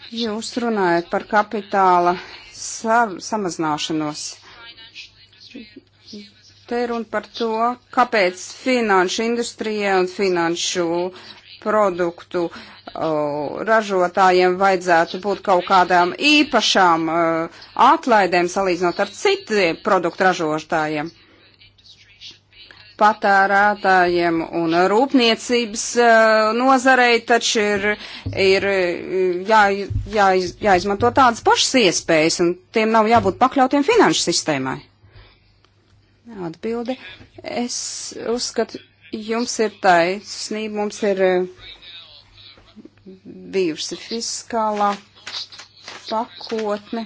Jūs runājat par kapitāla sav, samazināšanos. Te ir runa par to, kāpēc finanšu industrija un finanšu uh, produktu uh, ražotājiem vajadzētu būt kaut kādām īpašām uh, atlaidēm salīdzinot ar citiem produktu ražotājiem. Patērētājiem un rūpniecības uh, nozarei taču ir, ir jā, jā, jāizmanto tādas pašas iespējas, un tiem nav jābūt pakļautiem finanšu sistēmai. Atbildi. Es uzskatu, Jums ir taisnība, mums ir eh, bijusi fiskālā pakotne,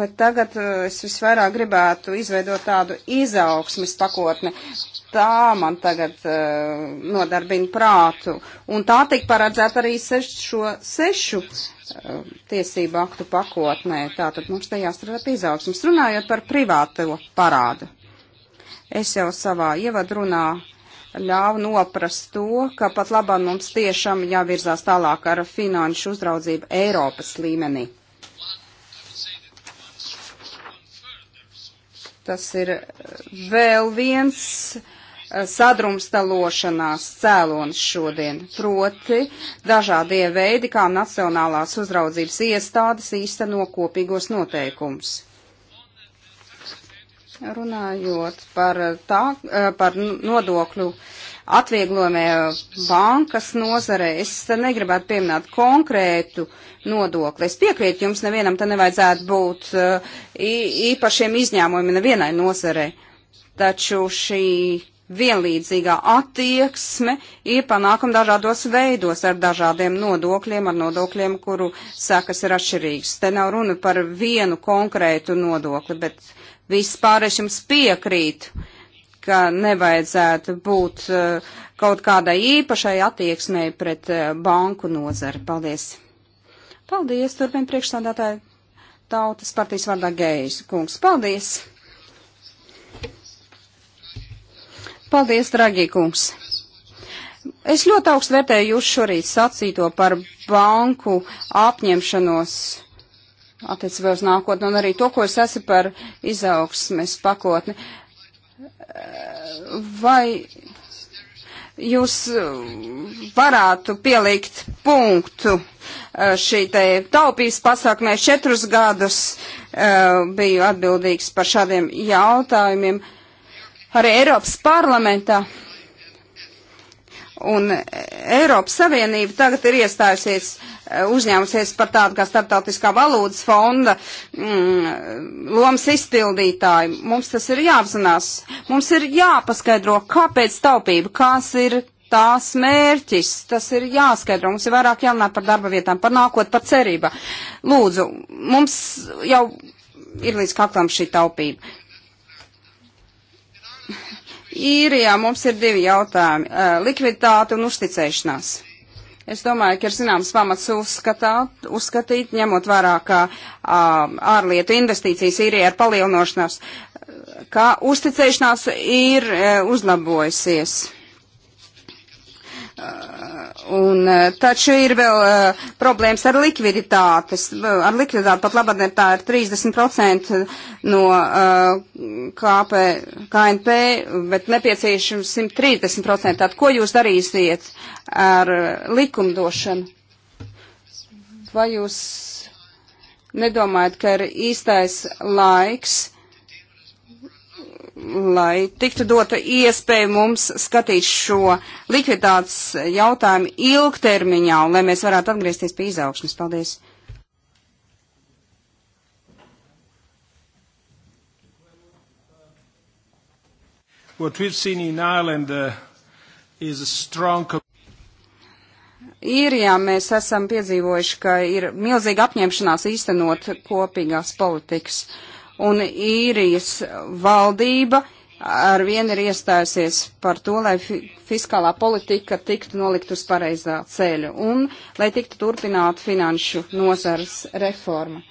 bet tagad eh, es visvairāk gribētu izveidot tādu izaugsmes pakotni. Tā man tagad uh, nodarbina prātu, un tā tik paredzēta arī seš, šo sešu uh, tiesību aktu pakotnē. Tātad mums tajā strādāt izaugsmes, runājot par privāto parādu. Es jau savā ievadrunā ļāva noprast to, ka pat labāk mums tiešām jāvirzās tālāk ar finanšu uzraudzību Eiropas līmenī. Tas ir vēl viens eh, sadrumstalošanās cēlonis šodien, proti dažādie veidi, kā nacionālās uzraudzības iestādes īsteno kopīgos noteikumus. Runājot par, tā, eh, par nodokļu atvieglojumiem bankas nozarē, es negribētu pieminēt konkrētu nodokli. Es piekrītu jums, nevienam te nevajadzētu būt eh, īpašiem izņēmumiem nevienai nozarē. Taču šī vienlīdzīgā attieksme ir panākama dažādos veidos ar dažādiem nodokļiem, ar nodokļiem, kuru sekas ir atšķirīgas. Te nav runa par vienu konkrētu nodokli, bet vispār es jums piekrītu, ka nevajadzētu būt uh, kaut kādai īpašai attieksmei pret uh, banku nozari. Paldies! Paldies, turpin priekšstādātāji tautas partijas vārdā Gējs kungs. Paldies! Paldies, dragī kungs! Es ļoti augstu vērtēju jūs šorīt sacīto par banku apņemšanos attiecībā uz nākotni un arī to, ko es esmu par izaugsmes pakotni. Vai jūs varētu pielikt punktu eh, šī te taupības pasākumē četrus gadus eh, biju atbildīgs par šādiem jautājumiem arī Eiropas parlamentā. Un Eiropas Savienība tagad ir iestājusies uh, uzņēmusies par tādu kā starptautiskā valūtas fonda mm, lomas izpildītāju. Mums tas ir jāapzinās. Mums ir jāpaskaidro, kāpēc taupība, kas ir tās mērķis. Tas ir jāskaidro. Mums ir vairāk jārunā par darba vietām, par nākotnē, par cerību. Lūdzu, mums jau ir līdz kaklam šī taupība. Īrijā mums ir divi jautājumi eh, - likviditāte un uzticēšanās. Es domāju, ka ir zināms pamats uzskatāt, uzskatīt, ņemot vērā, ka ārlietu investīcijas īrija ir palielinošanās, ka uzticēšanās ir uzlabojusies. Un, e, taču ir vēl uh, problēmas ar likviditātes. Ar likviditāti pat labāk tā ir 30% no uh, e, KP, KNP, bet nepieciešams 130%. Tātad, ko jūs darīsiet ar likumdošanu? Vai jūs nedomājat, ka ir īstais laiks? lai tiktu dota iespēja mums skatīt šo likviditātes jautājumu ilgtermiņā un lai mēs varētu atgriezties pie izaugsmes. Paldies! What we've seen in Ireland uh, is a strong Īrijā mēs esam piedzīvojuši, ka ir milzīga apņemšanās īstenot kopīgās politikas. Uh, un īrijas valdība ar vienu ir iestājusies par to, lai fiskālā politika tiktu nolikt uz pareizā ceļa un lai tiktu turpināta finanšu nozars reforma.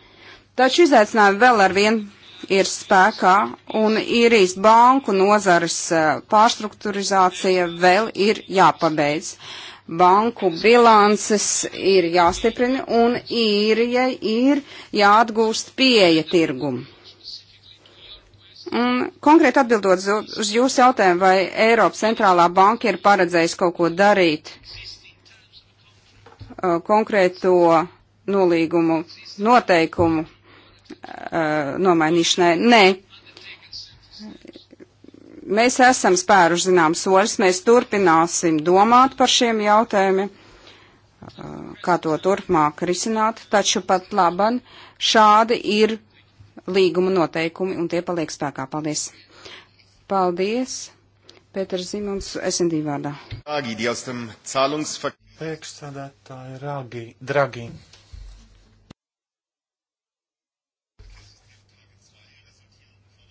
Taču izaicinājumi vēl ar vienu ir spēkā un īrijas banku nozares eh, pārstruktūrizācija vēl ir jāpabeidz. Banku bilances ir jāstiprina un īrijai ir jāatgūst pieeja tirgumu Un konkrēti atbildot uz jūsu jautājumu, vai Eiropas centrālā banka ir paredzējusi kaut ko darīt uh, konkrēto nolīgumu noteikumu uh, nomainīšanai? Nē. Mēs esam spēruši zinām soļus, mēs turpināsim domāt par šiem jautājumiem, uh, kā to turpmāk risināt, taču pat laban šādi ir līguma noteikumi, un tie paliek spēkā. Paldies! Paldies! Pēters Zimons, SND vārdā. Priekšsādātāji Ragi, Dragi.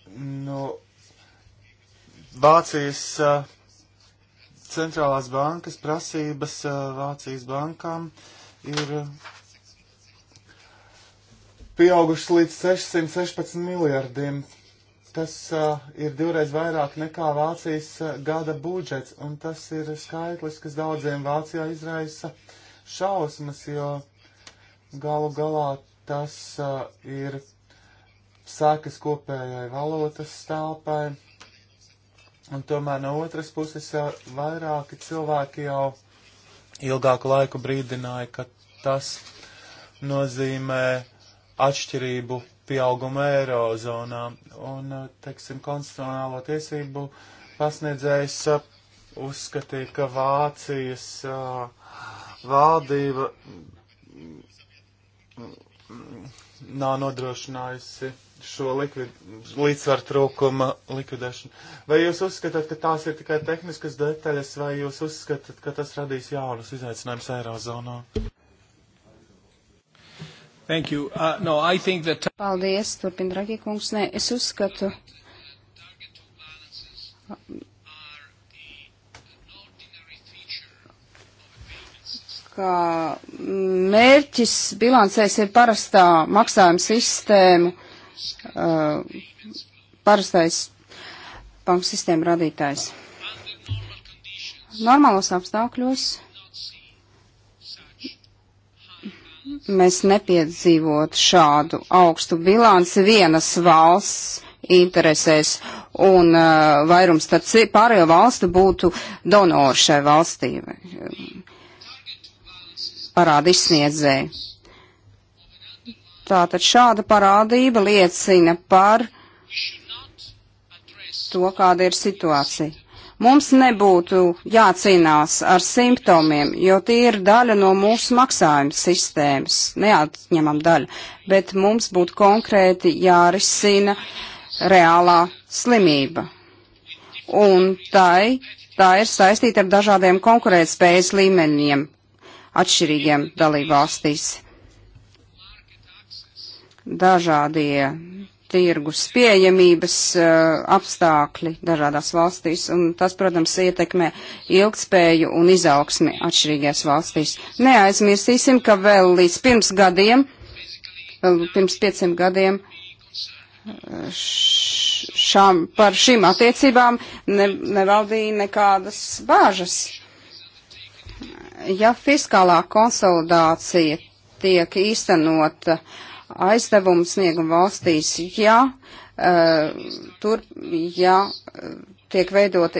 No nu, Vācijas uh, centrālās bankas prasības uh, Vācijas bankām ir uh, pieaugušas līdz 616 miljardiem. Tas uh, ir divreiz vairāk nekā Vācijas uh, gada budžets, un tas ir skaitlis, kas daudziem Vācijā izraisa šausmas, jo galu galā tas uh, ir sākas kopējai valotas stāpai, un tomēr no otras puses uh, vairāki cilvēki jau ilgāku laiku brīdināja, ka tas nozīmē atšķirību pieauguma eirozonā. Un, uh, teiksim, konstitucionālo tiesību pasniedzējs uh, uzskatīja, ka Vācijas uh, valdība mm, nav nodrošinājusi šo likvid, līdzsvaru trūkuma likvidēšanu. Vai jūs uzskatāt, ka tās ir tikai tehniskas detaļas, vai jūs uzskatāt, ka tas radīs jaunus izaicinājumus Eirozonā? Thank you. Uh, no, I think that... Uh, Paldies, turpina Dragi kungs. Nē, es uzskatu, ka mērķis bilancēs ir parastā maksājuma sistēma, uh, parastais banku sistēma radītājs. Normālos apstākļos mēs nepiedzīvotu šādu augstu bilanci vienas valsts interesēs, un uh, vairums tad pārējo valstu būtu donori šai valstī, um, parādi izsniedzēji. Tātad šāda parādība liecina par to, kāda ir situācija. Mums nebūtu jācīnās ar simptomiem, jo tie ir daļa no mūsu maksājuma sistēmas, neatņemam daļa, bet mums būtu konkrēti jārisina reālā slimība. Un tai, tā ir saistīta ar dažādiem konkurētspējas līmeņiem atšķirīgiem dalībvalstīs. Dažādie tirgus pieejamības eh, apstākļi dažādās valstīs, un tas, protams, ietekmē ilgtspēju un izaugsmi atšķirīgajās valstīs. Neaizmirsīsim, ka vēl līdz pirms gadiem, vēl pirms pieciem gadiem, eh, šām, par šīm attiecībām ne, nevaldīja nekādas bāžas. Ja fiskālā konsolidācija tiek īstenota uh, aizdevumu sniegumu valstīs, ja, eh, tur, ja eh, tiek veidota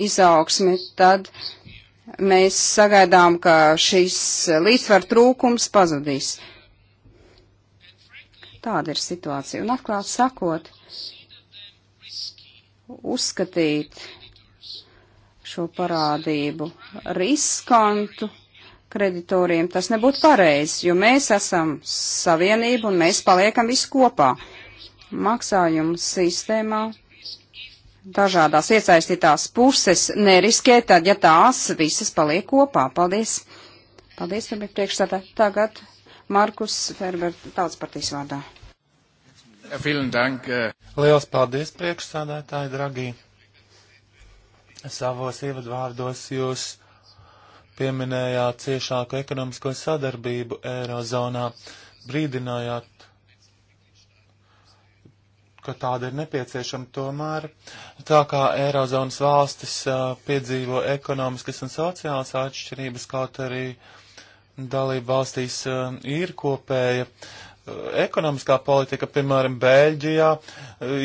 izaugsme, tad mēs sagaidām, ka šis līdzsvar trūkums pazudīs. Tāda ir situācija. Un atklāt sakot, uzskatīt šo parādību riskantu kreditoriem, tas nebūtu pareizi, jo mēs esam savienība un mēs paliekam visi kopā. Maksājumu sistēmā dažādās iesaistītās puses neriskē, tad ja tās visas paliek kopā. Paldies! Paldies, tev priekšstādā. Tagad Markus Ferber, tautas partijas vārdā. Eh. Liels paldies, priekšsādātāji, dragī! Savos ievadvārdos jūs pieminējāt ciešāku ekonomisko sadarbību Eirozonā, brīdinājāt, ka tāda ir nepieciešama tomēr. Tā kā Eirozonas valstis uh, piedzīvo ekonomiskas un sociālas atšķirības, kaut arī dalību valstīs uh, ir kopēja uh, ekonomiskā politika, piemēram, Bēļģijā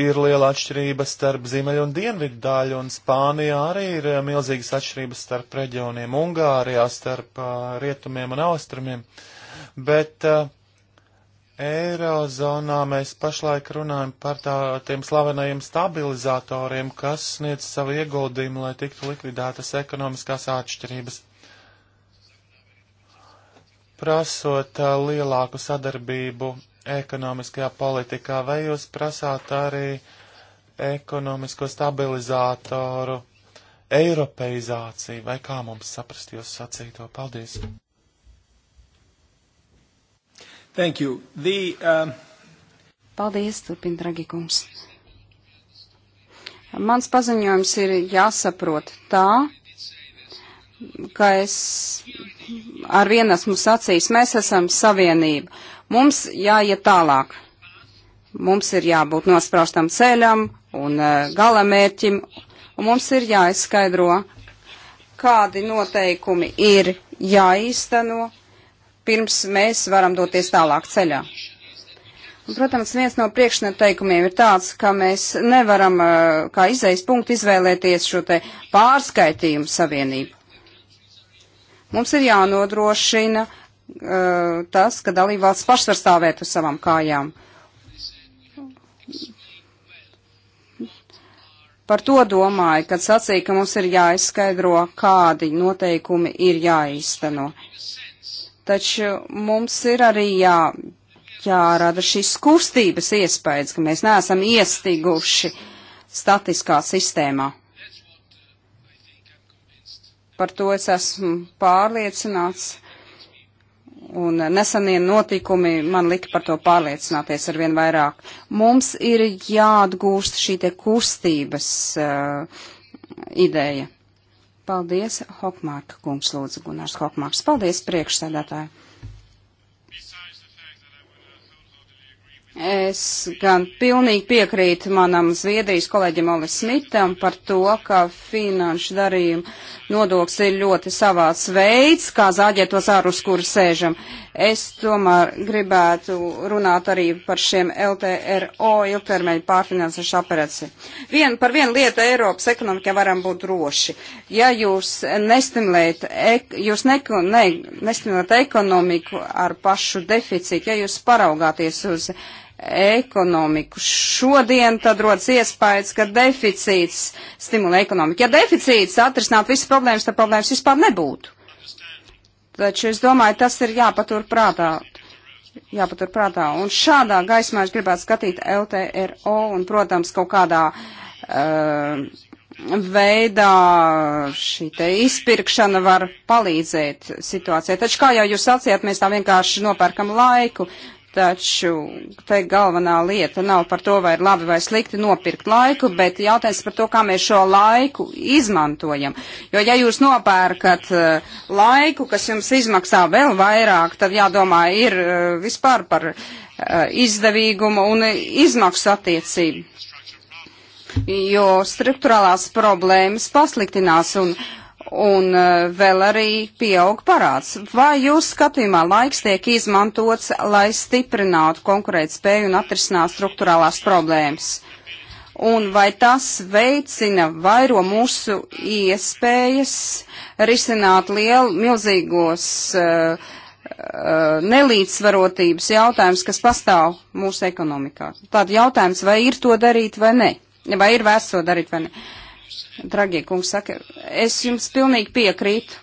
ir liela atšķirība starp ziemeļu un dienvidu daļu, un Spānijā arī ir eh, milzīgas atšķirības starp reģioniem, Ungārijā starp uh, rietumiem un austrumiem. Bet uh, Eirozonā mēs pašlaik runājam par tā, tiem slavenajiem stabilizatoriem, kas sniedz savu ieguldījumu, lai tiktu likvidētas ekonomiskās atšķirības prasot lielāku sadarbību ekonomiskajā politikā, vai jūs prasāt arī ekonomisko stabilizātoru eiropeizāciju, vai kā mums saprast jūs sacīto? Paldies! Thank you. The, um... Paldies, turpina Dragikungs. Mans paziņojums ir jāsaprot tā, kā es ar vienu esmu sacījis, mēs esam savienība. Mums jāiet tālāk. Mums ir jābūt nospraustam ceļam un e, galamērķim, un mums ir jāizskaidro, kādi noteikumi ir jāīsteno, pirms mēs varam doties tālāk ceļā. Un, protams, viens no priekšneteikumiem ir tāds, ka mēs nevaram e, kā izejas punktu izvēlēties šo te pārskaitījumu savienību. Mums ir jānodrošina uh, tas, ka dalībvalsts pašs var stāvēt uz savām kājām. Par to domāju, kad sacīja, ka mums ir jāizskaidro, kādi noteikumi ir jāīsteno. Taču mums ir arī jā, jārada šīs kustības iespējas, ka mēs neesam iestiguši statiskā sistēmā par to es esmu pārliecināts. Un nesenie notikumi man lika par to pārliecināties ar vien vairāk. Mums ir jāatgūst šī te kustības uh, ideja. Paldies, Hokmārka kungs, lūdzu, Gunārs Hokmārks. Paldies, priekšsēdētāji. Es gan pilnīgi piekrītu manam Zviedrijas kolēģim Olis Smitam par to, ka finanšu darījumu nodoks ir ļoti savāds veids, kā zāģēt to zāru, uz kuru sēžam. Es tomēr gribētu runāt arī par šiem LTRO ilgtermeņu pārfinansēšu operāciju. Vien, par vienu lietu Eiropas ekonomikā varam būt droši. Ja jūs nestimulējat, ek, jūs ne, ne, nestimulējat ekonomiku ar pašu deficītu, ja jūs paraugāties uz ekonomiku. Šodien tad rodas iespējas, ka deficīts stimulē ekonomiku. Ja deficīts atrisinātu visas problēmas, tad problēmas vispār nebūtu. Taču es domāju, tas ir jāpatur prātā. Jāpatur prātā. Un šādā gaismā es gribētu skatīt LTRO un, protams, kaut kādā uh, veidā šī te izpirkšana var palīdzēt situācijai. Taču, kā jau jūs sacījāt, mēs tā vienkārši nopērkam laiku Taču te galvenā lieta nav par to, vai ir labi vai slikti nopirkt laiku, bet jautājums par to, kā mēs šo laiku izmantojam. Jo ja jūs nopērkat uh, laiku, kas jums izmaksā vēl vairāk, tad jādomā ir uh, vispār par uh, izdevīgumu un izmaksu attiecību. Jo struktūrālās problēmas pasliktinās un. Uh, un e, vēl arī pieaug parāds. Vai jūs skatījumā laiks tiek izmantots, lai stiprinātu konkurēt spēju un atrisināt struktūrālās problēmas? Un vai tas veicina vairo mūsu iespējas risināt lielu, milzīgos uh, uh, nelīdzsvarotības jautājumus, kas pastāv mūsu ekonomikā? Tāda jautājums, vai ir to darīt vai nē? Vai ir vērts to darīt vai nē? Uh, Dragie kungs saka, es jums pilnīgi piekrītu.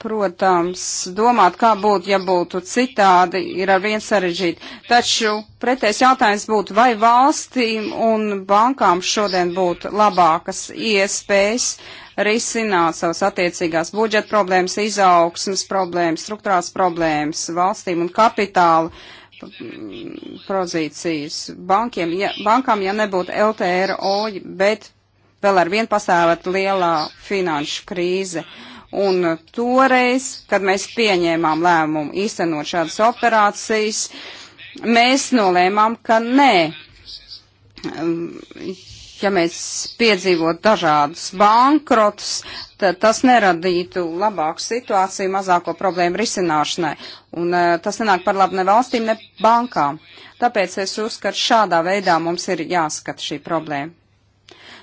Protams, domāt, kā būtu, ja būtu citādi, ir ar vien sarežģīti. Taču pretējs jautājums būtu, vai valstīm un bankām šodien būtu labākas iespējas risināt savas attiecīgās budžeta problēmas, izaugsmas problēmas, struktūrās problēmas valstīm un kapitālu uh, Mm, prozīcijas bankiem, ja, bankām, ja nebūtu LTRO, bet vēl ar vienu pastāvēt lielā finanšu krīze. Un toreiz, kad mēs pieņēmām lēmumu īstenot šādas operācijas, mēs nolēmām, ka nē, mm, ja mēs piedzīvotu dažādus bankrotus, tad tas neradītu labāku situāciju mazāko problēmu risināšanai. Un eh, tas nenāk par labu ne valstīm, ne bankām. Tāpēc es uzskatu, šādā veidā mums ir jāskata šī problēma.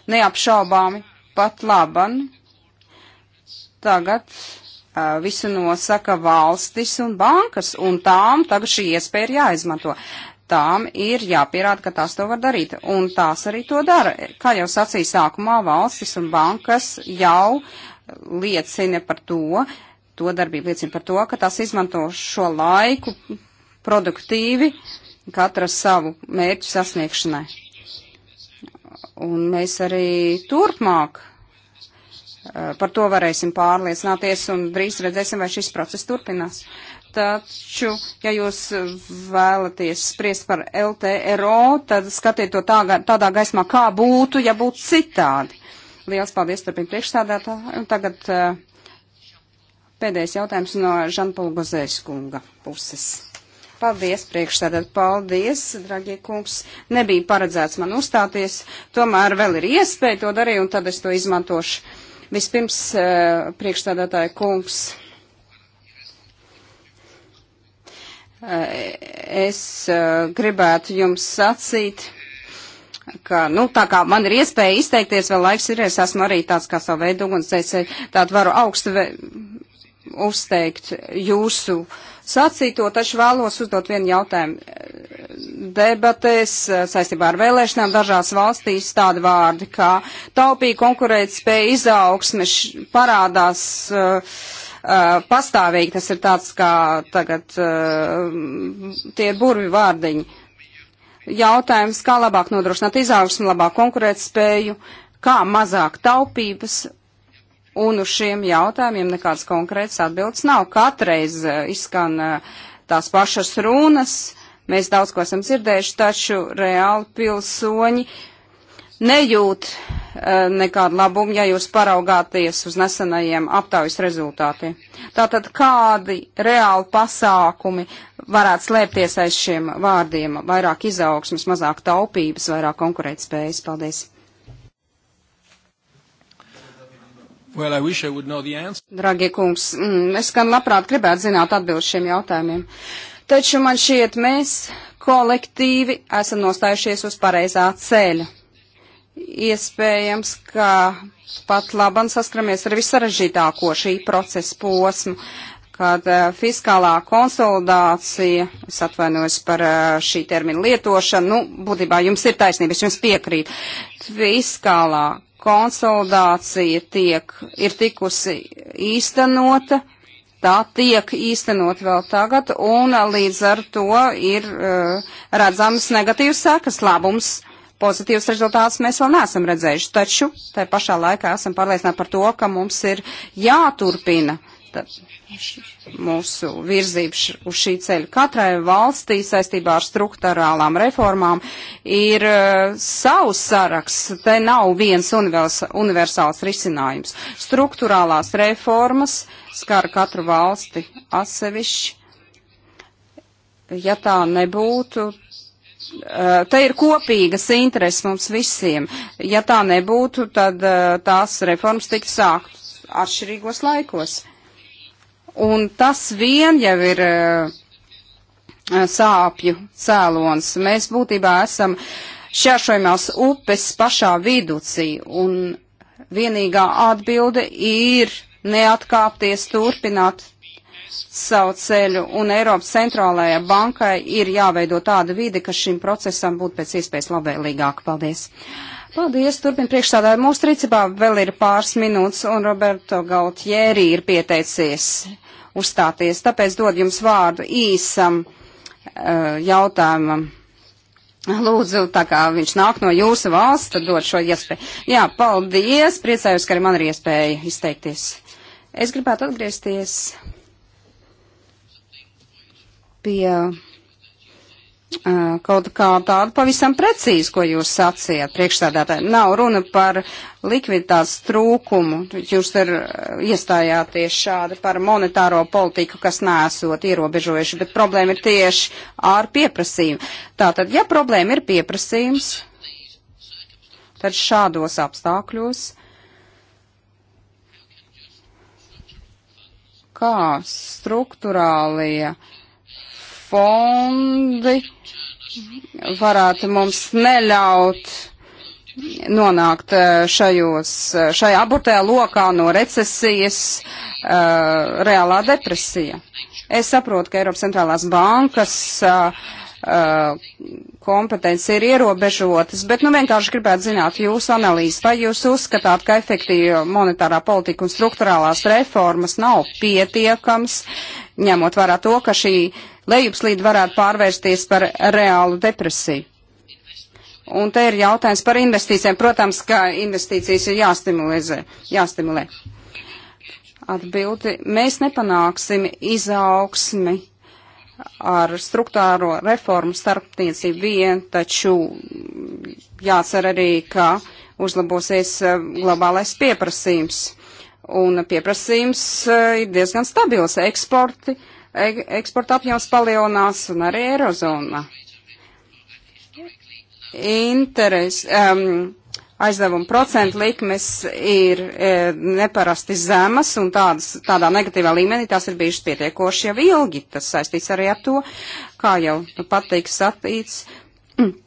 Neapšaubāmi pat laban. Tagad eh, visu nosaka valstis un bankas, un tām tagad šī iespēja ir jāizmanto tām ir jāpierāda, ka tās to var darīt, un tās arī to dara. Kā jau sacīja sākumā, valstis un bankas jau liecina par to, to darbību liecina par to, ka tās izmanto šo laiku produktīvi katra savu mērķu sasniegšanai. Un mēs arī turpmāk eh, par to varēsim pārliecināties un drīz redzēsim, vai šis process turpinās. Uh, Taču, ja jūs vēlaties spriest par LTRO, tad skatiet to tā, tādā gaismā, kā būtu, ja būtu citādi. Liels paldies turpin priekšstādātā. Un tagad eh, pēdējais jautājums no Žanpaula Gozēs kunga puses. Paldies, priekšstādāt, paldies, dragie kungs. Nebija paredzēts man uzstāties, tomēr vēl ir iespēja to darīt, un tad es to izmantošu. Vispirms, eh, priekšstādātāja kungs Eh, es eh, gribētu jums sacīt, ka, nu, tā kā man ir iespēja izteikties, vēl laiks ir, es esmu arī tāds kā savu veidu ugunsdzēsēji, eh, tātad varu augstu ve uzteikt jūsu sacīto, taču vēlos uzdot vienu jautājumu. Debatēs saistībā ar vēlēšanām dažās valstīs tādi vārdi kā taupīja konkurētspēja izaugsme parādās. Uh, uh, pastāvīgi, tas ir tāds kā tagad uh, tie ir burvi vārdiņi. Jautājums, kā labāk nodrošināt izaugsmu, labāk konkurēt spēju, kā mazāk taupības, un uz šiem jautājumiem nekāds konkrēts atbildes nav. Katreiz uh, izskan uh, tās pašas runas, mēs daudz ko esam dzirdējuši, taču reāli pilsoņi. Uh, nejūt e, nekādu labumu, ja jūs paraugāties uz nesenajiem aptaujas rezultātiem. Tātad kādi reāli pasākumi varētu slēpties aiz šiem vārdiem - vairāk izaugsmas, mazāk taupības, vairāk konkurētspējas? Paldies! Well, I wish I would know the answer. Dragie kungs, mm, es gan labprāt gribētu zināt atbildi šiem jautājumiem. Taču man šķiet, mēs kolektīvi esam nostājušies uz pareizā ceļa Iespējams, ka pat labam saskaramies ar visarežģītāko šī procesa posmu, kad eh, fiskālā konsolidācija, es atvainojos par eh, šī termina lietošanu, nu, būtībā jums ir taisnība, es jums piekrītu, fiskālā konsolidācija tiek, ir tikusi īstenota, tā tiek īstenot vēl tagad, un eh, līdz ar to ir uh, redzamas negatīvas sekas labums. Uh, Pozitīvs rezultāts mēs vēl neesam redzējuši, taču tai pašā laikā esam pārliecināti par to, ka mums ir jāturpina mūsu virzības uz šī ceļa. Katrai valstī saistībā ar struktūrālām reformām ir uh, savs saraksts, te nav viens univers, universāls risinājums. Struktūrālās reformas skar katru valsti atsevišķi. Ja tā nebūtu, Eh, te ir kopīgas intereses mums visiem. Ja tā nebūtu, tad eh, tās reformas tiktu sāktas atšķirīgos laikos. Un tas vien jau ir eh, sāpju cēlons. Mēs būtībā esam šķēršojumās upes pašā viducī, un vienīgā atbilde ir neatkāpties, turpināt savu ceļu, un Eiropas centrālajai bankai ir jāveido tāda vide, ka šim procesam būtu pēc iespējas labvēlīgāk. Paldies! Paldies, turpin priekšstādāju. Mūsu rīcībā vēl ir pāris minūtes, un Roberto Galtieri ir pieteicies uzstāties, tāpēc dod jums vārdu īsam uh, jautājumam. Lūdzu, tā kā viņš nāk no jūsu valsts, tad dod šo iespēju. Jā, paldies, priecājos, ka arī man ir iespēja izteikties. Es gribētu atgriezties pie kaut kā tādu pavisam precīzu, ko jūs sacījāt priekšstādātāji. Nav runa par likviditātes trūkumu. Jūs tur iestājāties šādi par monetāro politiku, kas nesot ierobežojuši, bet problēma ir tieši ar pieprasījumu. Tātad, ja problēma ir pieprasījums, tad šādos apstākļos. Kā struktūrālie uh, fondi varētu mums neļaut nonākt eh, šajos, eh, šajā aburtajā lokā no recesijas uh, reālā depresija. Es saprotu, ka Eiropas centrālās bankas uh, Uh, kompetences ir ierobežotas, bet nu vienkārši gribētu zināt jūsu analīzi, vai jūs uzskatāt, ka efektīva monetārā politika un struktūrālās reformas nav pietiekams, ņemot vērā to, ka šī lejupslīde varētu pārvērsties par reālu depresiju. Un te ir jautājums par investīcijiem. Protams, ka investīcijas ir jāstimulē. jāstimulē. Atbildi, mēs nepanāksim izaugsmi ar struktūro reformu starptiecību vien, taču jācer arī, ka uzlabosies eh, globālais pieprasījums. Un pieprasījums eh, ir diezgan stabils. Eksporti, e-, eksporta apjoms palielinās un arī Eirozona. Interes, um, aizdevumu procentu likmes ir e, neparasti zemas un tādas, tādā negatīvā līmenī tās ir bijušas pietiekoši jau ilgi. Tas saistīts arī ar to, kā jau nu patīk satīts. Mm.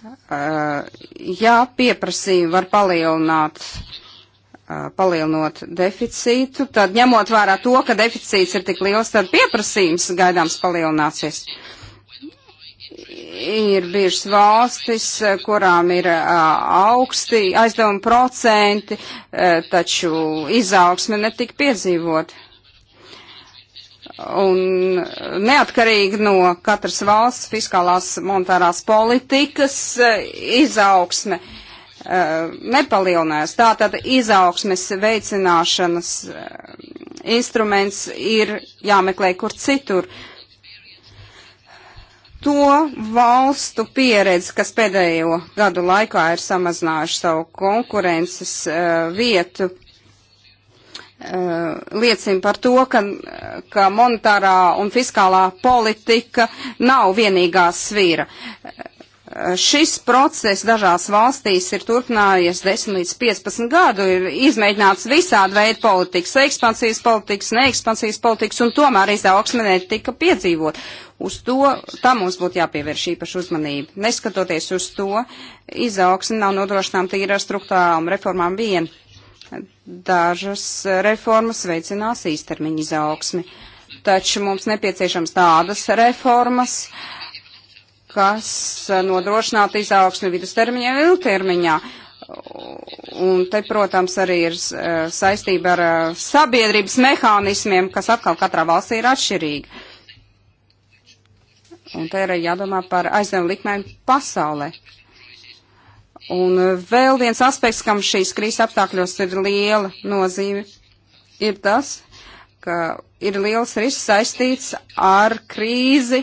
Uh, e, jā, pieprasījumi var palielināt, uh, palielinot deficītu, tad ņemot vērā to, ka deficīts ir tik liels, tad pieprasījums gaidāms palielināsies. Uh, ir bijušas valstis, kurām ir augsti aizdevuma procenti, taču izaugsme netika piedzīvot. Un neatkarīgi no katras valsts fiskālās monetārās politikas izaugsme nepalielinās. Tātad izaugsmes veicināšanas instruments ir jāmeklē kur citur. Uh, to valstu pieredzi, kas pēdējo gadu laikā ir samazinājuši savu konkurences uh, vietu, uh, liecina par to, ka, ka monetārā un fiskālā politika nav vienīgā svīra. Uh, šis process dažās valstīs ir turpinājies 10 līdz 15 gadu, ir izmēģināts visādi veidi politikas, ekspansijas politikas, neekspansijas politikas, un tomēr izaugsme netika piedzīvot Uz to tam mums būtu jāpievērš īpaša uzmanība. Neskatoties uz to, izaugsme nav nodrošināma tīri ar struktūrām reformām vien. Dažas reformas veicinās īstermiņa izaugsmi, taču mums nepieciešams tādas reformas, kas nodrošinātu izaugsmi vidustermiņā un ilgtermiņā. Un te, protams, arī ir saistība ar sabiedrības mehānismiem, kas atkal katrā valstī ir atšķirīga Un te ir jādomā par aizdevumu likmēm pasaulē. Un e, vēl viens aspekts, kam šīs krīzes apstākļos ir liela nozīme, ir tas, ka ir liels risks saistīts ar krīzi.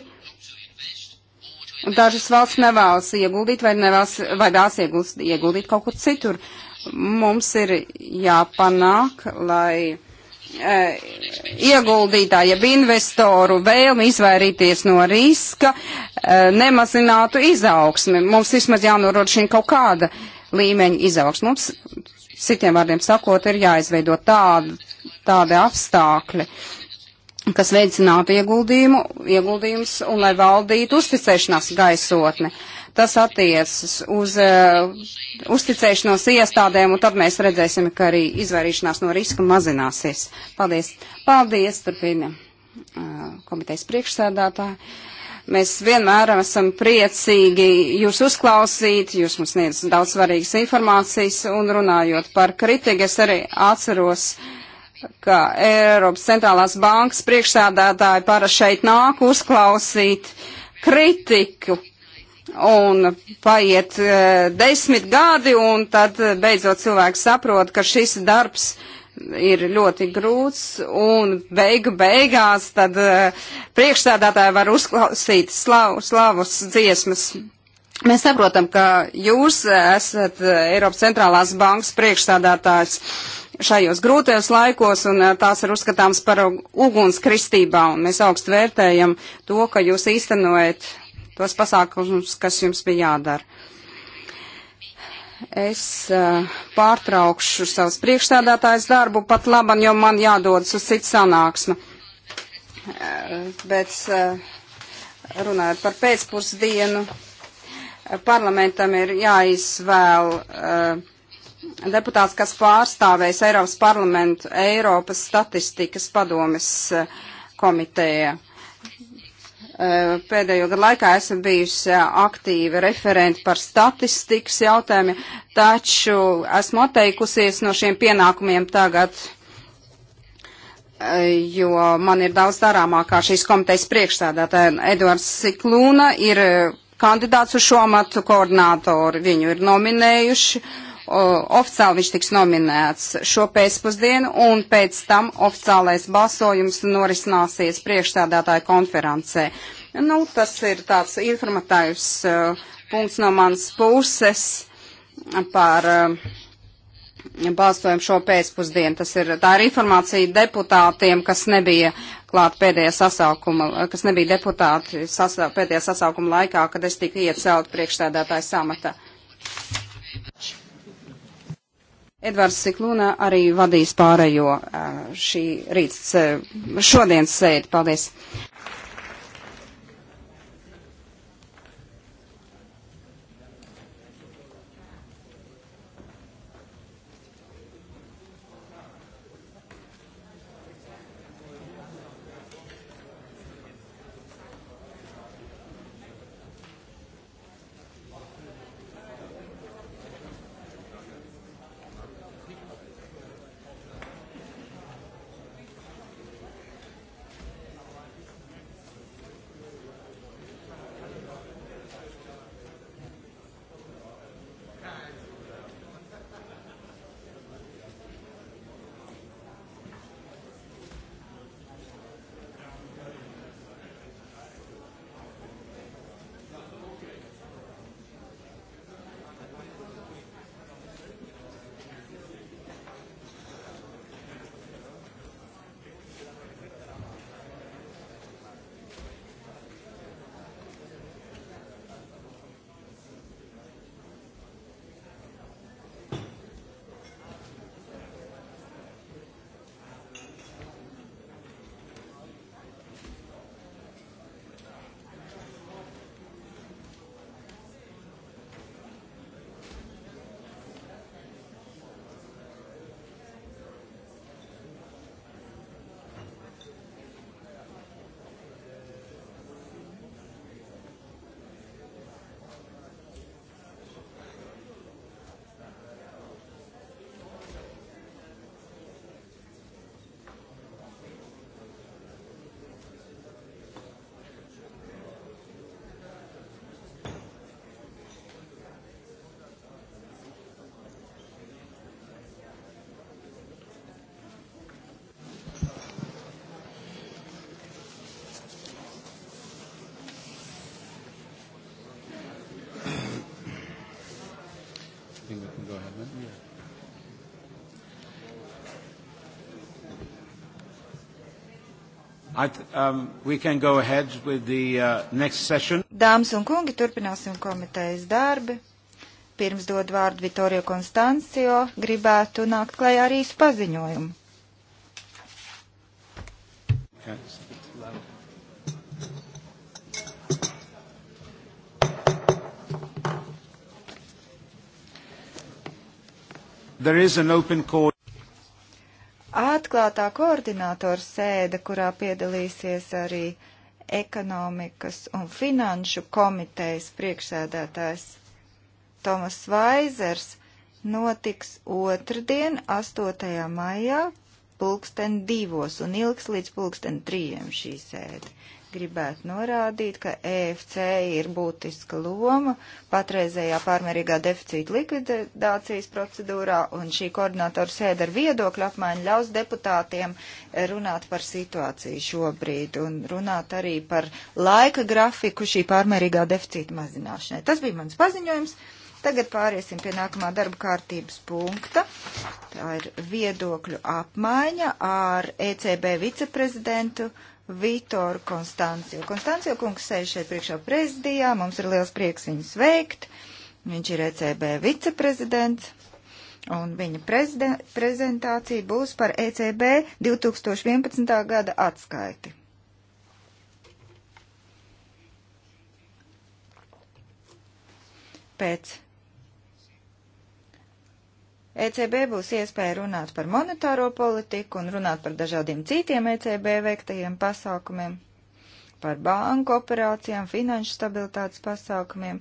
Dažas valsts nevēlas ieguldīt vai, nevēlas, vai vēlas ieguldīt, ieguldīt kaut kur citur. Mums ir jāpanāk, lai Eh, ieguldītāja, jeb investoru vēlmi izvairīties no riska, eh, nemazinātu izaugsmi. Mums vismaz jānorošina kaut kāda līmeņa izaugsme. Mums, citiem vārdiem sakot, ir jāizveido tādi, tādi apstākļi, kas veicinātu ieguldījumu, ieguldījums un lai valdītu uzticēšanās gaisotne. Uh, Tas attiecas uz uh, uzticēšanos iestādēm, un tad mēs redzēsim, ka arī izvairīšanās no riska mazināsies. Paldies. Paldies, turpina uh, komitejas priekšsēdātāji. Mēs vienmēr esam priecīgi jūs uzklausīt, jūs mums sniedz daudz svarīgas informācijas, un runājot par kritiku, es arī atceros, ka Eiropas centrālās bankas priekšsēdētāji para šeit nāk uzklausīt kritiku un paiet uh, desmit gadi, un tad eh, beidzot cilvēks saprot, ka šis darbs ir ļoti grūts, un beigu beigās tad uh, eh, priekšstādātāji var uzklausīt slavu, slavus dziesmas. Mēs saprotam, ka jūs esat Eiropas centrālās bankas priekšstādātājs šajos grūtajos laikos, un tās ir uzskatāms par ugunskristībā, un mēs augstu vērtējam to, ka jūs īstenojat tos pasākumus, kas jums bija jādara. Es uh, pārtraukšu savus priekšstādātājs darbu pat labam, jo man jādodas uz citu sanāksmu. Uh, eh, bet uh, runājot par pēcpusdienu, parlamentam ir jāizvēl deputāts, kas pārstāvēs Eiropas parlamentu Eiropas statistikas padomes komitējā. Eh, pēdējo gadu laikā esmu bijusi eh, aktīva referenti par statistikas jautājumiem, taču esmu atteikusies no šiem pienākumiem tagad, eh, jo man ir daudz darāmākā šīs komitejas priekšstādātāja. Eduards Siklūna ir kandidāts uz šo amatu koordinātoru, viņu ir nominējuši. Uh, oficiāli viņš tiks nominēts šo pēcpusdienu, un pēc tam oficiālais balsojums norisināsies priekšstādātāja konferencē. Nu, tas ir tāds informatīvs uh, punkts no manas puses par uh, balsojumu šo pēcpusdienu. Tas ir, tā ir informācija deputātiem, kas nebija klāt pēdējā sasaukuma, kas nebija deputāti sasa, pēdējā sasaukuma laikā, kad es tiku iecelt priekšstādātāja samata. Edvards Siklūna arī vadīs pārējo šī rīts šodienas sēdi. Paldies! go ahead then. Yeah. I th um, we can go ahead with the uh, next session. Dāmas un kungi, turpināsim komitejas darbi. Pirms dod vārdu Vitorio Konstancijo, gribētu nākt klajā ar īsu paziņojumu. Atklātā koordinātora sēde, kurā piedalīsies arī ekonomikas un finanšu komitejas priekšsēdētājs Tomas Vaizers, notiks otrdien, 8. maijā, pulksten divos un ilgs līdz pulksten trījiem šī sēde gribētu norādīt, ka EFC ir būtiska loma patreizējā pārmērīgā deficīta likvidācijas procedūrā, un šī koordinātora sēda ar viedokļu apmaiņu ļaus deputātiem runāt par situāciju šobrīd un runāt arī par laika grafiku šī pārmērīgā deficīta mazināšanai. Tas bija mans paziņojums. Tagad pāriesim pie nākamā darba kārtības punkta. Tā ir viedokļu apmaiņa ar ECB viceprezidentu Vitoru Konstanciju. Konstanciju kungs sēž šeit priekšā prezidijā, mums ir liels prieks viņu sveikt. Viņš ir ECB viceprezidents, un viņa prezentācija būs par ECB 2011. gada atskaiti. Pēc ECB būs iespēja runāt par monetāro politiku un runāt par dažādiem citiem ECB veiktajiem pasākumiem, par banku operācijām, finanšu stabilitātes pasākumiem,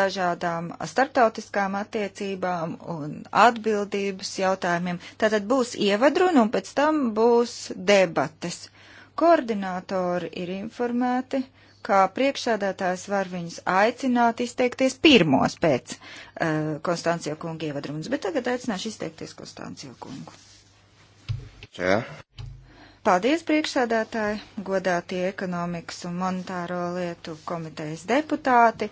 dažādām starptautiskām attiecībām un atbildības jautājumiem. Tātad būs ievadruna un pēc tam būs debates. Koordinātori ir informēti kā priekšsādātājs var viņus aicināt izteikties pirmos pēc uh, eh, Konstancijo kunga ievadrunas, bet tagad aicināšu izteikties Konstancijo kungu. Jā. Paldies, priekšsādātāji, godātie ekonomikas un monetāro lietu komitejas deputāti.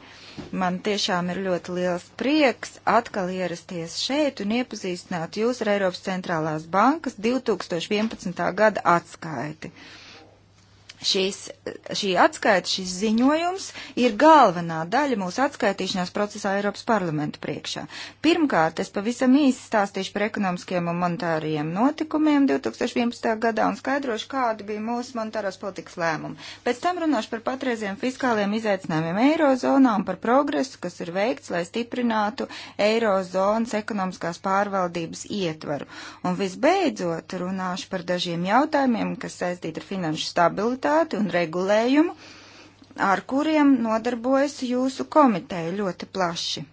Man tiešām ir ļoti liels prieks atkal ierasties šeit un iepazīstināt jūs ar Eiropas centrālās bankas 2011. gada atskaiti. Uh, Šis, šī atskaita, šis ziņojums ir galvenā daļa mūsu atskaitīšanās procesā Eiropas parlamentu priekšā. Pirmkārt, es pavisam īsi stāstīšu par ekonomiskiem un monetāriem notikumiem 2011. gadā un skaidrošu, kāda bija mūsu monetāros politikas lēmuma. Pēc tam runāšu par patreiziem fiskāliem izaicinājumiem Eirozonā un par progresu, kas ir veikts, lai stiprinātu Eirozonas ekonomiskās pārvaldības ietvaru. Un visbeidzot, runāšu par dažiem jautājumiem, kas saistīti ar finanšu stabilitāti aktivitāti un regulējumu, ar kuriem nodarbojas jūsu komiteja ļoti plaši.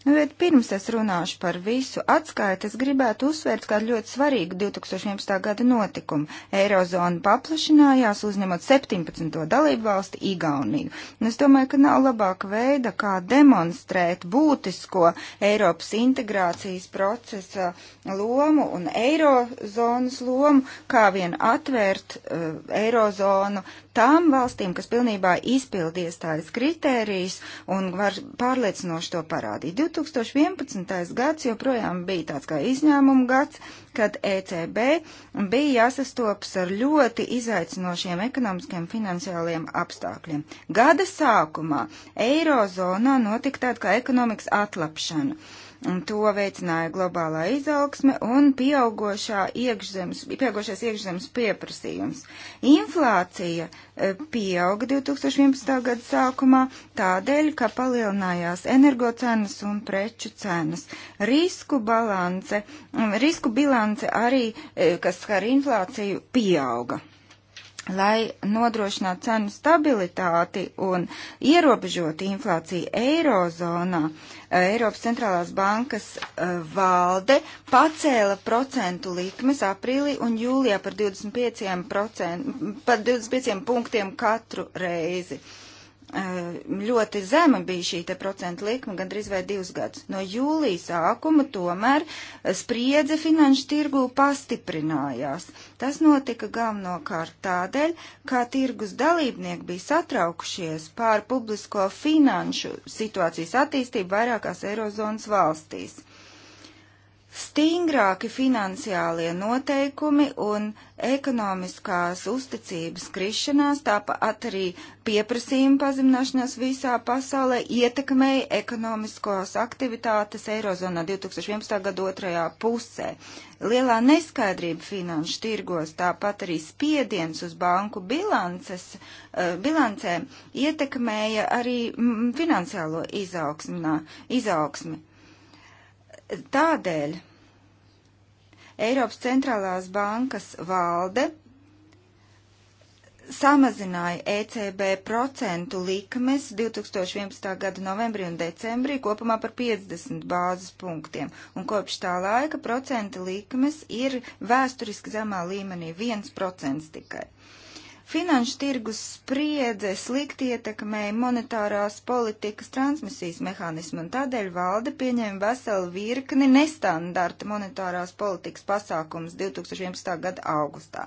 Nu, bet pirms es runāšu par visu atskaiti, es gribētu uzsvērt kādu ļoti svarīgu 2011. gada notikumu. Eirozona paplašinājās, uzņemot 17. dalību valsti Igauniju. Un es domāju, ka nav labāka veida, kā demonstrēt būtisko Eiropas integrācijas procesa lomu un Eirozonas lomu, kā vien atvērt uh, Eirozonu tām valstīm, kas pilnībā izpildies tādas kritērijas un var pārliecinoši to parādīt. 2011. gads joprojām bija tāds kā izņēmuma gads, kad ECB bija jāsastopas ar ļoti izaicinošiem ekonomiskiem finansiāliem apstākļiem. Gada sākumā Eirozonā notika tāda kā ekonomikas atlapšana. Un to veicināja globālā izaugsme un iekšzemes, pieaugošais iekšzemes pieprasījums. Inflācija e, pieauga 2011. gada sākumā tādēļ, ka palielinājās energocenas un preču cenas. Risku balance, risku bilance bilance arī, e, kas skar inflāciju, pieauga. Lai nodrošinātu cenu stabilitāti un ierobežotu inflāciju eirozonā, e, Eiropas centrālās bankas e, valde pacēla procentu likmes aprīlī un jūlijā par 25, procent, par 25 punktiem katru reizi. Uh, ļoti zema bija šī te procentu likme, gandrīz vai divus gadus. No jūlijas sākuma tomēr spriedze finanšu tirgū pastiprinājās. Tas notika galvenokārt tādēļ, kā tirgus dalībnieki bija satraukušies pār publisko finanšu situācijas attīstību vairākās Eirozonas valstīs stingrāki finansiālie noteikumi un ekonomiskās uzticības krišanās, tāpat arī pieprasījuma pazemināšanās visā pasaulē ietekmēja ekonomiskos aktivitātes Eirozonā 2011. gada otrajā pusē. Lielā neskaidrība finanšu tirgos, tāpat arī spiediens uz banku bilances, eh, bilancēm ietekmēja arī mm, finansiālo izaugsmi. Tādēļ Eiropas centrālās bankas valde samazināja ECB procentu likmes 2011. gada novembrī un decembrī kopumā par 50 bāzes punktiem, un kopš tā laika procenta likmes ir vēsturiski zemā līmenī 1% tikai. Uh, Finanšu tirgus spriedze slikti ietekmēja monetārās politikas transmisijas mehānismu, un tādēļ valde pieņēma veselu virkni nestandarta monetārās politikas pasākums 2011. gada augustā.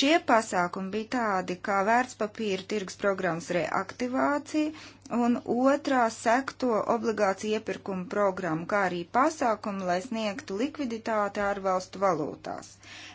Šie pasākumi bija tādi kā vērtspapīra tirgus programmas reaktivācija, un otrā sekto obligāciju iepirkuma programma, kā arī pasākumu, lai sniegtu likviditāti ārvalstu valūtās.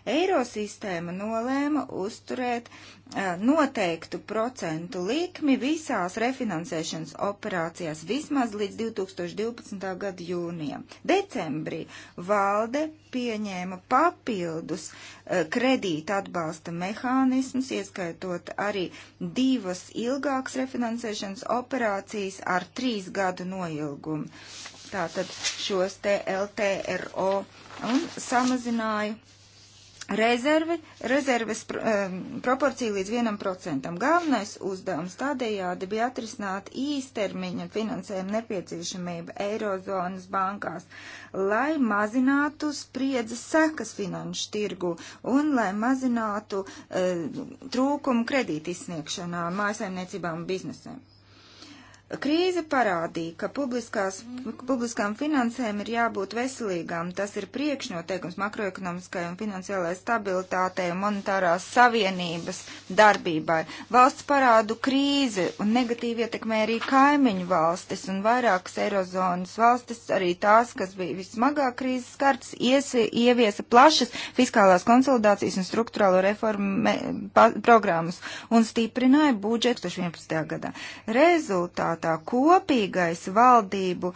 Eirosistēma nolēma uzturēt uh, noteiktu procentu likmi visās refinansēšanas operācijās vismaz līdz 2012. gada jūnijam. Decembrī valde pieņēma papildus uh, eh, kredīta atbalsta mehānismus, ieskaitot arī divas ilgākas refinansēšanas operācijas, operācijas ar trīs gadu noilgumu. Tātad šos te LTRO un samazināju rezervi, rezerves um, proporciju līdz 1%. Galvenais uzdevums tādējādi bija atrisināt īstermiņa finansējuma nepieciešamību Eirozonas bankās, lai mazinātu spriedzes sekas finanšu tirgu un lai mazinātu uh, trūkumu kredīti izsniegšanā mājasaimniecībām un biznesēm. Krīze parādīja, ka publiskām finansēm ir jābūt veselīgām. Tas ir priekšnoteikums makroekonomiskai un finansiālai stabilitātei un monetārās savienības darbībai. Valsts parādu krīze un negatīvi ietekmē arī kaimiņu valstis un vairākas eirozonas valstis, arī tās, kas bija vismagāk krīzes kartas, iesi, ieviesa plašas fiskālās konsolidācijas un struktūrālo reformu programmas un stiprināja budžetu 2011. gadā. Rezultāti rezultātā kopīgais valdību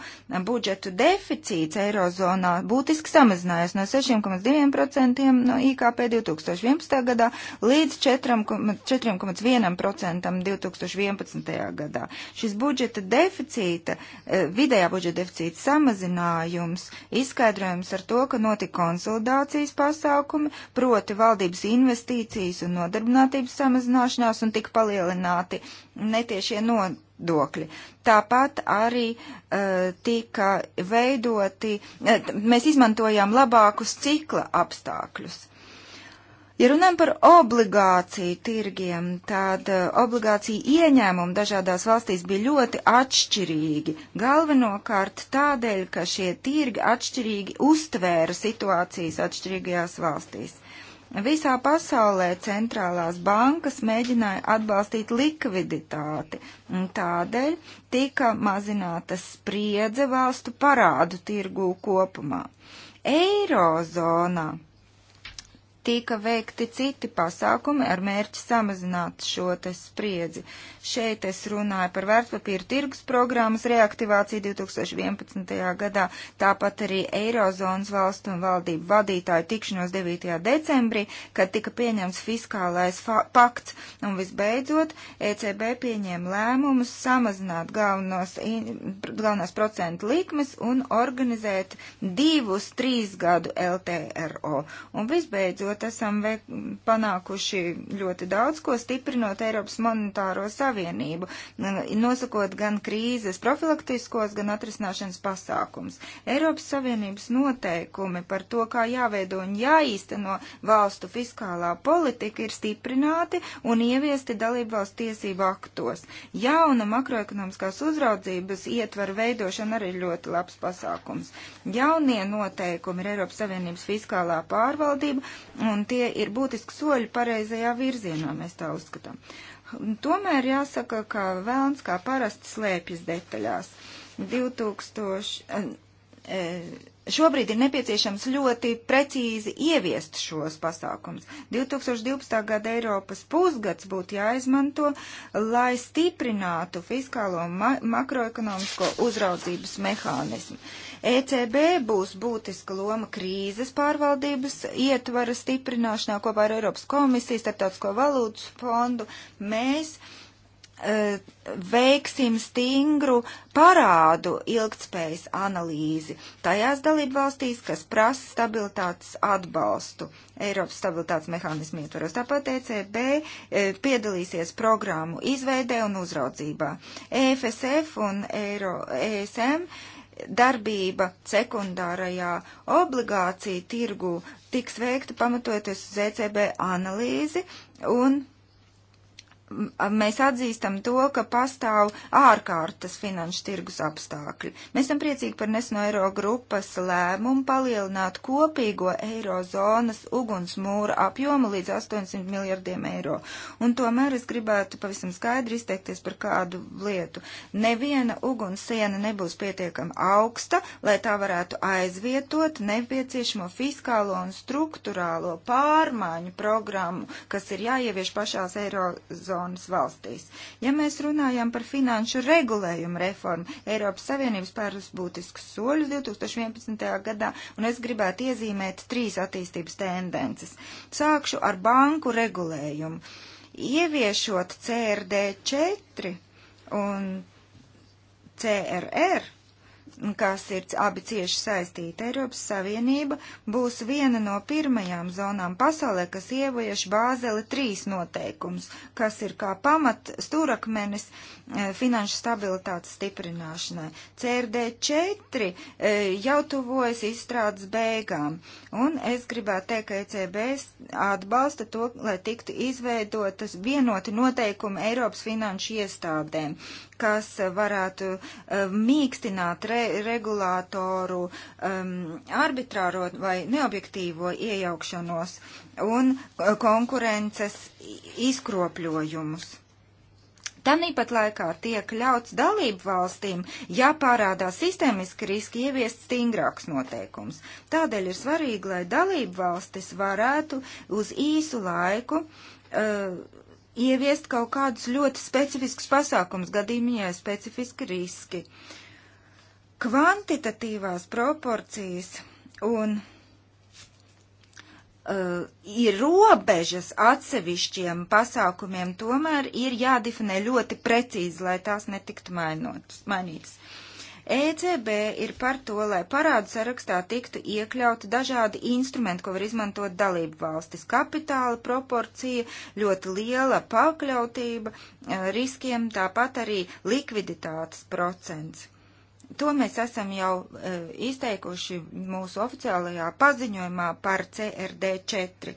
budžetu deficīts Eirozonā būtiski samazinājies no 6,2% no IKP 2011. gadā līdz 4,1% 2011. gadā. Šis budžeta deficīta, eh, vidējā budžeta deficīta samazinājums izskaidrojums ar to, ka notika konsolidācijas pasākumi, proti valdības investīcijas un nodarbinātības samazināšanās un tika palielināti netiešie no viedokļi. Tāpat arī uh, tika veidoti, uh, mēs izmantojām labākus cikla apstākļus. Ja runājam par obligāciju tirgiem, tad uh, eh, obligāciju ieņēmumi dažādās valstīs bija ļoti atšķirīgi. Galvenokārt tādēļ, ka šie tirgi atšķirīgi uztvēra situācijas atšķirīgajās valstīs. Visā pasaulē centrālās bankas mēģināja atbalstīt likviditāti, un tādēļ tika mazināta spriedze valstu parādu tirgū kopumā. Eirozonā tika veikti citi pasākumi ar mērķi samazināt šo te spriedzi. Šeit es runāju par vērtpapīru tirgus programmas reaktivāciju 2011. gadā, tāpat arī Eirozonas valstu un valdību vadītāju tikšanos 9. decembrī, kad tika pieņemts fiskālais pakts. Un visbeidzot, ECB pieņēma lēmumus samazināt galvenos, galvenās procentu likmes un organizēt divus trīs gadu LTRO. Un visbeidzot, manuprāt, esam panākuši ļoti daudz, ko stiprinot Eiropas monetāro savienību, nosakot gan krīzes profilaktiskos, gan atrisināšanas pasākums. Eiropas Savienības noteikumi par to, kā jāveido un jāīsteno valstu fiskālā politika, ir stiprināti un ieviesti dalību valstu tiesību aktos. Jauna makroekonomiskās uzraudzības ietvaru veidošana arī ir ļoti labs pasākums. Jaunie noteikumi ir Eiropas Savienības fiskālā pārvaldība un tie ir būtiski soļi pareizajā virzienā, mēs tā uzskatām. Tomēr jāsaka, ka vēlns kā parasti slēpjas detaļās. 2000, E, šobrīd ir nepieciešams ļoti precīzi ieviest šos pasākums. 2012. gada Eiropas pusgads būtu jāizmanto, lai stiprinātu fiskālo un ma makroekonomisko uzraudzības mehānismu. ECB būs būtiska loma krīzes pārvaldības ietvara stiprināšanā kopā ar Eiropas komisiju, Startautisko valūtas fondu. Mēs uh, veiksim stingru parādu ilgtspējas analīzi tajās dalību valstīs, kas prasa stabilitātes atbalstu Eiropas stabilitātes mehānismu ietvaros. Tāpat ECB e, piedalīsies programmu izveidē un uzraudzībā. EFSF un Eiro, ESM darbība sekundārajā obligācija tirgu tiks veikta pamatoties uz ECB analīzi un mēs atzīstam to, ka pastāv ārkārtas finanšu tirgus apstākļi. Mēs esam priecīgi par neseno eiro grupas lēmumu palielināt kopīgo eirozonas ugunsmūra apjomu līdz 800 miljardiem eiro. Un tomēr es gribētu pavisam skaidri izteikties par kādu lietu. Neviena ugunsiena nebūs pietiekami augsta, lai tā varētu aizvietot nepieciešamo fiskālo un struktūrālo pārmaiņu programmu, kas ir jāievieš pašās eirozonas eirozonas valstīs. Ja mēs runājam par finanšu regulējumu reformu, Eiropas Savienības pāris būtiskus soļus 2011. gadā, un es gribētu iezīmēt trīs attīstības tendences. Sākšu ar banku regulējumu. Ieviešot CRD4 un CRR kas ir abi cieši saistīti. Eiropas Savienība būs viena no pirmajām zonām pasaulē, kas ievieš Bāzele 3 noteikums, kas ir kā pamat stūrakmenis uh, E, finanšu stabilitātes stiprināšanai. CRD4 e, jau tuvojas izstrādes beigām, un es gribētu teikt, ka ECB atbalsta to, lai tiktu izveidotas vienoti noteikumi Eiropas finanšu iestādēm, kas varētu e, mīkstināt re regulātoru um, arbitrāro vai neobjektīvo iejaukšanos un konkurences izkropļojumus. Tāpat laikā tiek ļauts dalību valstīm, ja pārādā sistēmiski riski ieviest stingrāks noteikums. Tādēļ ir svarīgi, lai dalību valstis varētu uz īsu laiku uh, ieviest kaut kādus ļoti specifiskus pasākums gadījumā, ja ir specifiski riski. Kvantitatīvās proporcijas un uh, ir robežas atsevišķiem pasākumiem, tomēr ir jādefinē ļoti precīzi, lai tās netiktu mainotas, mainītas. ECB ir par to, lai parādu sarakstā tiktu iekļauti dažādi instrumenti, ko var izmantot dalību valstis - kapitāla proporcija, ļoti liela pakļautība uh, riskiem, tāpat arī likviditātes procents. To mēs esam jau uh, izteikuši mūsu oficiālajā paziņojumā par CRD4.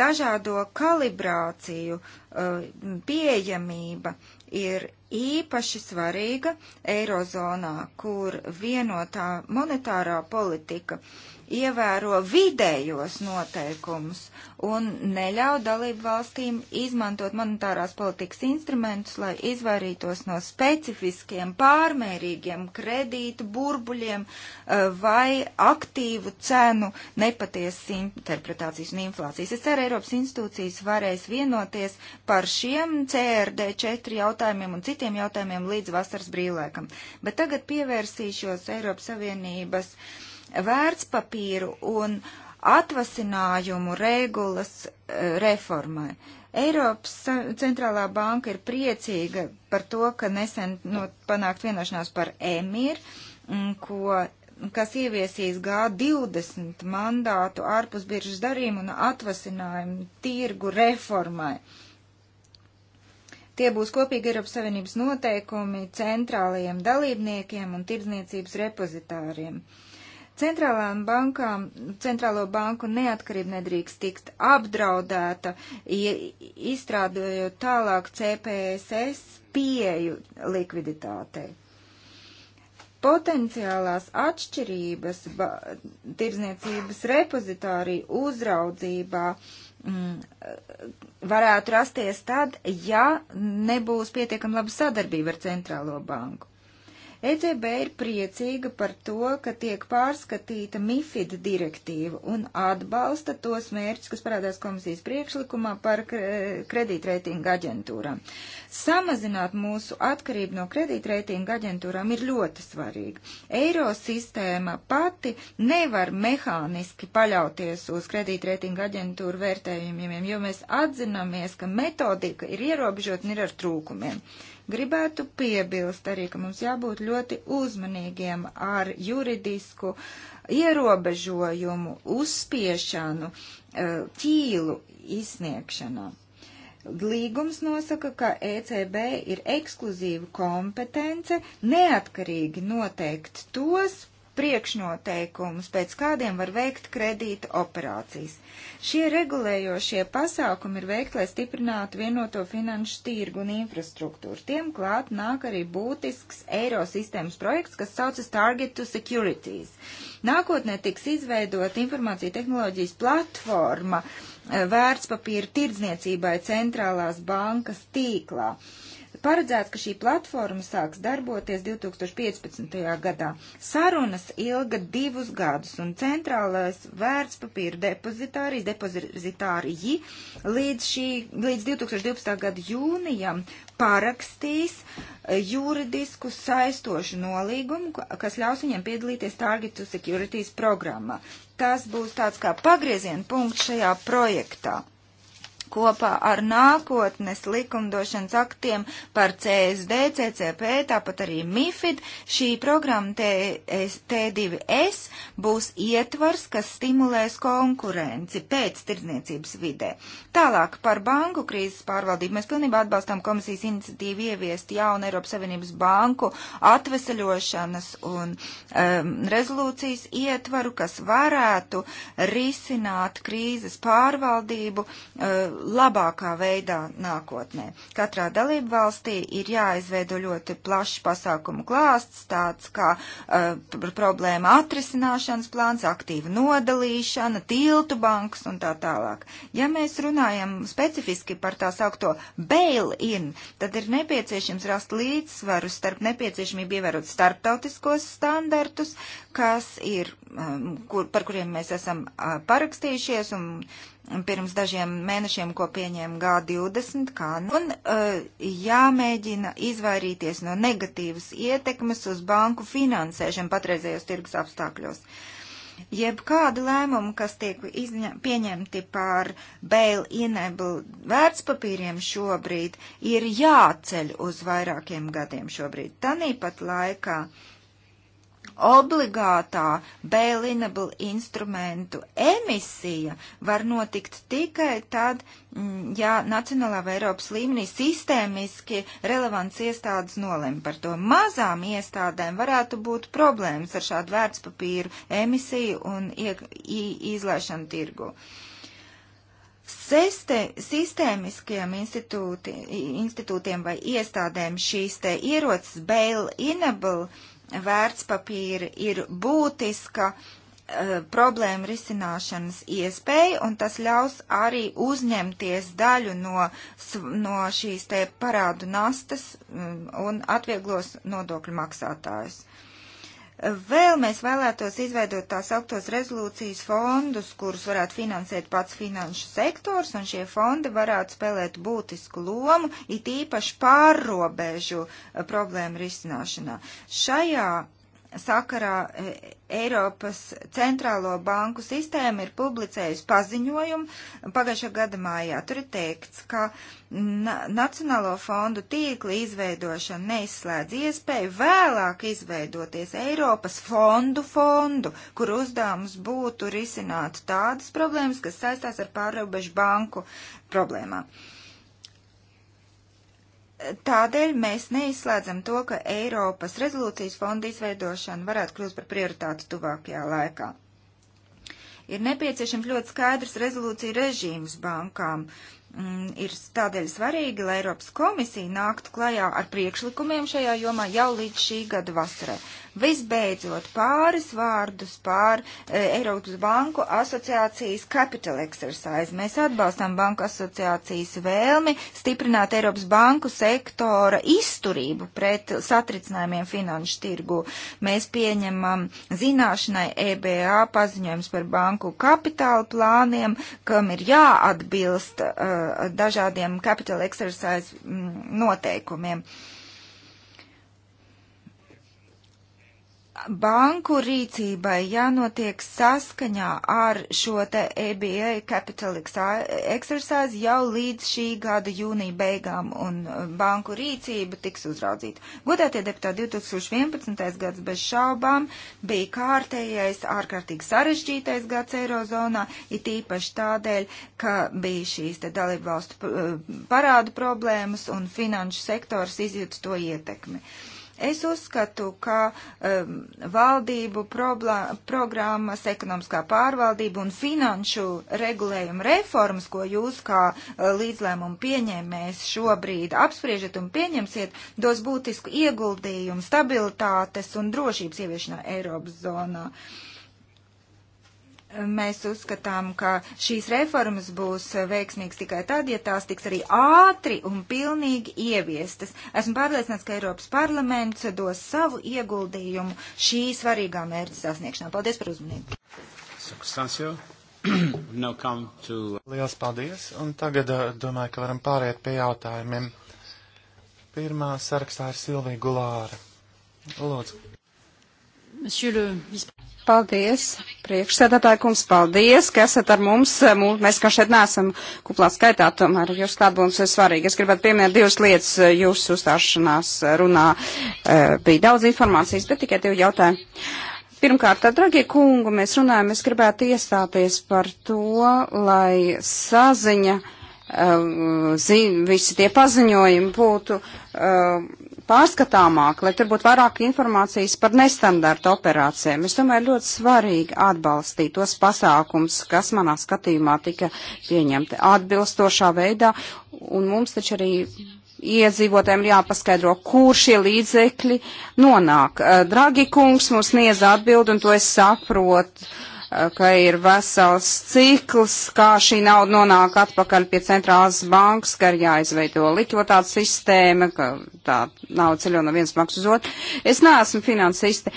Dažādo kalibrāciju uh, pieejamība ir īpaši svarīga Eirozonā, kur vienotā monetārā politika ievēro vidējos noteikumus un neļauj dalību valstīm izmantot monetārās politikas instrumentus, lai izvairītos no specifiskiem, pārmērīgiem kredītu burbuļiem eh, vai aktīvu cenu nepatiesas interpretācijas un inflācijas. Es ceru, Eiropas institūcijas varēs vienoties par šiem CRD 4 jautājumiem un citiem jautājumiem līdz vasaras brīvlēkam. Bet tagad pievērsīšos Eiropas Savienības uh, vērtspapīru un atvasinājumu regulas e, reformai. Eiropas centrālā banka ir priecīga par to, ka nesen nu, panākt vienošanās par EMIR, ko, kas ieviesīs G20 mandātu ārpus biržas darījumu un atvasinājumu tirgu reformai. Tie būs kopīgi Eiropas Savienības noteikumi centrālajiem dalībniekiem un tirdzniecības repozitāriem. Uh, Centrālām bankām, centrālo banku neatkarība nedrīkst tikt apdraudēta, izstrādājot tālāk CPSS pieju likviditātei. Potenciālās atšķirības ba, tirzniecības repozitārija uzraudzībā mm, varētu rasties tad, ja nebūs pietiekami laba sadarbība ar centrālo banku. ECB ir priecīga par to, ka tiek pārskatīta MIFID direktīva un atbalsta tos mērķus, kas parādās komisijas priekšlikumā par kredītreitinga aģentūrām samazināt mūsu atkarību no kredītreitinga aģentūrām ir ļoti svarīga. Eiro sistēma pati nevar mehāniski paļauties uz kredītreitinga aģentūru vērtējumiem, jo mēs atzinamies, ka metodika ir ierobežota un ir ar trūkumiem. Gribētu piebilst arī, ka mums jābūt ļoti uzmanīgiem ar juridisku ierobežojumu, uzspiešanu, eh, ķīlu izsniegšanā. Līgums nosaka, ka ECB ir ekskluzīva kompetence neatkarīgi noteikt tos priekšnoteikumus, pēc kādiem var veikt kredīta operācijas. Šie regulējošie pasākumi ir veikti, lai stiprinātu vienoto finanšu tirgu un infrastruktūru. Tiem klāt nāk arī būtisks eirosistēmas projekts, kas saucas Target to Securities. Nākotnē tiks izveidot informācija tehnoloģijas platforma eh, vērtspapīra tirdzniecībai centrālās bankas tīklā. Uh, paredzēts, ka šī platforma sāks darboties 2015. gadā. Sarunas ilga divus gadus un centrālais vērtspapīra depozitārijas depozitāriji līdz, šī, līdz 2012. gada jūnijam parakstīs eh, juridisku saistošu nolīgumu, kas ļaus viņiem piedalīties Target to Securities programmā. Tas būs tāds kā pagrieziena punkts šajā projektā kopā ar nākotnes likumdošanas aktiem par CSD, CCP, tāpat arī MIFID. Šī programma T2S būs ietvars, kas stimulēs konkurenci pēc tirdzniecības vidē. Tālāk par banku krīzes pārvaldību. Mēs pilnībā atbalstām komisijas iniciatīvu ieviest jaunu Eiropas Savienības banku atveseļošanas un um, rezolūcijas ietvaru, kas varētu risināt krīzes pārvaldību. Uh, labākā veidā nākotnē. Katrā dalību valstī ir jāizveido ļoti plašs pasākumu klāsts, tāds kā uh, problēma atrisināšanas plāns, aktīva nodalīšana, tiltu bankas un tā tālāk. Ja mēs runājam specifiski par tā saukto bail-in, tad ir nepieciešams rast līdzsvaru starp nepieciešamību ievērot starptautiskos standartus, kas ir, um, kur, par kuriem mēs esam uh, parakstījušies un pirms dažiem mēnešiem, ko pieņēma G20, kā nu- un uh, jāmēģina izvairīties no negatīvas ietekmes uz banku finansēšanu patreizējos tirgus apstākļos. Jebkādi lēmumi, kas tiek izņa, pieņemti par bail-enable vērtspapīriem šobrīd, ir jāceļ uz vairākiem gadiem šobrīd. Tanīpat laikā uh, obligātā bailinable instrumentu emisija var notikt tikai tad, mm, ja nacionālā vai Eiropas līmenī sistēmiski relevants iestādes nolem par to. Mazām iestādēm varētu būt problēmas ar šādu vērtspapīru emisiju un izlaišanu tirgu. Seste, sistēmiskajiem institūti, institūtiem vai iestādēm šīs te ierocis bail-inable uh, vērtspapīri ir būtiska uh, problēma risināšanas iespēja, un tas ļaus arī uzņemties daļu no, no šīs te parādu nastas um, un atvieglos nodokļu maksātājus. Vēl mēs vēlētos izveidot tās augtos rezolūcijas fondus, kurus varētu finansēt pats finanšu sektors, un šie fondi varētu spēlēt būtisku lomu, it īpaši pārrobežu eh, problēmu risināšanā. Šajā sakarā e, Eiropas centrālo banku sistēma ir publicējusi paziņojumu pagājušā gada mājā. Tur ir teikts, ka na Nacionālo fondu tīkla izveidošana neizslēdz iespēju vēlāk izveidoties Eiropas fondu fondu, kur uzdevums būtu risināt tādas problēmas, kas saistās ar pārrobežu banku problēmām. Uh, Tādēļ mēs neizslēdzam to, ka Eiropas rezolūcijas fonda izveidošana varētu kļūt par prioritāti tuvākajā laikā. Ir nepieciešams ļoti skaidrs rezolūcija režīms bankām, Mm, ir tādēļ svarīgi, lai Eiropas komisija nāktu klajā ar priekšlikumiem šajā jomā jau līdz šī gada vasarai. Visbeidzot, pāris vārdus pār e, Eiropas Banku asociācijas Capital Exercise. Mēs atbalstam Banku asociācijas vēlmi stiprināt Eiropas Banku sektora izturību pret satricinājumiem finanšu tirgu. Mēs pieņemam zināšanai EBA paziņojums par banku kapitāla plāniem, kam ir jāatbilst. Uh, dažādiem capital exercise mm, noteikumiem. Uh, banku rīcībai jānotiek saskaņā ar šo te ABA e Capital Exercise jau līdz šī gada jūnija beigām, un uh, banku rīcība tiks uzraudzīta. Godētie deputāti, 2011. gads bez šaubām bija kārtējais, ārkārtīgi sarežģītais gads Eirozonā, it īpaši tādēļ, ka bija šīs te dalību valstu uh, parādu problēmas un finanšu sektors izjūta to ietekmi. Uh, Es uzskatu, ka um, valdību problā, programmas, ekonomiskā pārvaldība un finanšu regulējuma reformas, ko jūs kā uh, līdzlēmumu pieņēmējs šobrīd apspriežat un pieņemsiet, dos būtisku ieguldījumu stabilitātes un drošības ieviešanā Eiropas zonā. Uh, Mēs uzskatām, ka šīs reformas būs veiksmīgas tikai tad, ja tās tiks arī ātri un pilnīgi ieviestas. Esmu pārliecināts, ka Eiropas parlaments dos savu ieguldījumu šī svarīgā mērķa sasniegšanā. Paldies par uzmanību. to... Liels paldies, un tagad uh, domāju, ka varam pāriet pie jautājumiem. Pirmā sarakstā ir Silvija Gulāra. Lūdzu. Monsieur le vice Paldies, priekšsēdētāji kungs, paldies, ka esat ar mums. Eh, mēs, kā šeit neesam kuplā skaitā, tomēr jūs klāt mums ir eh, svarīgi. Es gribētu pieminēt divas lietas eh, jūsu uzstāšanās runā. Bija daudz informācijas, bet tikai divi jautājumi. Pirmkārt, tā, dragie kungu, mēs runājam, es gribētu iestāties par to, lai saziņa, zi, visi tie paziņojumi būtu. Uh, pārskatāmāk, lai tur būtu vairāk informācijas par nestandarta operācijām. Es domāju, ļoti svarīgi atbalstīt tos pasākums, kas manā skatījumā tika pieņemti atbilstošā veidā, un mums taču arī iedzīvotājiem jāpaskaidro, kur šie līdzekļi nonāk. Eh, Dragi kungs mums sniedz atbildi, un to es saprotu ka ir vesels cikls, kā šī nauda nonāk atpakaļ pie centrālās bankas, ka ir jāizveido likviditātes sistēma, ka tā nauda ceļo no vienas maksas uz otru. Es neesmu finansiste,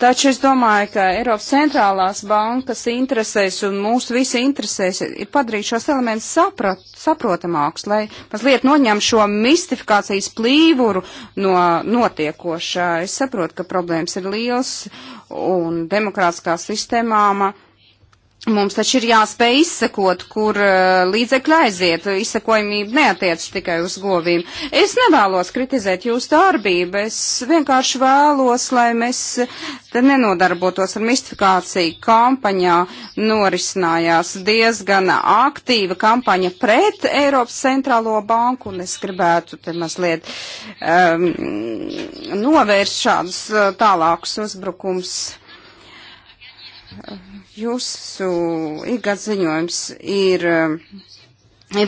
taču es domāju, ka Eiropas centrālās bankas interesēs un mūsu visi interesēs ir padarīt šos elementus saprat, saprotamākus, lai mazliet noņem šo mistifikācijas plīvuru no notiekošā. Es saprotu, ka problēmas ir liels un demokrātiskā sistēmāma Mums taču ir jāspēj izsekot, kur uh, līdzekļi aiziet. Izsekojamība neatiec tikai uz govīm. Es nevēlos kritizēt jūsu darbību, es vienkārši vēlos, lai mēs te eh, nenodarbotos ar mistifikāciju. Kampaņā norisinājās diezgan aktīva kampaņa pret Eiropas centrālo banku, un es gribētu te mazliet um, novērst šādus uh, tālākus uzbrukums. Uh, Jūsu ikgads ziņojums ir um,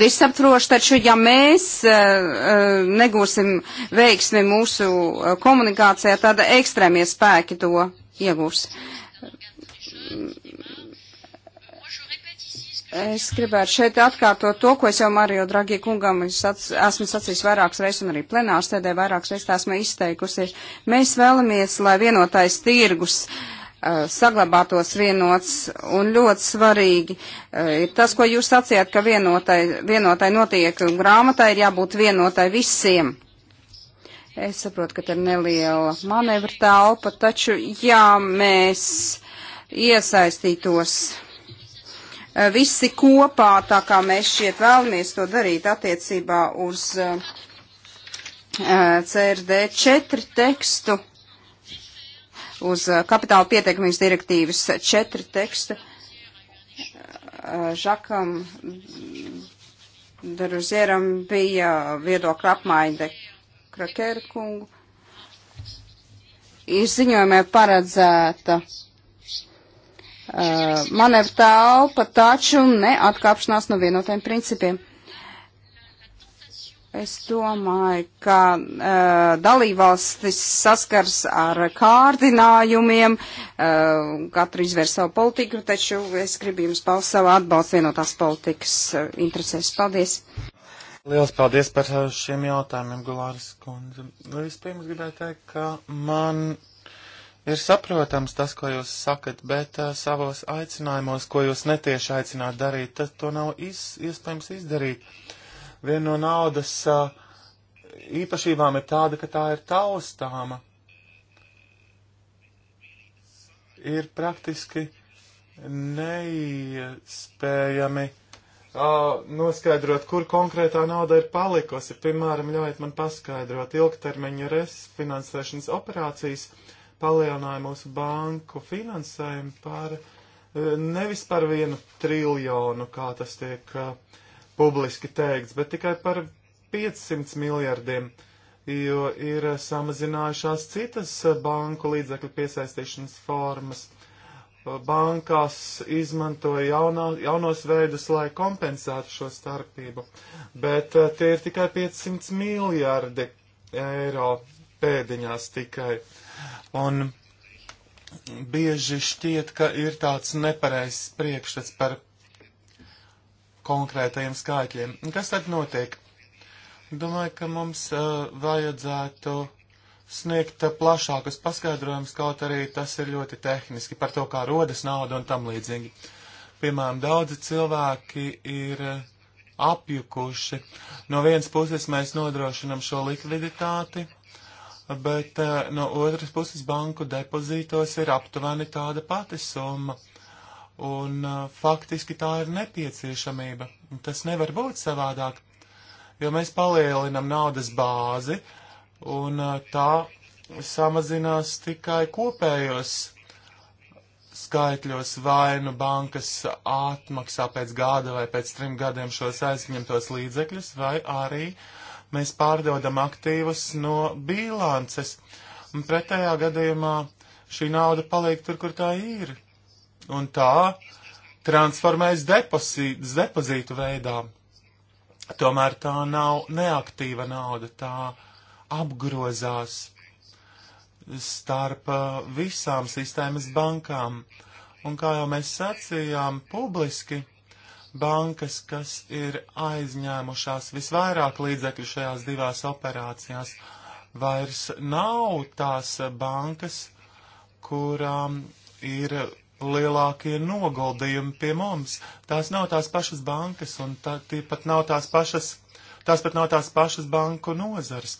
visaptroši, taču ja mēs uh, uh, negūsim veiksmi mūsu uh, komunikācijā, tad ekstrēmie spēki to iegūs. Es gribētu šeit atkārtot to, ko es jau Mario Dragi kungam sac, esmu sacījis vairākas reizes un arī plenārs tēdē vairākas reizes esmu izteikusi. Mēs vēlamies, lai vienotais tirgus uh, Uh, saglabātos vienots un ļoti svarīgi uh, ir tas, ko jūs sacījāt, ka vienotai, vienotai notiek grāmatai ir jābūt vienotai visiem. Es saprotu, ka te ir neliela manevra telpa, taču ja mēs iesaistītos uh, visi kopā, tā kā mēs šķiet vēlamies to darīt attiecībā uz CRD 4 tekstu, uz eh, kapitāla pieteikumības direktīvas četri tekstu. Eh, Žakam mm, Daruzieram bija viedokļa apmaiņa Krakeru kungu. Ir ziņojumē paredzēta uh, eh, manevra telpa, taču ne atkāpšanās no vienotiem principiem. Es domāju, ka uh, dalībvalstis saskars ar kārdinājumiem, uh, katru izvēr savu politiku, taču es gribu jums paust savu atbalstu vienotās politikas uh, interesēs. Paldies! Liels paldies par šiem jautājumiem, Gulāras kundze. Nu, vispirms gribēju teikt, ka man ir saprotams tas, ko jūs sakat, bet uh, savos aicinājumos, ko jūs netieši aicināt darīt, tas to nav iz, iespējams izdarīt Viena no naudas īpašībām ir tāda, ka tā ir taustāma. Ir praktiski neiespējami uh, noskaidrot, kur konkrētā nauda ir palikusi. Piemēram, ļaujiet man paskaidrot, ilgtermiņa refinansēšanas operācijas palielināja mūsu banku finansējumu par nevis par vienu triljonu, kā tas tiek uh, publiski teikts, bet tikai par 500 miljardiem, jo ir samazinājušās citas banku līdzekļu piesaistīšanas formas. Bankās izmantoja jaunā, jaunos veidus, lai kompensētu šo starpību, bet eh, tie ir tikai 500 miljardi eiro pēdiņās tikai. Un bieži šķiet, ka ir tāds nepareizs priekšstats par konkrētajiem skaitļiem. Kas tad notiek? Domāju, ka mums uh, vajadzētu sniegt plašākus paskaidrojumus, kaut arī tas ir ļoti tehniski par to, kā rodas nauda un tam līdzīgi. Piemēram, daudzi cilvēki ir apjukuši. No vienas puses mēs nodrošinam šo likviditāti, bet no otras puses banku depozītos ir aptuveni tāda pati summa un uh, faktiski tā ir nepieciešamība. Tas nevar būt savādāk, jo mēs palielinam naudas bāzi, un uh, tā samazinās tikai kopējos skaitļos vai nu bankas atmaksā pēc gada vai pēc trim gadiem šos aizņemtos līdzekļus, vai arī mēs pārdodam aktīvus no bilances. Un pretējā gadījumā šī nauda paliek tur, kur tā ir un tā transformējas depozītu, depozītu veidā. Tomēr tā nav neaktīva nauda, tā apgrozās starp uh, visām sistēmas bankām. Un kā jau mēs sacījām publiski, bankas, kas ir aizņēmušās visvairāk līdzekļu šajās divās operācijās, vairs nav tās bankas, kurām ir lielākie noguldījumi pie mums. Tās nav tās pašas bankas, un tā, pat nav tās pašas, tās pat nav tās pašas banku nozars.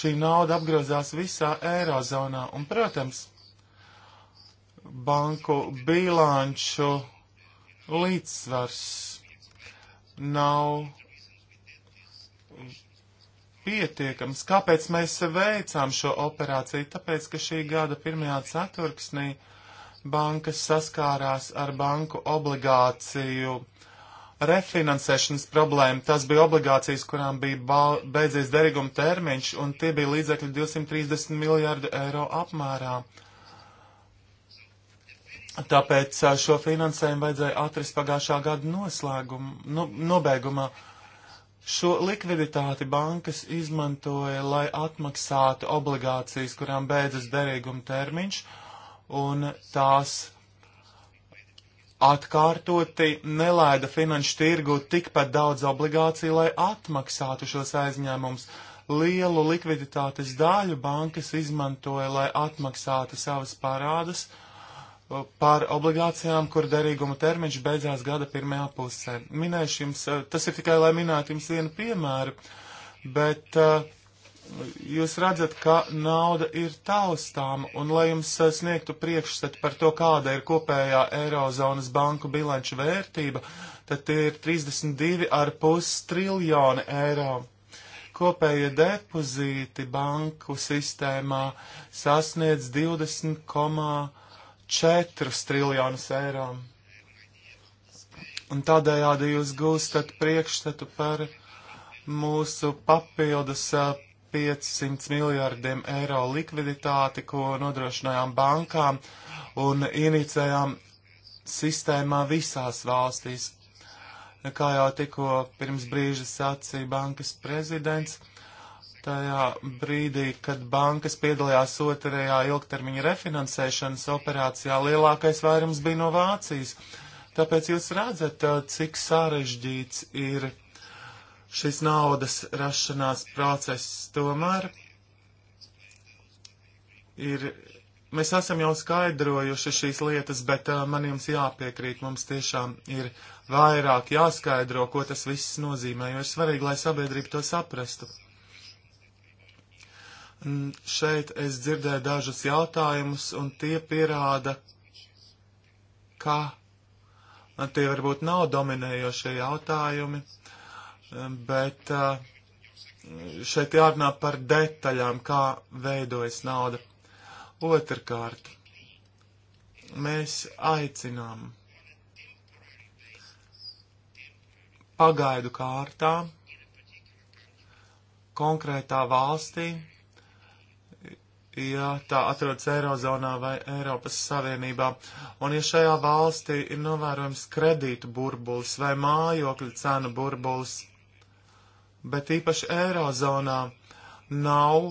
Šī nauda apgrozās visā Eirozonā, un, protams, banku bilanču līdzsvars nav pietiekams. Kāpēc mēs veicām šo operāciju? Tāpēc, ka šī gada pirmajā ceturksnī uh, bankas saskārās ar banku obligāciju refinansēšanas problēmu. Tas bija obligācijas, kurām bija beidzies derīguma termiņš, un tie bija līdzekļi 230 miljārdu eiro apmērā. Tāpēc šo finansējumu vajadzēja atrast pagājušā gada noslēguma, no, nu, nobeigumā. Šo likviditāti bankas izmantoja, lai atmaksātu obligācijas, kurām beidzas derīguma termiņš, uh, un tās atkārtoti nelaida finanšu tirgu tikpat daudz obligāciju, lai atmaksātu šos aizņēmumus. Lielu likviditātes daļu bankas izmantoja, lai atmaksātu savas parādus uh, par obligācijām, kur derīguma termiņš beidzās gada pirmajā pusē. Minēšu jums, uh, tas ir tikai, lai minētu jums vienu piemēru, bet uh, jūs redzat, ka nauda ir taustāma, un lai jums eh, sniegtu priekšstatu par to, kāda ir kopējā Eirozonas banku bilanču vērtība, tad tie ir 32,5 triljoni eiro. Kopējie depozīti banku sistēmā sasniedz 20,4 triljonus eiro. Un tādējādi jūs gūstat priekšstatu par mūsu papildus eh, 500 miljārdiem eiro likviditāti, ko nodrošinājām bankām un inicējām sistēmā visās valstīs. Kā jau tikko pirms brīža sacīja bankas prezidents, tajā brīdī, kad bankas piedalījās otrajā ilgtermiņa refinansēšanas operācijā, lielākais vairums bija no Vācijas. Tāpēc jūs redzat, cik sarežģīts ir šis naudas rašanās process tomēr ir. Mēs esam jau skaidrojuši šīs lietas, bet uh, man jums jāpiekrīt, mums tiešām ir vairāk jāskaidro, ko tas viss nozīmē, jo ir svarīgi, lai sabiedrība to saprastu. Un šeit es dzirdēju dažus jautājumus, un tie pierāda, ka tie varbūt nav dominējošie jautājumi bet eh, šeit jārunā par detaļām, kā veidojas nauda. Otrkārt, mēs aicinām pagaidu kārtā konkrētā valstī, ja tā atrodas Eirozonā vai Eiropas Savienībā, un ja šajā valstī ir novērojams kredītu burbulis vai mājokļu cenu burbulis, bet īpaši Eirozonā nav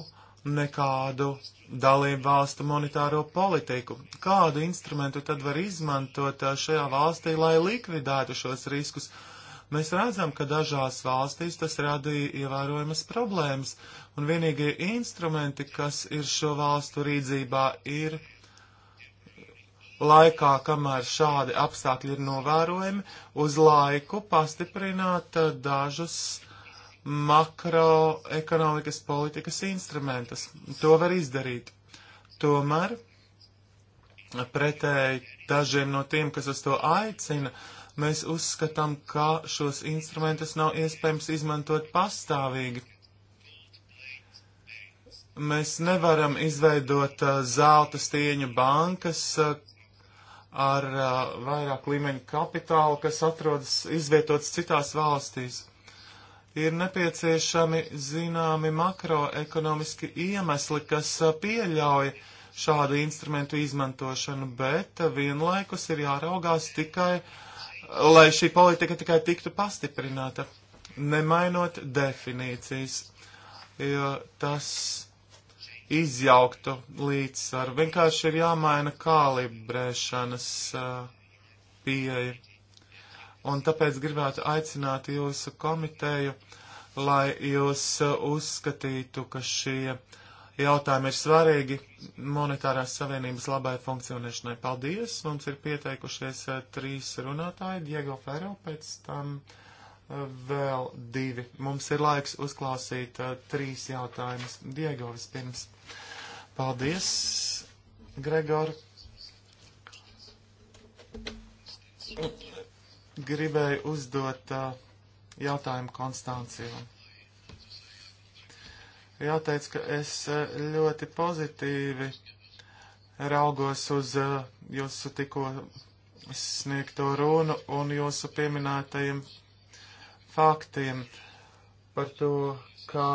nekādu dalību valstu monetāro politiku. Kādu instrumentu tad var izmantot uh, šajā valstī, lai likvidētu šos riskus? Mēs redzam, ka dažās valstīs tas radīja ievērojamas problēmas, un vienīgie instrumenti, kas ir šo valstu rīdzībā, ir laikā, kamēr šādi apstākļi ir novērojami, uz laiku pastiprināt uh, dažus uh, makroekonomikas politikas instrumentus. To var izdarīt. Tomēr, pretēji dažiem no tiem, kas uz to aicina, mēs uzskatām, ka šos instrumentus nav iespējams izmantot pastāvīgi. Mēs nevaram izveidot uh, zelta stieņu bankas uh, ar uh, vairāk līmeņu kapitālu, kas atrodas izvietots citās valstīs ir nepieciešami zināmi makroekonomiski iemesli, kas pieļauj šādu instrumentu izmantošanu, bet vienlaikus ir jāraugās tikai, lai šī politika tikai tiktu pastiprināta, nemainot definīcijas, jo tas izjauktu līdzsvaru. Vienkārši ir jāmaina kalibrēšanas pieeja un tāpēc gribētu aicināt jūsu komiteju, lai jūs uh, uzskatītu, ka šie jautājumi ir svarīgi monetārās savienības labai funkcionēšanai. Paldies! Mums ir pieteikušies uh, trīs runātāji, Diego Ferro, pēc tam uh, vēl divi. Mums ir laiks uzklausīt uh, trīs jautājumus. Diego vispirms. Paldies, Gregor gribēju uzdot uh, jautājumu Konstāncijam. Jāteic, ka es uh, ļoti pozitīvi raugos uz uh, jūsu tikko sniegto runu un jūsu pieminētajiem faktiem par to, kā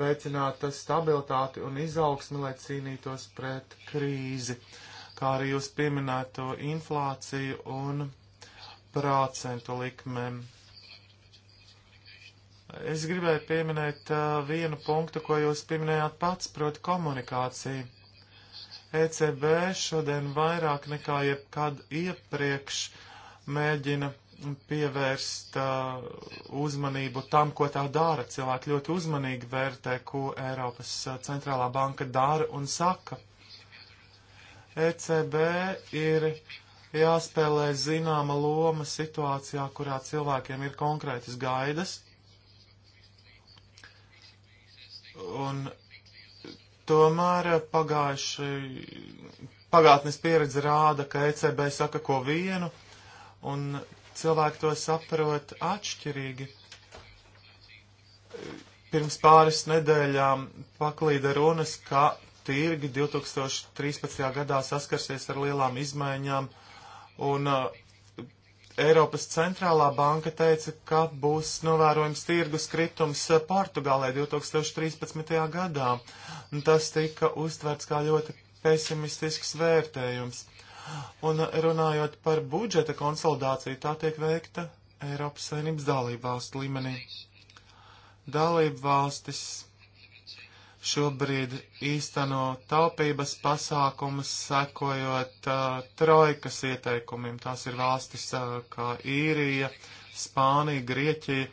veicināt stabilitāti un izaugsmi, lai cīnītos pret krīzi, kā arī jūs pieminēto inflāciju un procentu likmēm. Es gribēju pieminēt uh, vienu punktu, ko jūs pieminējāt pats, proti komunikāciju. ECB šodien vairāk nekā jebkad iepriekš mēģina pievērst uh, uzmanību tam, ko tā dara. Cilvēki ļoti uzmanīgi vērtē, ko Eiropas uh, centrālā banka dara un saka. ECB ir jāspēlē zināma loma situācijā, kurā cilvēkiem ir konkrētas gaidas. Un tomēr pagājuši, pagātnes pieredze rāda, ka ECB saka ko vienu, un cilvēki to saprot atšķirīgi. Pirms pāris nedēļām paklīda runas, ka tirgi 2013. gadā saskarsies ar lielām izmaiņām Un uh, Eiropas centrālā banka teica, ka būs novērojams tirgus kritums uh, Portugālē 2013. gadā, un tas tika uztverts kā ļoti pesimistisks vērtējums. Un uh, runājot par budžeta konsolidāciju, tā tiek veikta Eiropas Savienības dalībvalstu līmenī. Dalībvalstis šobrīd īsteno taupības pasākumus, sekojot uh, trojkas ieteikumiem. Tās ir valstis uh, kā Īrija, Spānija, Grieķija,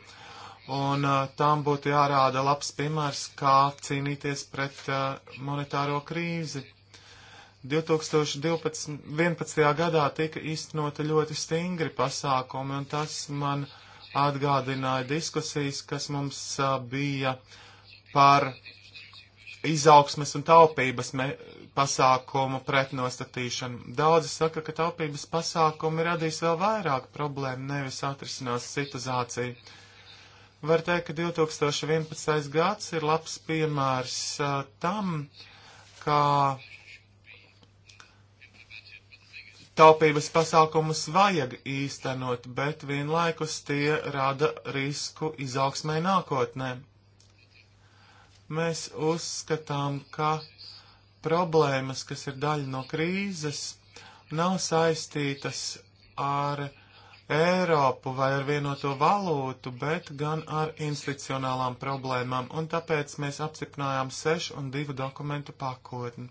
un uh, tām būtu jārāda labs piemērs, kā cīnīties pret uh, monetāro krīzi. 2011. gadā tika īstenota ļoti stingri pasākumi, un tas man atgādināja diskusijas, kas mums uh, bija par izaugsmes un taupības me, pasākumu pretnostatīšanu. Daudzi saka, ka taupības pasākumi radīs vēl vairāk problēmu, nevis atrisinās situāciju. Var teikt, ka 2011. gads ir labs piemērs uh, tam, kā taupības pasākumus vajag īstenot, bet vienlaikus tie rada risku izaugsmai nākotnēm. Mēs uzskatām, ka problēmas, kas ir daļa no krīzes, nav saistītas ar Eiropu vai ar vienoto valūtu, bet gan ar institucionālām problēmām, un tāpēc mēs apstiprinājām sešu un divu dokumentu pakotni.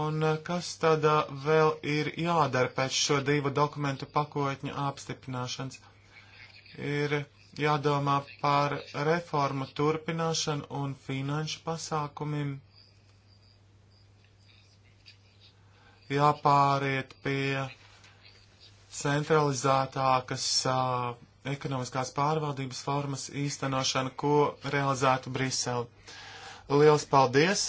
Un eh, kas tad vēl ir jādara pēc šo divu dokumentu pakotņu apstiprināšanas? Ir jādomā par reformu turpināšanu un finanšu pasākumiem. Jāpāriet pie centralizētākas uh, ekonomiskās pārvaldības formas īstenošana, ko realizētu Brisele. Liels paldies!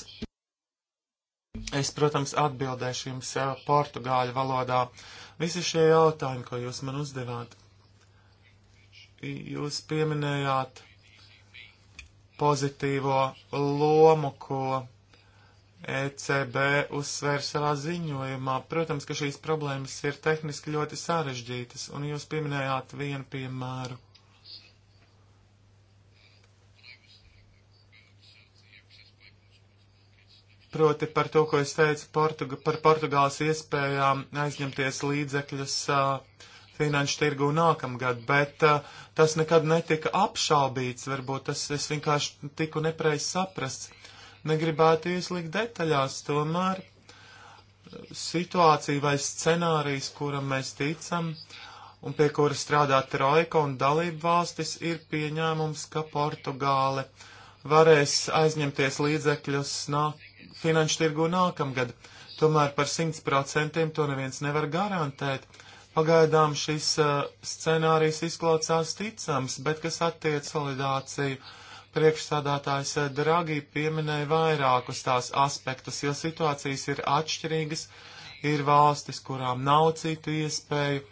Es, protams, atbildēšu jums uh, portugāļu valodā visi šie jautājumi, ko jūs man uzdevāt. Jūs pieminējāt pozitīvo lomu, ko ECB uzsver savā ziņojumā. Protams, ka šīs problēmas ir tehniski ļoti sarežģītas, un jūs pieminējāt vienu piemēru. Proti par to, ko es teicu Portuga, par Portugāles iespējām aizņemties līdzekļus uh, finanšu tirgu nākamgad, bet uh, tas nekad netika apšaubīts, varbūt tas es vienkārši tiku nepreiz saprasts. Negribētu ieslīgt detaļās, tomēr uh, situācija vai scenārijs, kuram mēs ticam un pie kura strādā Trojka un dalību valstis, ir pieņēmums, ka Portugāle varēs aizņemties līdzekļus nā, finanšu tirgu nākamgad. Tomēr par 100% to neviens nevar garantēt Pagaidām šis eh, scenārijs izklausās ticams, bet kas attiec solidāciju, priekšsādātājs eh, Dragi pieminēja vairākus tās aspektus, jo situācijas ir atšķirīgas, ir valstis, kurām nav citu iespēju,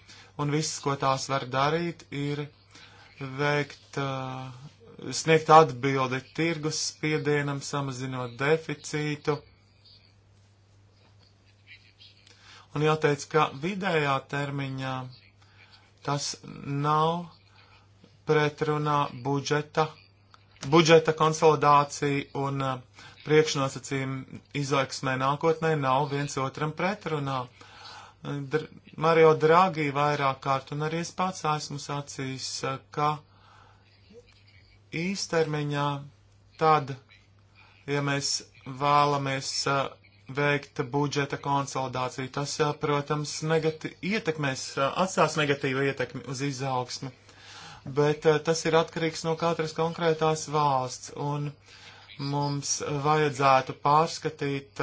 un viss, ko tās var darīt, ir veikt, uh, sniegt atbildi tirgus spiedienam, samazinot deficītu Un jāteic, ka vidējā termiņā tas nav pretrunā budžeta, budžeta konsolidācija un uh, priekšnosacījuma izlaiksmē nākotnē nav viens otram pretrunā. Dr Mario Draghi vairāk kārt un arī es pats esmu sacījis, uh, ka īstermiņā tad, ja mēs vēlamies uh, veikt budžeta konsolidāciju. Tas, protams, negati ietekmēs, atstās negatīvu ietekmi uz izaugsmi, bet tas ir atkarīgs no katras konkrētās valsts, un mums vajadzētu pārskatīt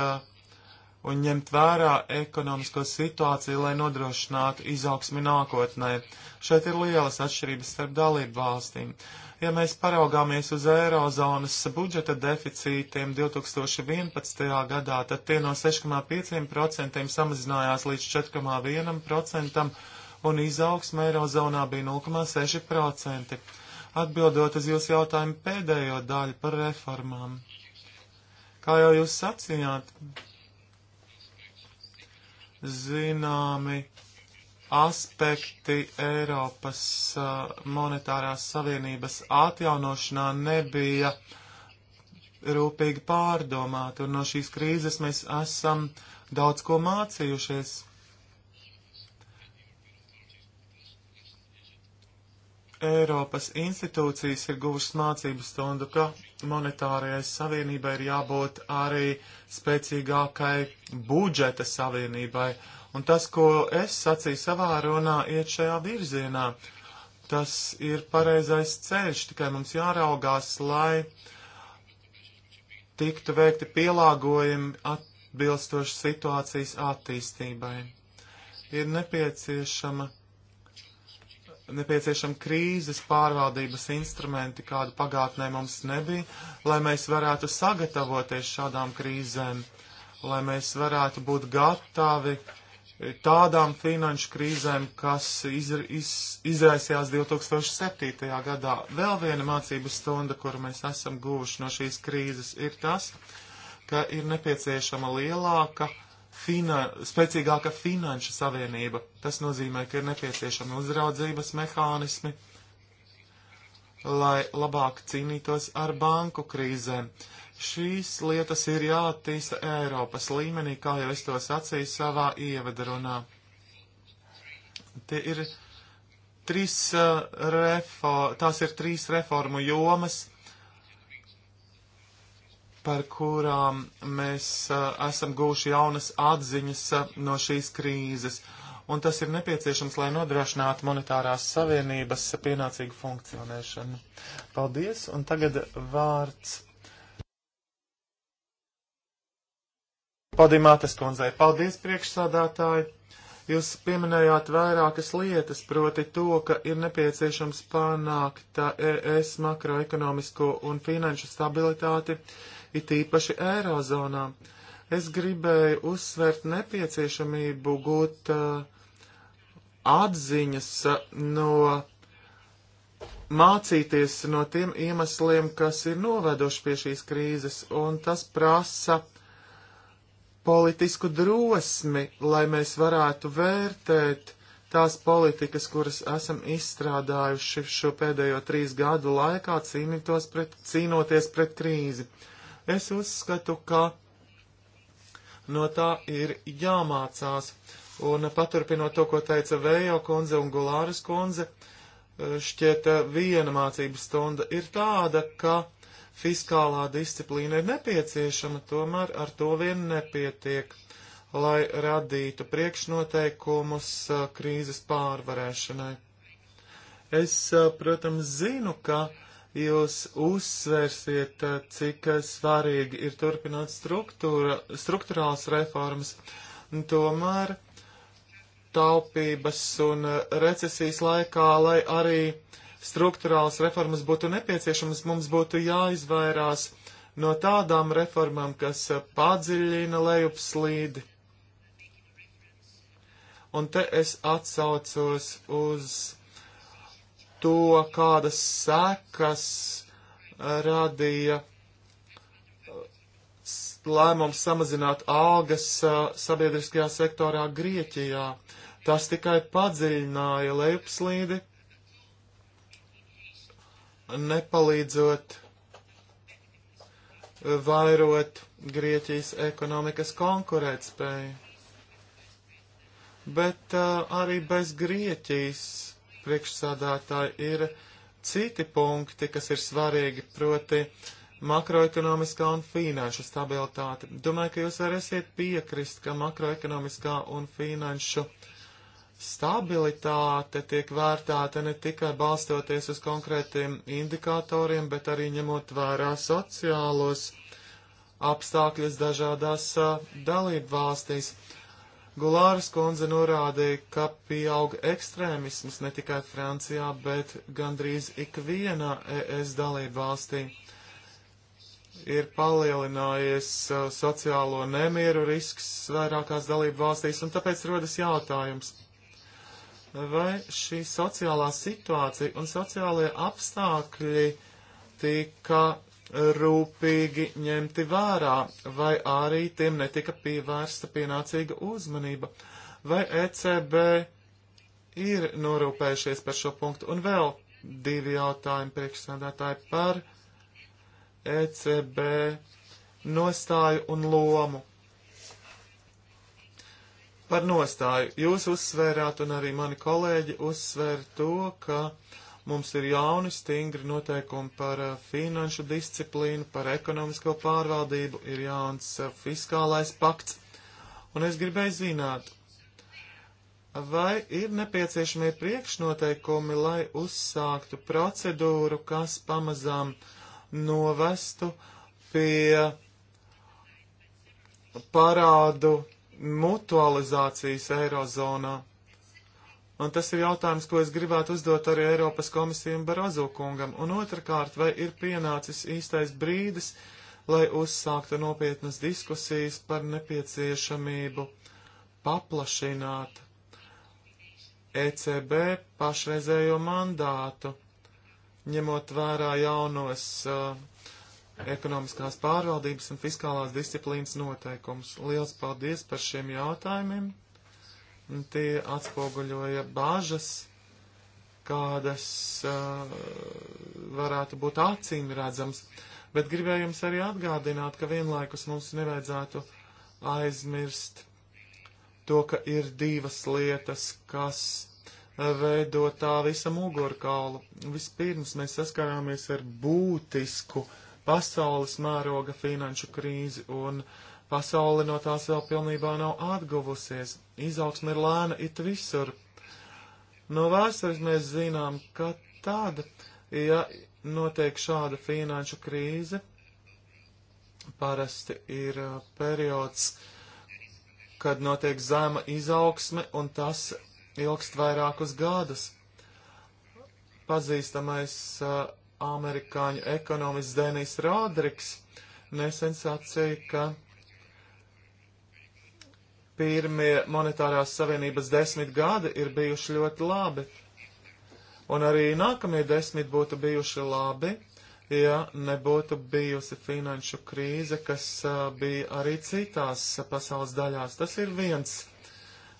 un ņemt vērā ekonomisko situāciju, lai nodrošinātu izaugsmi nākotnē. Šeit ir lielas atšķirības starp dalību valstīm. Ja mēs paraugāmies uz eirozonas budžeta deficītiem 2011. gadā, tad tie no 6,5% samazinājās līdz 4,1% un izaugsme eirozonā bija 0,6%. Atbildot uz jūsu jautājumu pēdējo daļu par reformām. Kā jau jūs sacījāt, zināmi aspekti Eiropas uh, monetārās savienības atjaunošanā nebija rūpīgi pārdomāti, un no šīs krīzes mēs esam daudz ko mācījušies. Eiropas institūcijas ir guvušas mācību stundu, ka monetārajai savienībai ir jābūt arī spēcīgākai budžeta savienībai Un tas, ko es sacīju savā runā, iet šajā virzienā. Tas ir pareizais ceļš, tikai mums jāraugās, lai tiktu veikti pielāgojumi atbilstoši situācijas attīstībai. Ir nepieciešama nepieciešami krīzes pārvaldības instrumenti, kādu pagātnē mums nebija, lai mēs varētu sagatavoties šādām krīzēm, lai mēs varētu būt gatavi tādām finanšu krīzēm, kas izra, iz, izraisījās 2007. gadā. Vēl viena mācības stunda, kuru mēs esam guvuši no šīs krīzes, ir tas, ka ir nepieciešama lielāka, fina, spēcīgāka finanšu savienība. Tas nozīmē, ka ir nepieciešama uzraudzības mehānismi, lai labāk cīnītos ar banku krīzēm. Uh, Šīs lietas ir jāattīsta Eiropas līmenī, kā jau es to sacīju savā ievadarunā. Tie ir trīs, uh, refo, tās ir trīs reformu jomas, par kurām mēs uh, esam gūši jaunas atziņas uh, no šīs krīzes, un tas ir nepieciešams, lai nodrošinātu monetārās savienības pienācīgu funkcionēšanu. Paldies, un tagad vārds Padimātes kundzei, paldies priekšsādātāji! Jūs pieminējāt vairākas lietas, proti to, ka ir nepieciešams panākt ES makroekonomisko un finanšu stabilitāti, it īpaši Eirozonā. Es gribēju uzsvērt nepieciešamību gūt uh, atziņas uh, no mācīties no tiem iemesliem, kas ir novedoši pie šīs krīzes, un tas prasa politisku drosmi, lai mēs varētu vērtēt tās politikas, kuras esam izstrādājuši šo pēdējo trīs gadu laikā pret, cīnoties pret krīzi. Es uzskatu, ka no tā ir jāmācās. Un paturpinot to, ko teica Vējo kundze un Gulāras kundze, šķiet viena mācības stunda ir tāda, ka Fiskālā disciplīna ir nepieciešama, tomēr ar to vien nepietiek, lai radītu priekšnoteikumus krīzes pārvarēšanai. Es, protams, zinu, ka jūs uzsvērsiet, cik svarīgi ir turpināt struktūrāls reformas. Tomēr taupības un recesijas laikā, lai arī uh, struktūrāls reformas būtu nepieciešamas, mums būtu jāizvairās no tādām reformām, kas padziļina lejupslīdi. Un te es atsaucos uz to, kādas sekas radīja lēmums samazināt algas sabiedriskajā sektorā Grieķijā. Tas tikai padziļināja lejupslīdi nepalīdzot vairot Grieķijas ekonomikas konkurētspēju. Bet uh, arī bez Grieķijas priekšsādātāji ir citi punkti, kas ir svarīgi, proti makroekonomiskā un finanšu stabilitāte. Domāju, ka jūs varēsiet piekrist, ka makroekonomiskā un finanšu uh, stabilitāte tiek vērtēta ne tikai balstoties uz konkrētiem indikatoriem, bet arī ņemot vērā sociālos apstākļus dažādās dalību valstīs. Gulāras kundze norādīja, ka pieaug ekstrēmisms ne tikai Francijā, bet gandrīz ikvienā ES dalību valstī. Ir palielinājies uh, sociālo nemieru risks vairākās dalību valstīs, un tāpēc rodas jautājums, vai šī sociālā situācija un sociālie apstākļi tika rūpīgi ņemti vērā, vai arī tiem netika pievērsta pienācīga uzmanība, vai ECB ir norūpējušies par šo punktu. Un vēl divi jautājumi priekšsādātāji par ECB nostāju un lomu. Par nostāju jūs uzsvērāt un arī mani kolēģi uzsvēra to, ka mums ir jauni stingri noteikumi par uh, finanšu disciplīnu, par ekonomisko pārvaldību, ir jauns uh, fiskālais pakts. Un es gribēju zināt, vai ir nepieciešamie priekšnoteikumi, lai uzsāktu procedūru, kas pamazām novestu pie parādu mutualizācijas Eirozonā. Un tas ir jautājums, ko es gribētu uzdot arī Eiropas komisijam Barazo kungam. Un otrkārt, vai ir pienācis īstais brīdis, lai uzsāktu nopietnas diskusijas par nepieciešamību paplašināt ECB pašreizējo mandātu, ņemot vērā jaunos uh, ekonomiskās pārvaldības un fiskālās disciplīnas noteikumus. Liels paldies par šiem jautājumiem. Tie atspoguļoja bāžas, kādas uh, varētu būt acīm redzams. Bet gribēju jums arī atgādināt, ka vienlaikus mums nevajadzētu aizmirst to, ka ir divas lietas, kas veido tā visa mugurkaulu. Vispirms mēs saskarāmies ar būtisku uh, pasaules mēroga finanšu krīzi un pasauli no tās vēl pilnībā nav atguvusies. Izaugsme ir lēna it visur. No vēstures mēs zinām, ka tāda, ja notiek šāda finanšu krīze, parasti ir uh, periods, kad notiek zema izaugsme, un tas ilgst vairākus gadus. Pazīstamais uh, amerikāņu ekonomists Denis Rodriks nesen sacīja, ka pirmie monetārās savienības desmit gadi ir bijuši ļoti labi. Un arī nākamie desmit būtu bijuši labi, ja nebūtu bijusi finanšu krīze, kas uh, bija arī citās pasaules daļās. Tas ir viens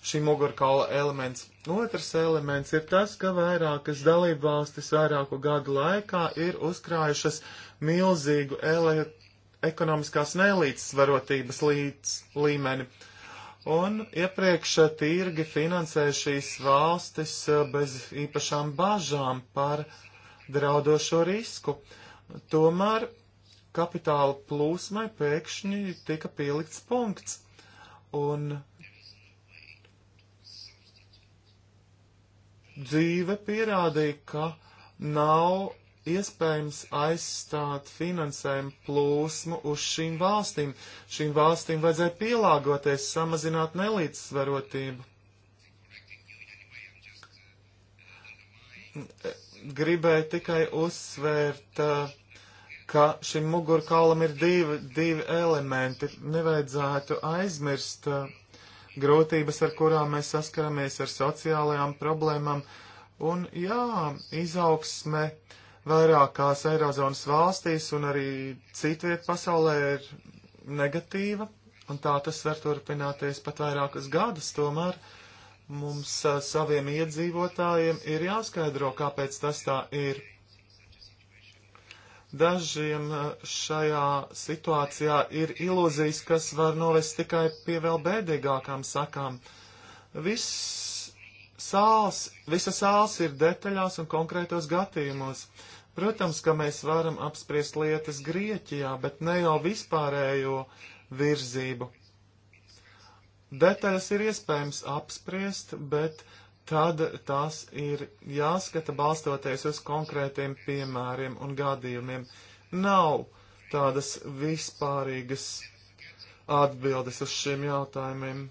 šī mugurkaula elements. Otrs elements ir tas, ka vairākas dalībvalstis vairāku gadu laikā ir uzkrājušas milzīgu ele ekonomiskās nelīdzsvarotības līdz līmeni. Un iepriekš tirgi finansēja šīs valstis eh, bez īpašām bažām par draudošo risku. Tomēr kapitāla plūsmai pēkšņi tika pielikts punkts. Un dzīve pierādīja, ka nav iespējams aizstāt finansējumu plūsmu uz šīm valstīm. Šīm valstīm vajadzēja pielāgoties, samazināt nelīdzsvarotību. Gribēju tikai uzsvērt, ka šim mugurkaulam ir divi, divi elementi. Nevajadzētu aizmirst, grūtības, ar kurām mēs saskaramies ar sociālajām problēmām. Un jā, izaugsme vairākās Eirozonas valstīs un arī citviet pasaulē ir negatīva, un tā tas var turpināties pat vairākus gadus. Tomēr mums a, saviem iedzīvotājiem ir jāskaidro, kāpēc tas tā ir. Dažiem eh, šajā situācijā ir ilūzijas, kas var novest tikai pie vēl bēdīgākām sakām. Viss sāls, visa sāls ir detaļās un konkrētos gadījumos. Protams, ka mēs varam apspriest lietas Grieķijā, bet ne jau vispārējo virzību. Detaļas ir iespējams apspriest, bet uh, tad tās ir jāskata balstoties uz konkrētiem piemēriem un gadījumiem. Nav tādas vispārīgas atbildes uz šiem jautājumiem.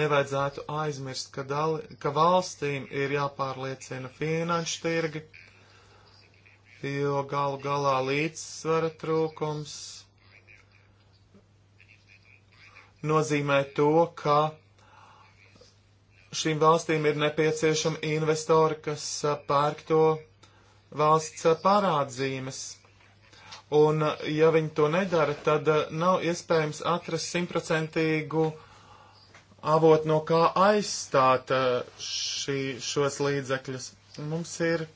Nevajadzētu aizmirst, ka, dali, ka valstīm ir jāpārliecina finanšu tirgi, jo galu galā līdzsvara trūkums nozīmē to, ka šīm valstīm ir nepieciešami investori, kas pērk to valsts parādzīmes. Un, ja viņi to nedara, tad nav iespējams atrast simtprocentīgu avotu, no kā aizstāt šī, šos līdzekļus. Mums ir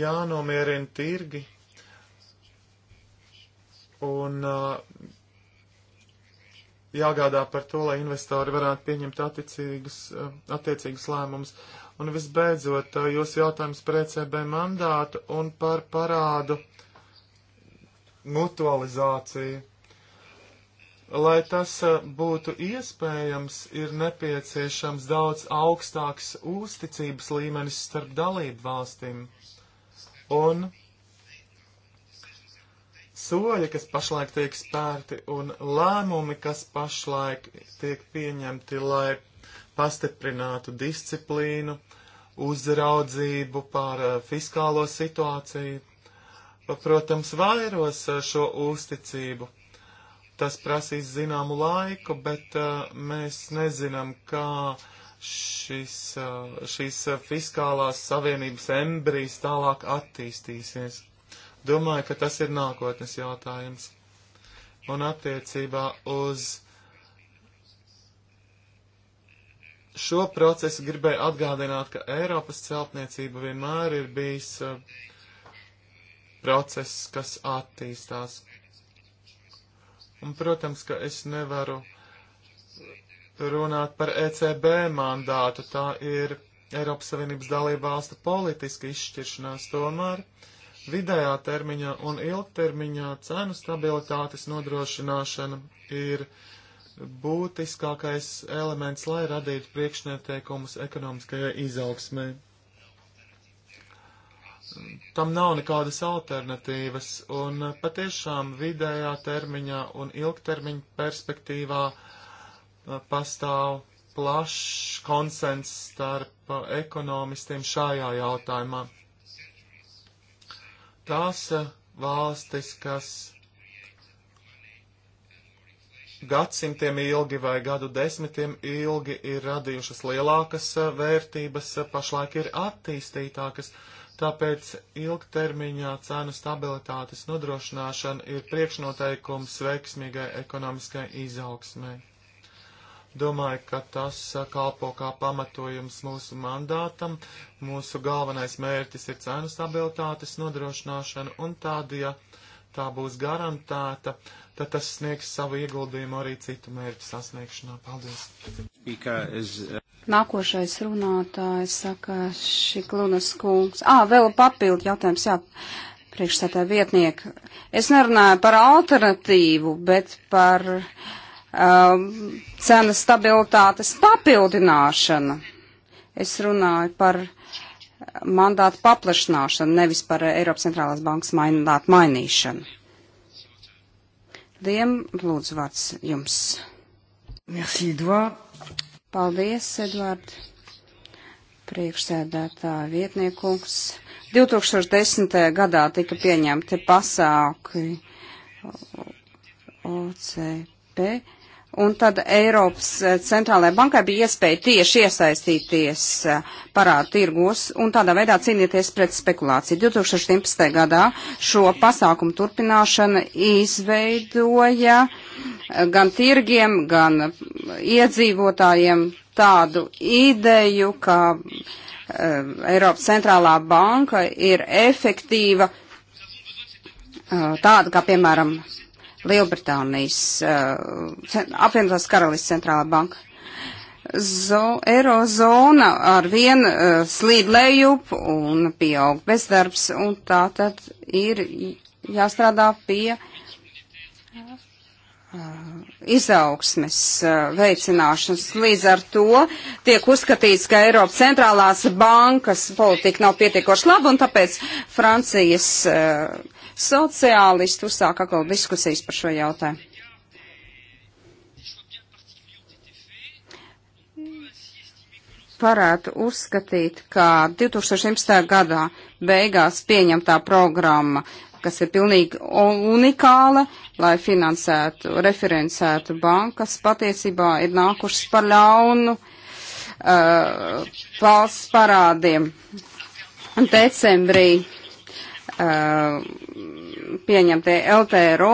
jānomierina tirgi un uh, jāgādā par to, lai investori varētu pieņemt attiecīgus, eh, attiecīgus lēmumus. Un visbeidzot, eh, jūsu jautājums par ECB mandātu un par parādu mutualizāciju. Lai tas eh, būtu iespējams, ir nepieciešams daudz augstāks uzticības līmenis starp dalību valstīm. Un soļi, kas pašlaik tiek spērti un lēmumi, kas pašlaik tiek pieņemti, lai pastiprinātu disciplīnu, uzraudzību pār eh, fiskālo situāciju, protams, vairos eh, šo uzticību. Tas prasīs zināmu laiku, bet uh, mēs nezinām, kā šis, uh, šīs fiskālās savienības embrijs tālāk attīstīsies. Domāju, ka tas ir nākotnes jautājums. Un attiecībā uz šo procesu gribēju atgādināt, ka Eiropas celtniecība vienmēr ir bijis uh, process, kas attīstās. Un, protams, ka es nevaru runāt par ECB mandātu. Tā ir Eiropas Savienības dalība valsta politiska izšķiršanās. Tomēr Vidējā termiņā un ilgtermiņā cenu stabilitātes nodrošināšana ir būtiskākais elements, lai radītu priekšnieteikumus ekonomiskajai izaugsmē. Tam nav nekādas alternatīvas, un patiešām vidējā termiņā un ilgtermiņa perspektīvā uh, pastāv plašs konsens starp uh, ekonomistiem šajā jautājumā tās valstis, kas gadsimtiem ilgi vai gadu desmitiem ilgi ir radījušas lielākas eh, vērtības, eh, pašlaik ir attīstītākas. Tāpēc ilgtermiņā cenu stabilitātes nodrošināšana ir priekšnoteikums veiksmīgai ekonomiskai izaugsmai. Domāju, ka tas uh, kalpo kā pamatojums mūsu mandātam. Mūsu galvenais mērķis ir cenu stabilitātes nodrošināšana un tāda, ja tā būs garantēta, tad tas sniegs savu ieguldījumu arī citu mērķu sasniegšanā. Paldies! Uh, Nākošais runātājs saka Šiklunas kungs. Ā, vēl papildu jautājums, jā, priekšsētā vietnieku. Es nerunāju par alternatīvu, bet par. Uh, Um, cenas stabilitātes papildināšana. Es runāju par mandātu paplašināšanu, nevis par Eiropas centrālās bankas mandātu mainīšanu. Diem, lūdzu, vārds jums. Merci, Eduard. Paldies, Eduard. Priekšsēdētā vietniekums. 2010. gadā tika pieņemti pasākumi OCP Un tad Eiropas eh, centrālajai bankai bija iespēja tieši iesaistīties eh, parādu tirgos un tādā veidā cīnīties pret spekulāciju. 2017. gadā šo pasākumu turpināšana izveidoja eh, gan tirgiem, gan iedzīvotājiem tādu ideju, ka Eiropas centrālā banka ir efektīva tāda kā, piemēram, Lielbritānijas uh, apvienotās karalists centrālā banka. Zo, Eirozona ar vien uh, slīd lejup un pieaug bezdarbs, un tā tad ir jāstrādā pie uh, izaugsmes uh, veicināšanas. Līdz ar to tiek uzskatīts, ka Eiropas centrālās bankas politika nav pietiekoši laba, un tāpēc Francijas uh, Sociālisti uzsāk atkal diskusijas par šo jautājumu. Parētu uzskatīt, ka 2011. gadā beigās pieņemtā programma, kas ir pilnīgi unikāla, lai finansētu, referencētu bankas, patiesībā ir nākušas par ļaunu uh, valsts parādiem. Decembrī uh, pieņemtie LTRO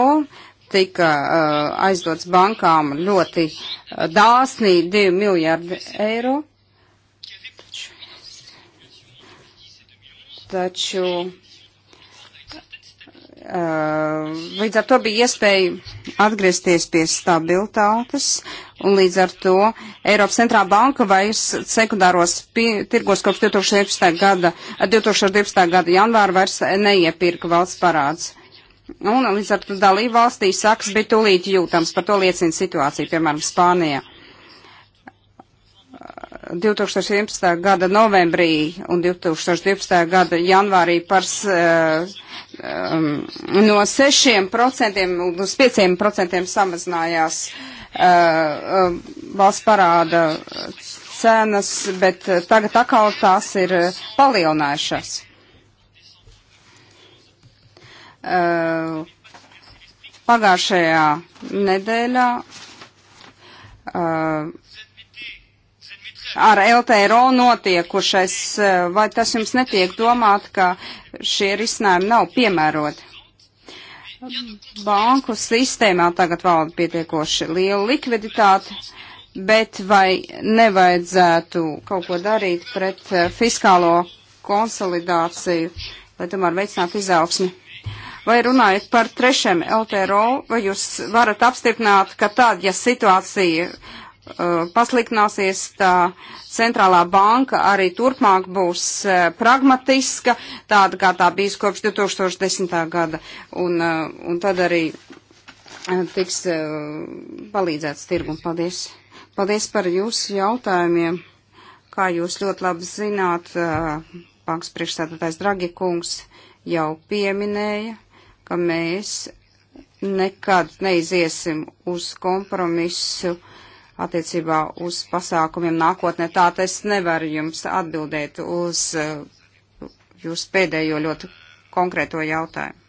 tika uh, aizdots bankām ļoti uh, dāsnī 2 miljārdi eiro. Taču uh, līdz ar to bija iespēja atgriezties pie stabilitātes, un līdz ar to Eiropas centrā banka vairs sekundāros pie, tirgos kopš 2011. gada, 2012. gada janvāra vairs neiepirka valsts parāds. Uh, Un līdz ar to dalību valstī saks bija tūlīt jūtams, par to liecina situācija, piemēram, Spānijā. 2011. gada novembrī un 2012. gada janvārī par uh, um, no 6% uz 5% samazinājās uh, valsts parāda cenas, bet tagad atkal tās ir palielinājušās. Uh, pagājušajā nedēļā uh, ar LTRO notiekušais, uh, vai tas jums netiek domāt, ka šie risinājumi nav piemēroti? Banku sistēmā tagad valda pietiekoši liela likviditāte, bet vai nevajadzētu kaut ko darīt pret fiskālo konsolidāciju, lai tomēr veicinātu izaugsmi? Vai runājot par trešiem LTRO, vai jūs varat apstiprināt, ka tad, ja situācija uh, pasliknāsies, tā centrālā banka arī turpmāk būs uh, pragmatiska, tāda kā tā bijis kopš 2010. gada, un, uh, un tad arī uh, tiks uh, palīdzēts tirgum. Paldies! Paldies par jūsu jautājumiem! Kā jūs ļoti labi zināt, uh, bankas priekšstādātais Dragi kungs jau pieminēja ka mēs nekad neiziesim uz kompromisu attiecībā uz pasākumiem nākotnē. Tā es nevaru jums atbildēt uz eh, jūsu pēdējo ļoti konkrēto jautājumu.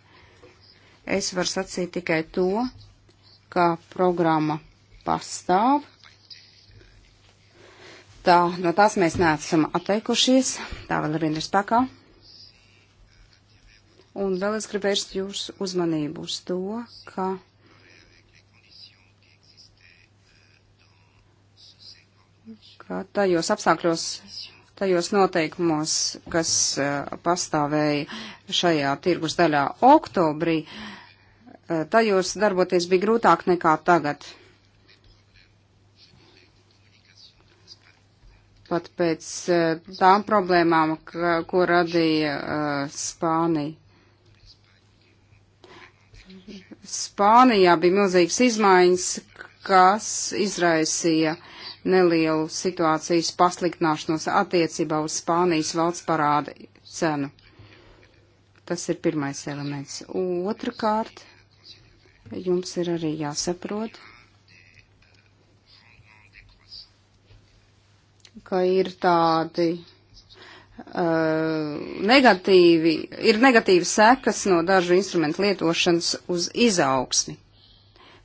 Es varu sacīt tikai to, ka programma pastāv. Tā, no tās mēs neesam atteikušies, tā vēl ir spēkā. Un vēl es gribu vērst jūsu uzmanību uz to, ka ka tajos apstākļos, tajos noteikumos, kas uh, pastāvēja šajā tirgus daļā oktobrī, uh, tajos darboties bija grūtāk nekā tagad. Pat pēc uh, tām problēmām, ka, ko radīja Spānija. Spānijā bija milzīgas izmaiņas, kas izraisīja nelielu situācijas pasliktināšanos attiecībā uz Spānijas valsts parāda cenu. Tas ir pirmais elements. Otrakārt, jums ir arī jāsaprot, ka ir tādi Eh, negatīvi, ir negatīvi sekas no dažu instrumentu lietošanas uz izaugsmi,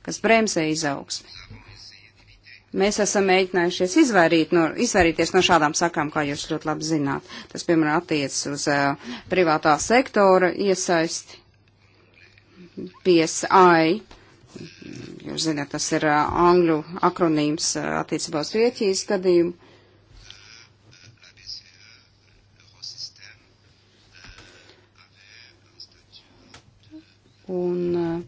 kas bremzē izaugsmi. Mēs esam mēģinājušies izvairīt no, izvairīties no šādām sakām, kā jūs ļoti labi zināt. Tas, piemēram, attiecas uz uh, privātā sektora iesaisti, PSI. Jūs zināt, tas ir uh, angļu akronīms uh, attiecībā uz Grieķijas gadījumu Un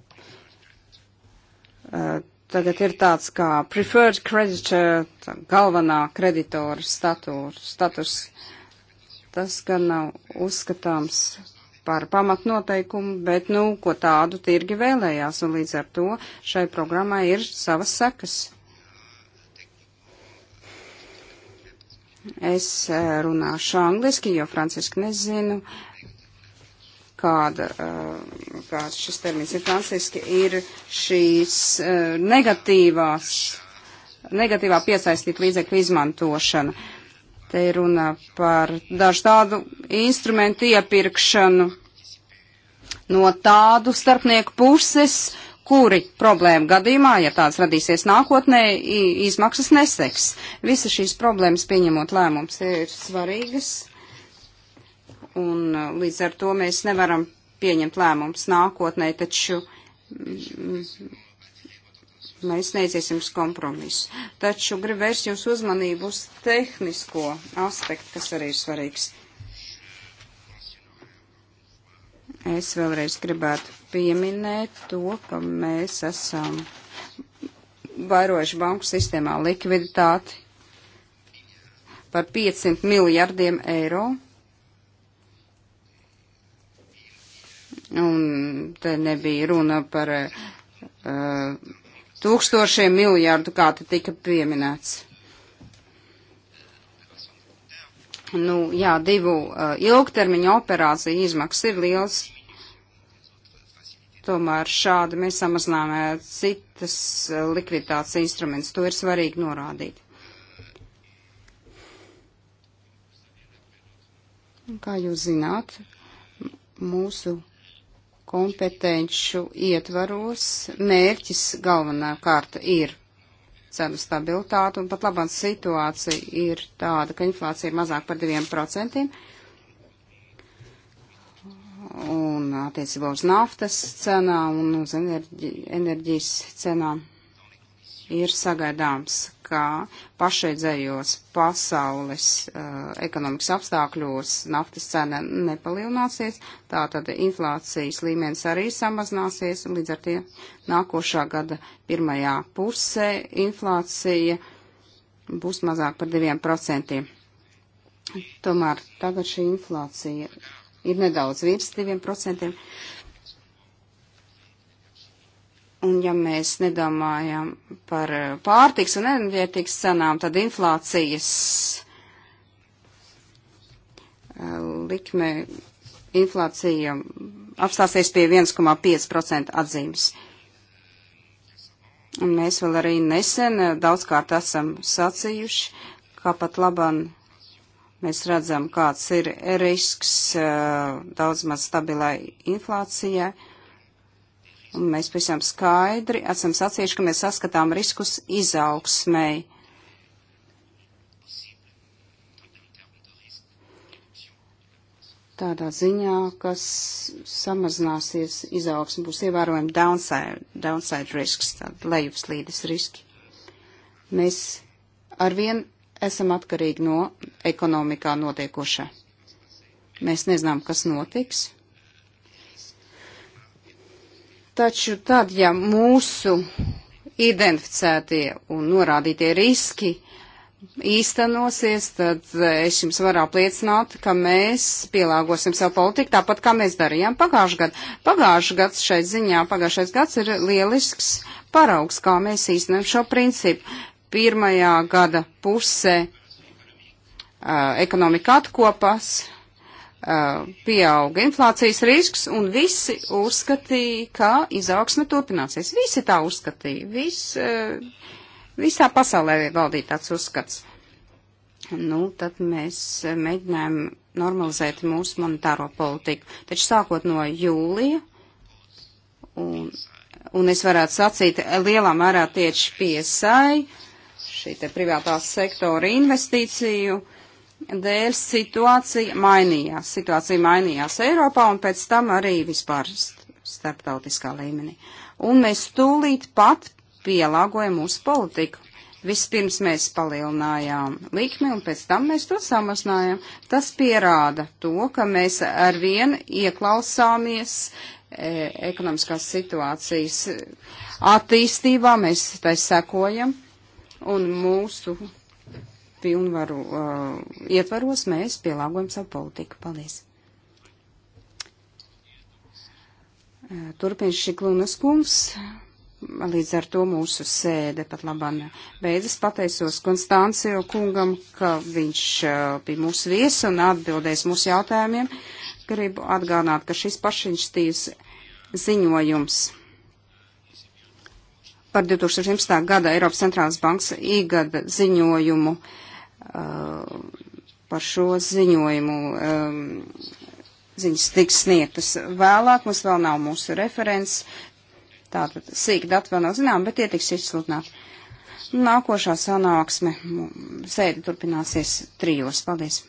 uh, tagad ir tāds kā preferred creditor, galvenā kreditora status. status. Tas gan nav uzskatāms par pamatnoteikumu, bet, nu, ko tādu tirgi vēlējās, un līdz ar to šai programmai ir savas sekas. Es eh, runāšu angliski, jo franciski nezinu kāda, eh, kāds šis termins ir franciski, ir šīs eh, negatīvās, negatīvā piesaistīta līdzekļu izmantošana. Te ir runa par dažu tādu instrumentu iepirkšanu no tādu starpnieku puses, kuri problēma gadījumā, ja tāds radīsies nākotnē, izmaksas neseks. Visa šīs problēmas pieņemot lēmums ir svarīgas un uh, līdz ar to mēs nevaram pieņemt lēmumus nākotnē, taču mm, mm, mēs neiziesim uz kompromisu. Taču gribu vērst jūsu uzmanību uz tehnisko aspektu, kas arī ir svarīgs. Es vēlreiz gribētu pieminēt to, ka mēs esam vairojuši banku sistēmā likviditāti par 500 miljardiem eiro Un te nebija runa par uh, tūkstošiem miljārdu, kā te tika pieminēts. Nu, jā, divu uh, ilgtermiņa operāciju izmaksas ir liels. Tomēr šādi mēs samazinām eh, citas likviditātes instruments. To ir svarīgi norādīt. Kā jūs zināt, mūsu kompetenču ietvaros mērķis galvenā kārta ir cenu stabilitāte, un pat labāk situācija ir tāda, ka inflācija ir mazāk par 2%, un attiecībā uz naftas cenām un uz enerģi, enerģijas cenām ir sagaidāms, ka pašreizējos pasaules uh, ekonomikas apstākļos naftas cena nepalielināsies, tātad inflācijas līmenis arī samazināsies, un līdz ar tie nākošā gada pirmajā pusē inflācija būs mazāk par diviem procentiem. Tomēr tagad šī inflācija ir nedaudz virs diviem procentiem. Uh, Un ja mēs nedomājam par pārtiks un enerģētikas cenām, tad inflācijas eh, likme, inflācija apstāsies pie 1,5% atzīmes. Un mēs vēl arī nesen eh, daudzkārt esam sacījuši, ka pat laban mēs redzam, kāds ir risks eh, daudz maz stabilai inflācijai Un mēs pavisam skaidri esam sacījuši, ka mēs saskatām riskus izaugsmēji. Tādā ziņā, kas samazināsies izaugsme, būs ievērojami downside, downside risks, tāda lejupslīdes riski. Mēs arvien esam atkarīgi no ekonomikā notiekošā. Mēs nezinām, kas notiks Taču tad, ja mūsu identificētie un norādītie riski īstenosies, tad e, es jums varu apliecināt, ka mēs pielāgosim savu politiku tāpat, kā mēs darījām pagājušajā gadā. Pagājušajā gads šai ziņā, pagājušais gads ir lielisks paraugs, kā mēs īstenojam šo principu. Pirmajā gada pusē uh, ekonomika atkopās, Uh, pieauga inflācijas risks, un visi uzskatīja, ka izaugsme turpināsies. Visi tā uzskatīja. Vis, uh, visā pasaulē valdīja tāds uzskats. Nu, tad mēs mēģinājām normalizēt mūsu monetāro politiku. Taču sākot no jūlija, un, un es varētu sacīt, lielā mērā tieši piesai šī te privātās sektora investīciju, uh, dēļ situācija mainījās. Situācija mainījās Eiropā un pēc tam arī vispār starptautiskā līmenī. Un mēs tūlīt pat pielāgojam mūsu politiku. Vispirms mēs palielinājām likmi un pēc tam mēs to samazinājām. Tas pierāda to, ka mēs arvien ieklausāmies e, ekonomiskās situācijas attīstībā, mēs tai sekojam un mūsu pilnvaru uh, ietvaros mēs pielāgojam savu politiku. Paldies! Uh, Turpin Šiklunas kungs, līdz ar to mūsu sēde pat labam beidzas. Pateicos Konstāncijo kungam, ka viņš uh, bija mūsu viesis un atbildēs mūsu jautājumiem. Gribu atgādināt, ka šis pašinstīvs ziņojums par 2011. gada Eiropas centrālās bankas īgada ziņojumu uh, Uh, par šo ziņojumu um, ziņas tiks sniegtas vēlāk. Mums vēl nav mūsu referents, tātad sīki dati vēl nav zinām, bet tie tiks izsludināti. Nākošā sanāksme sēde turpināsies trijos. Paldies!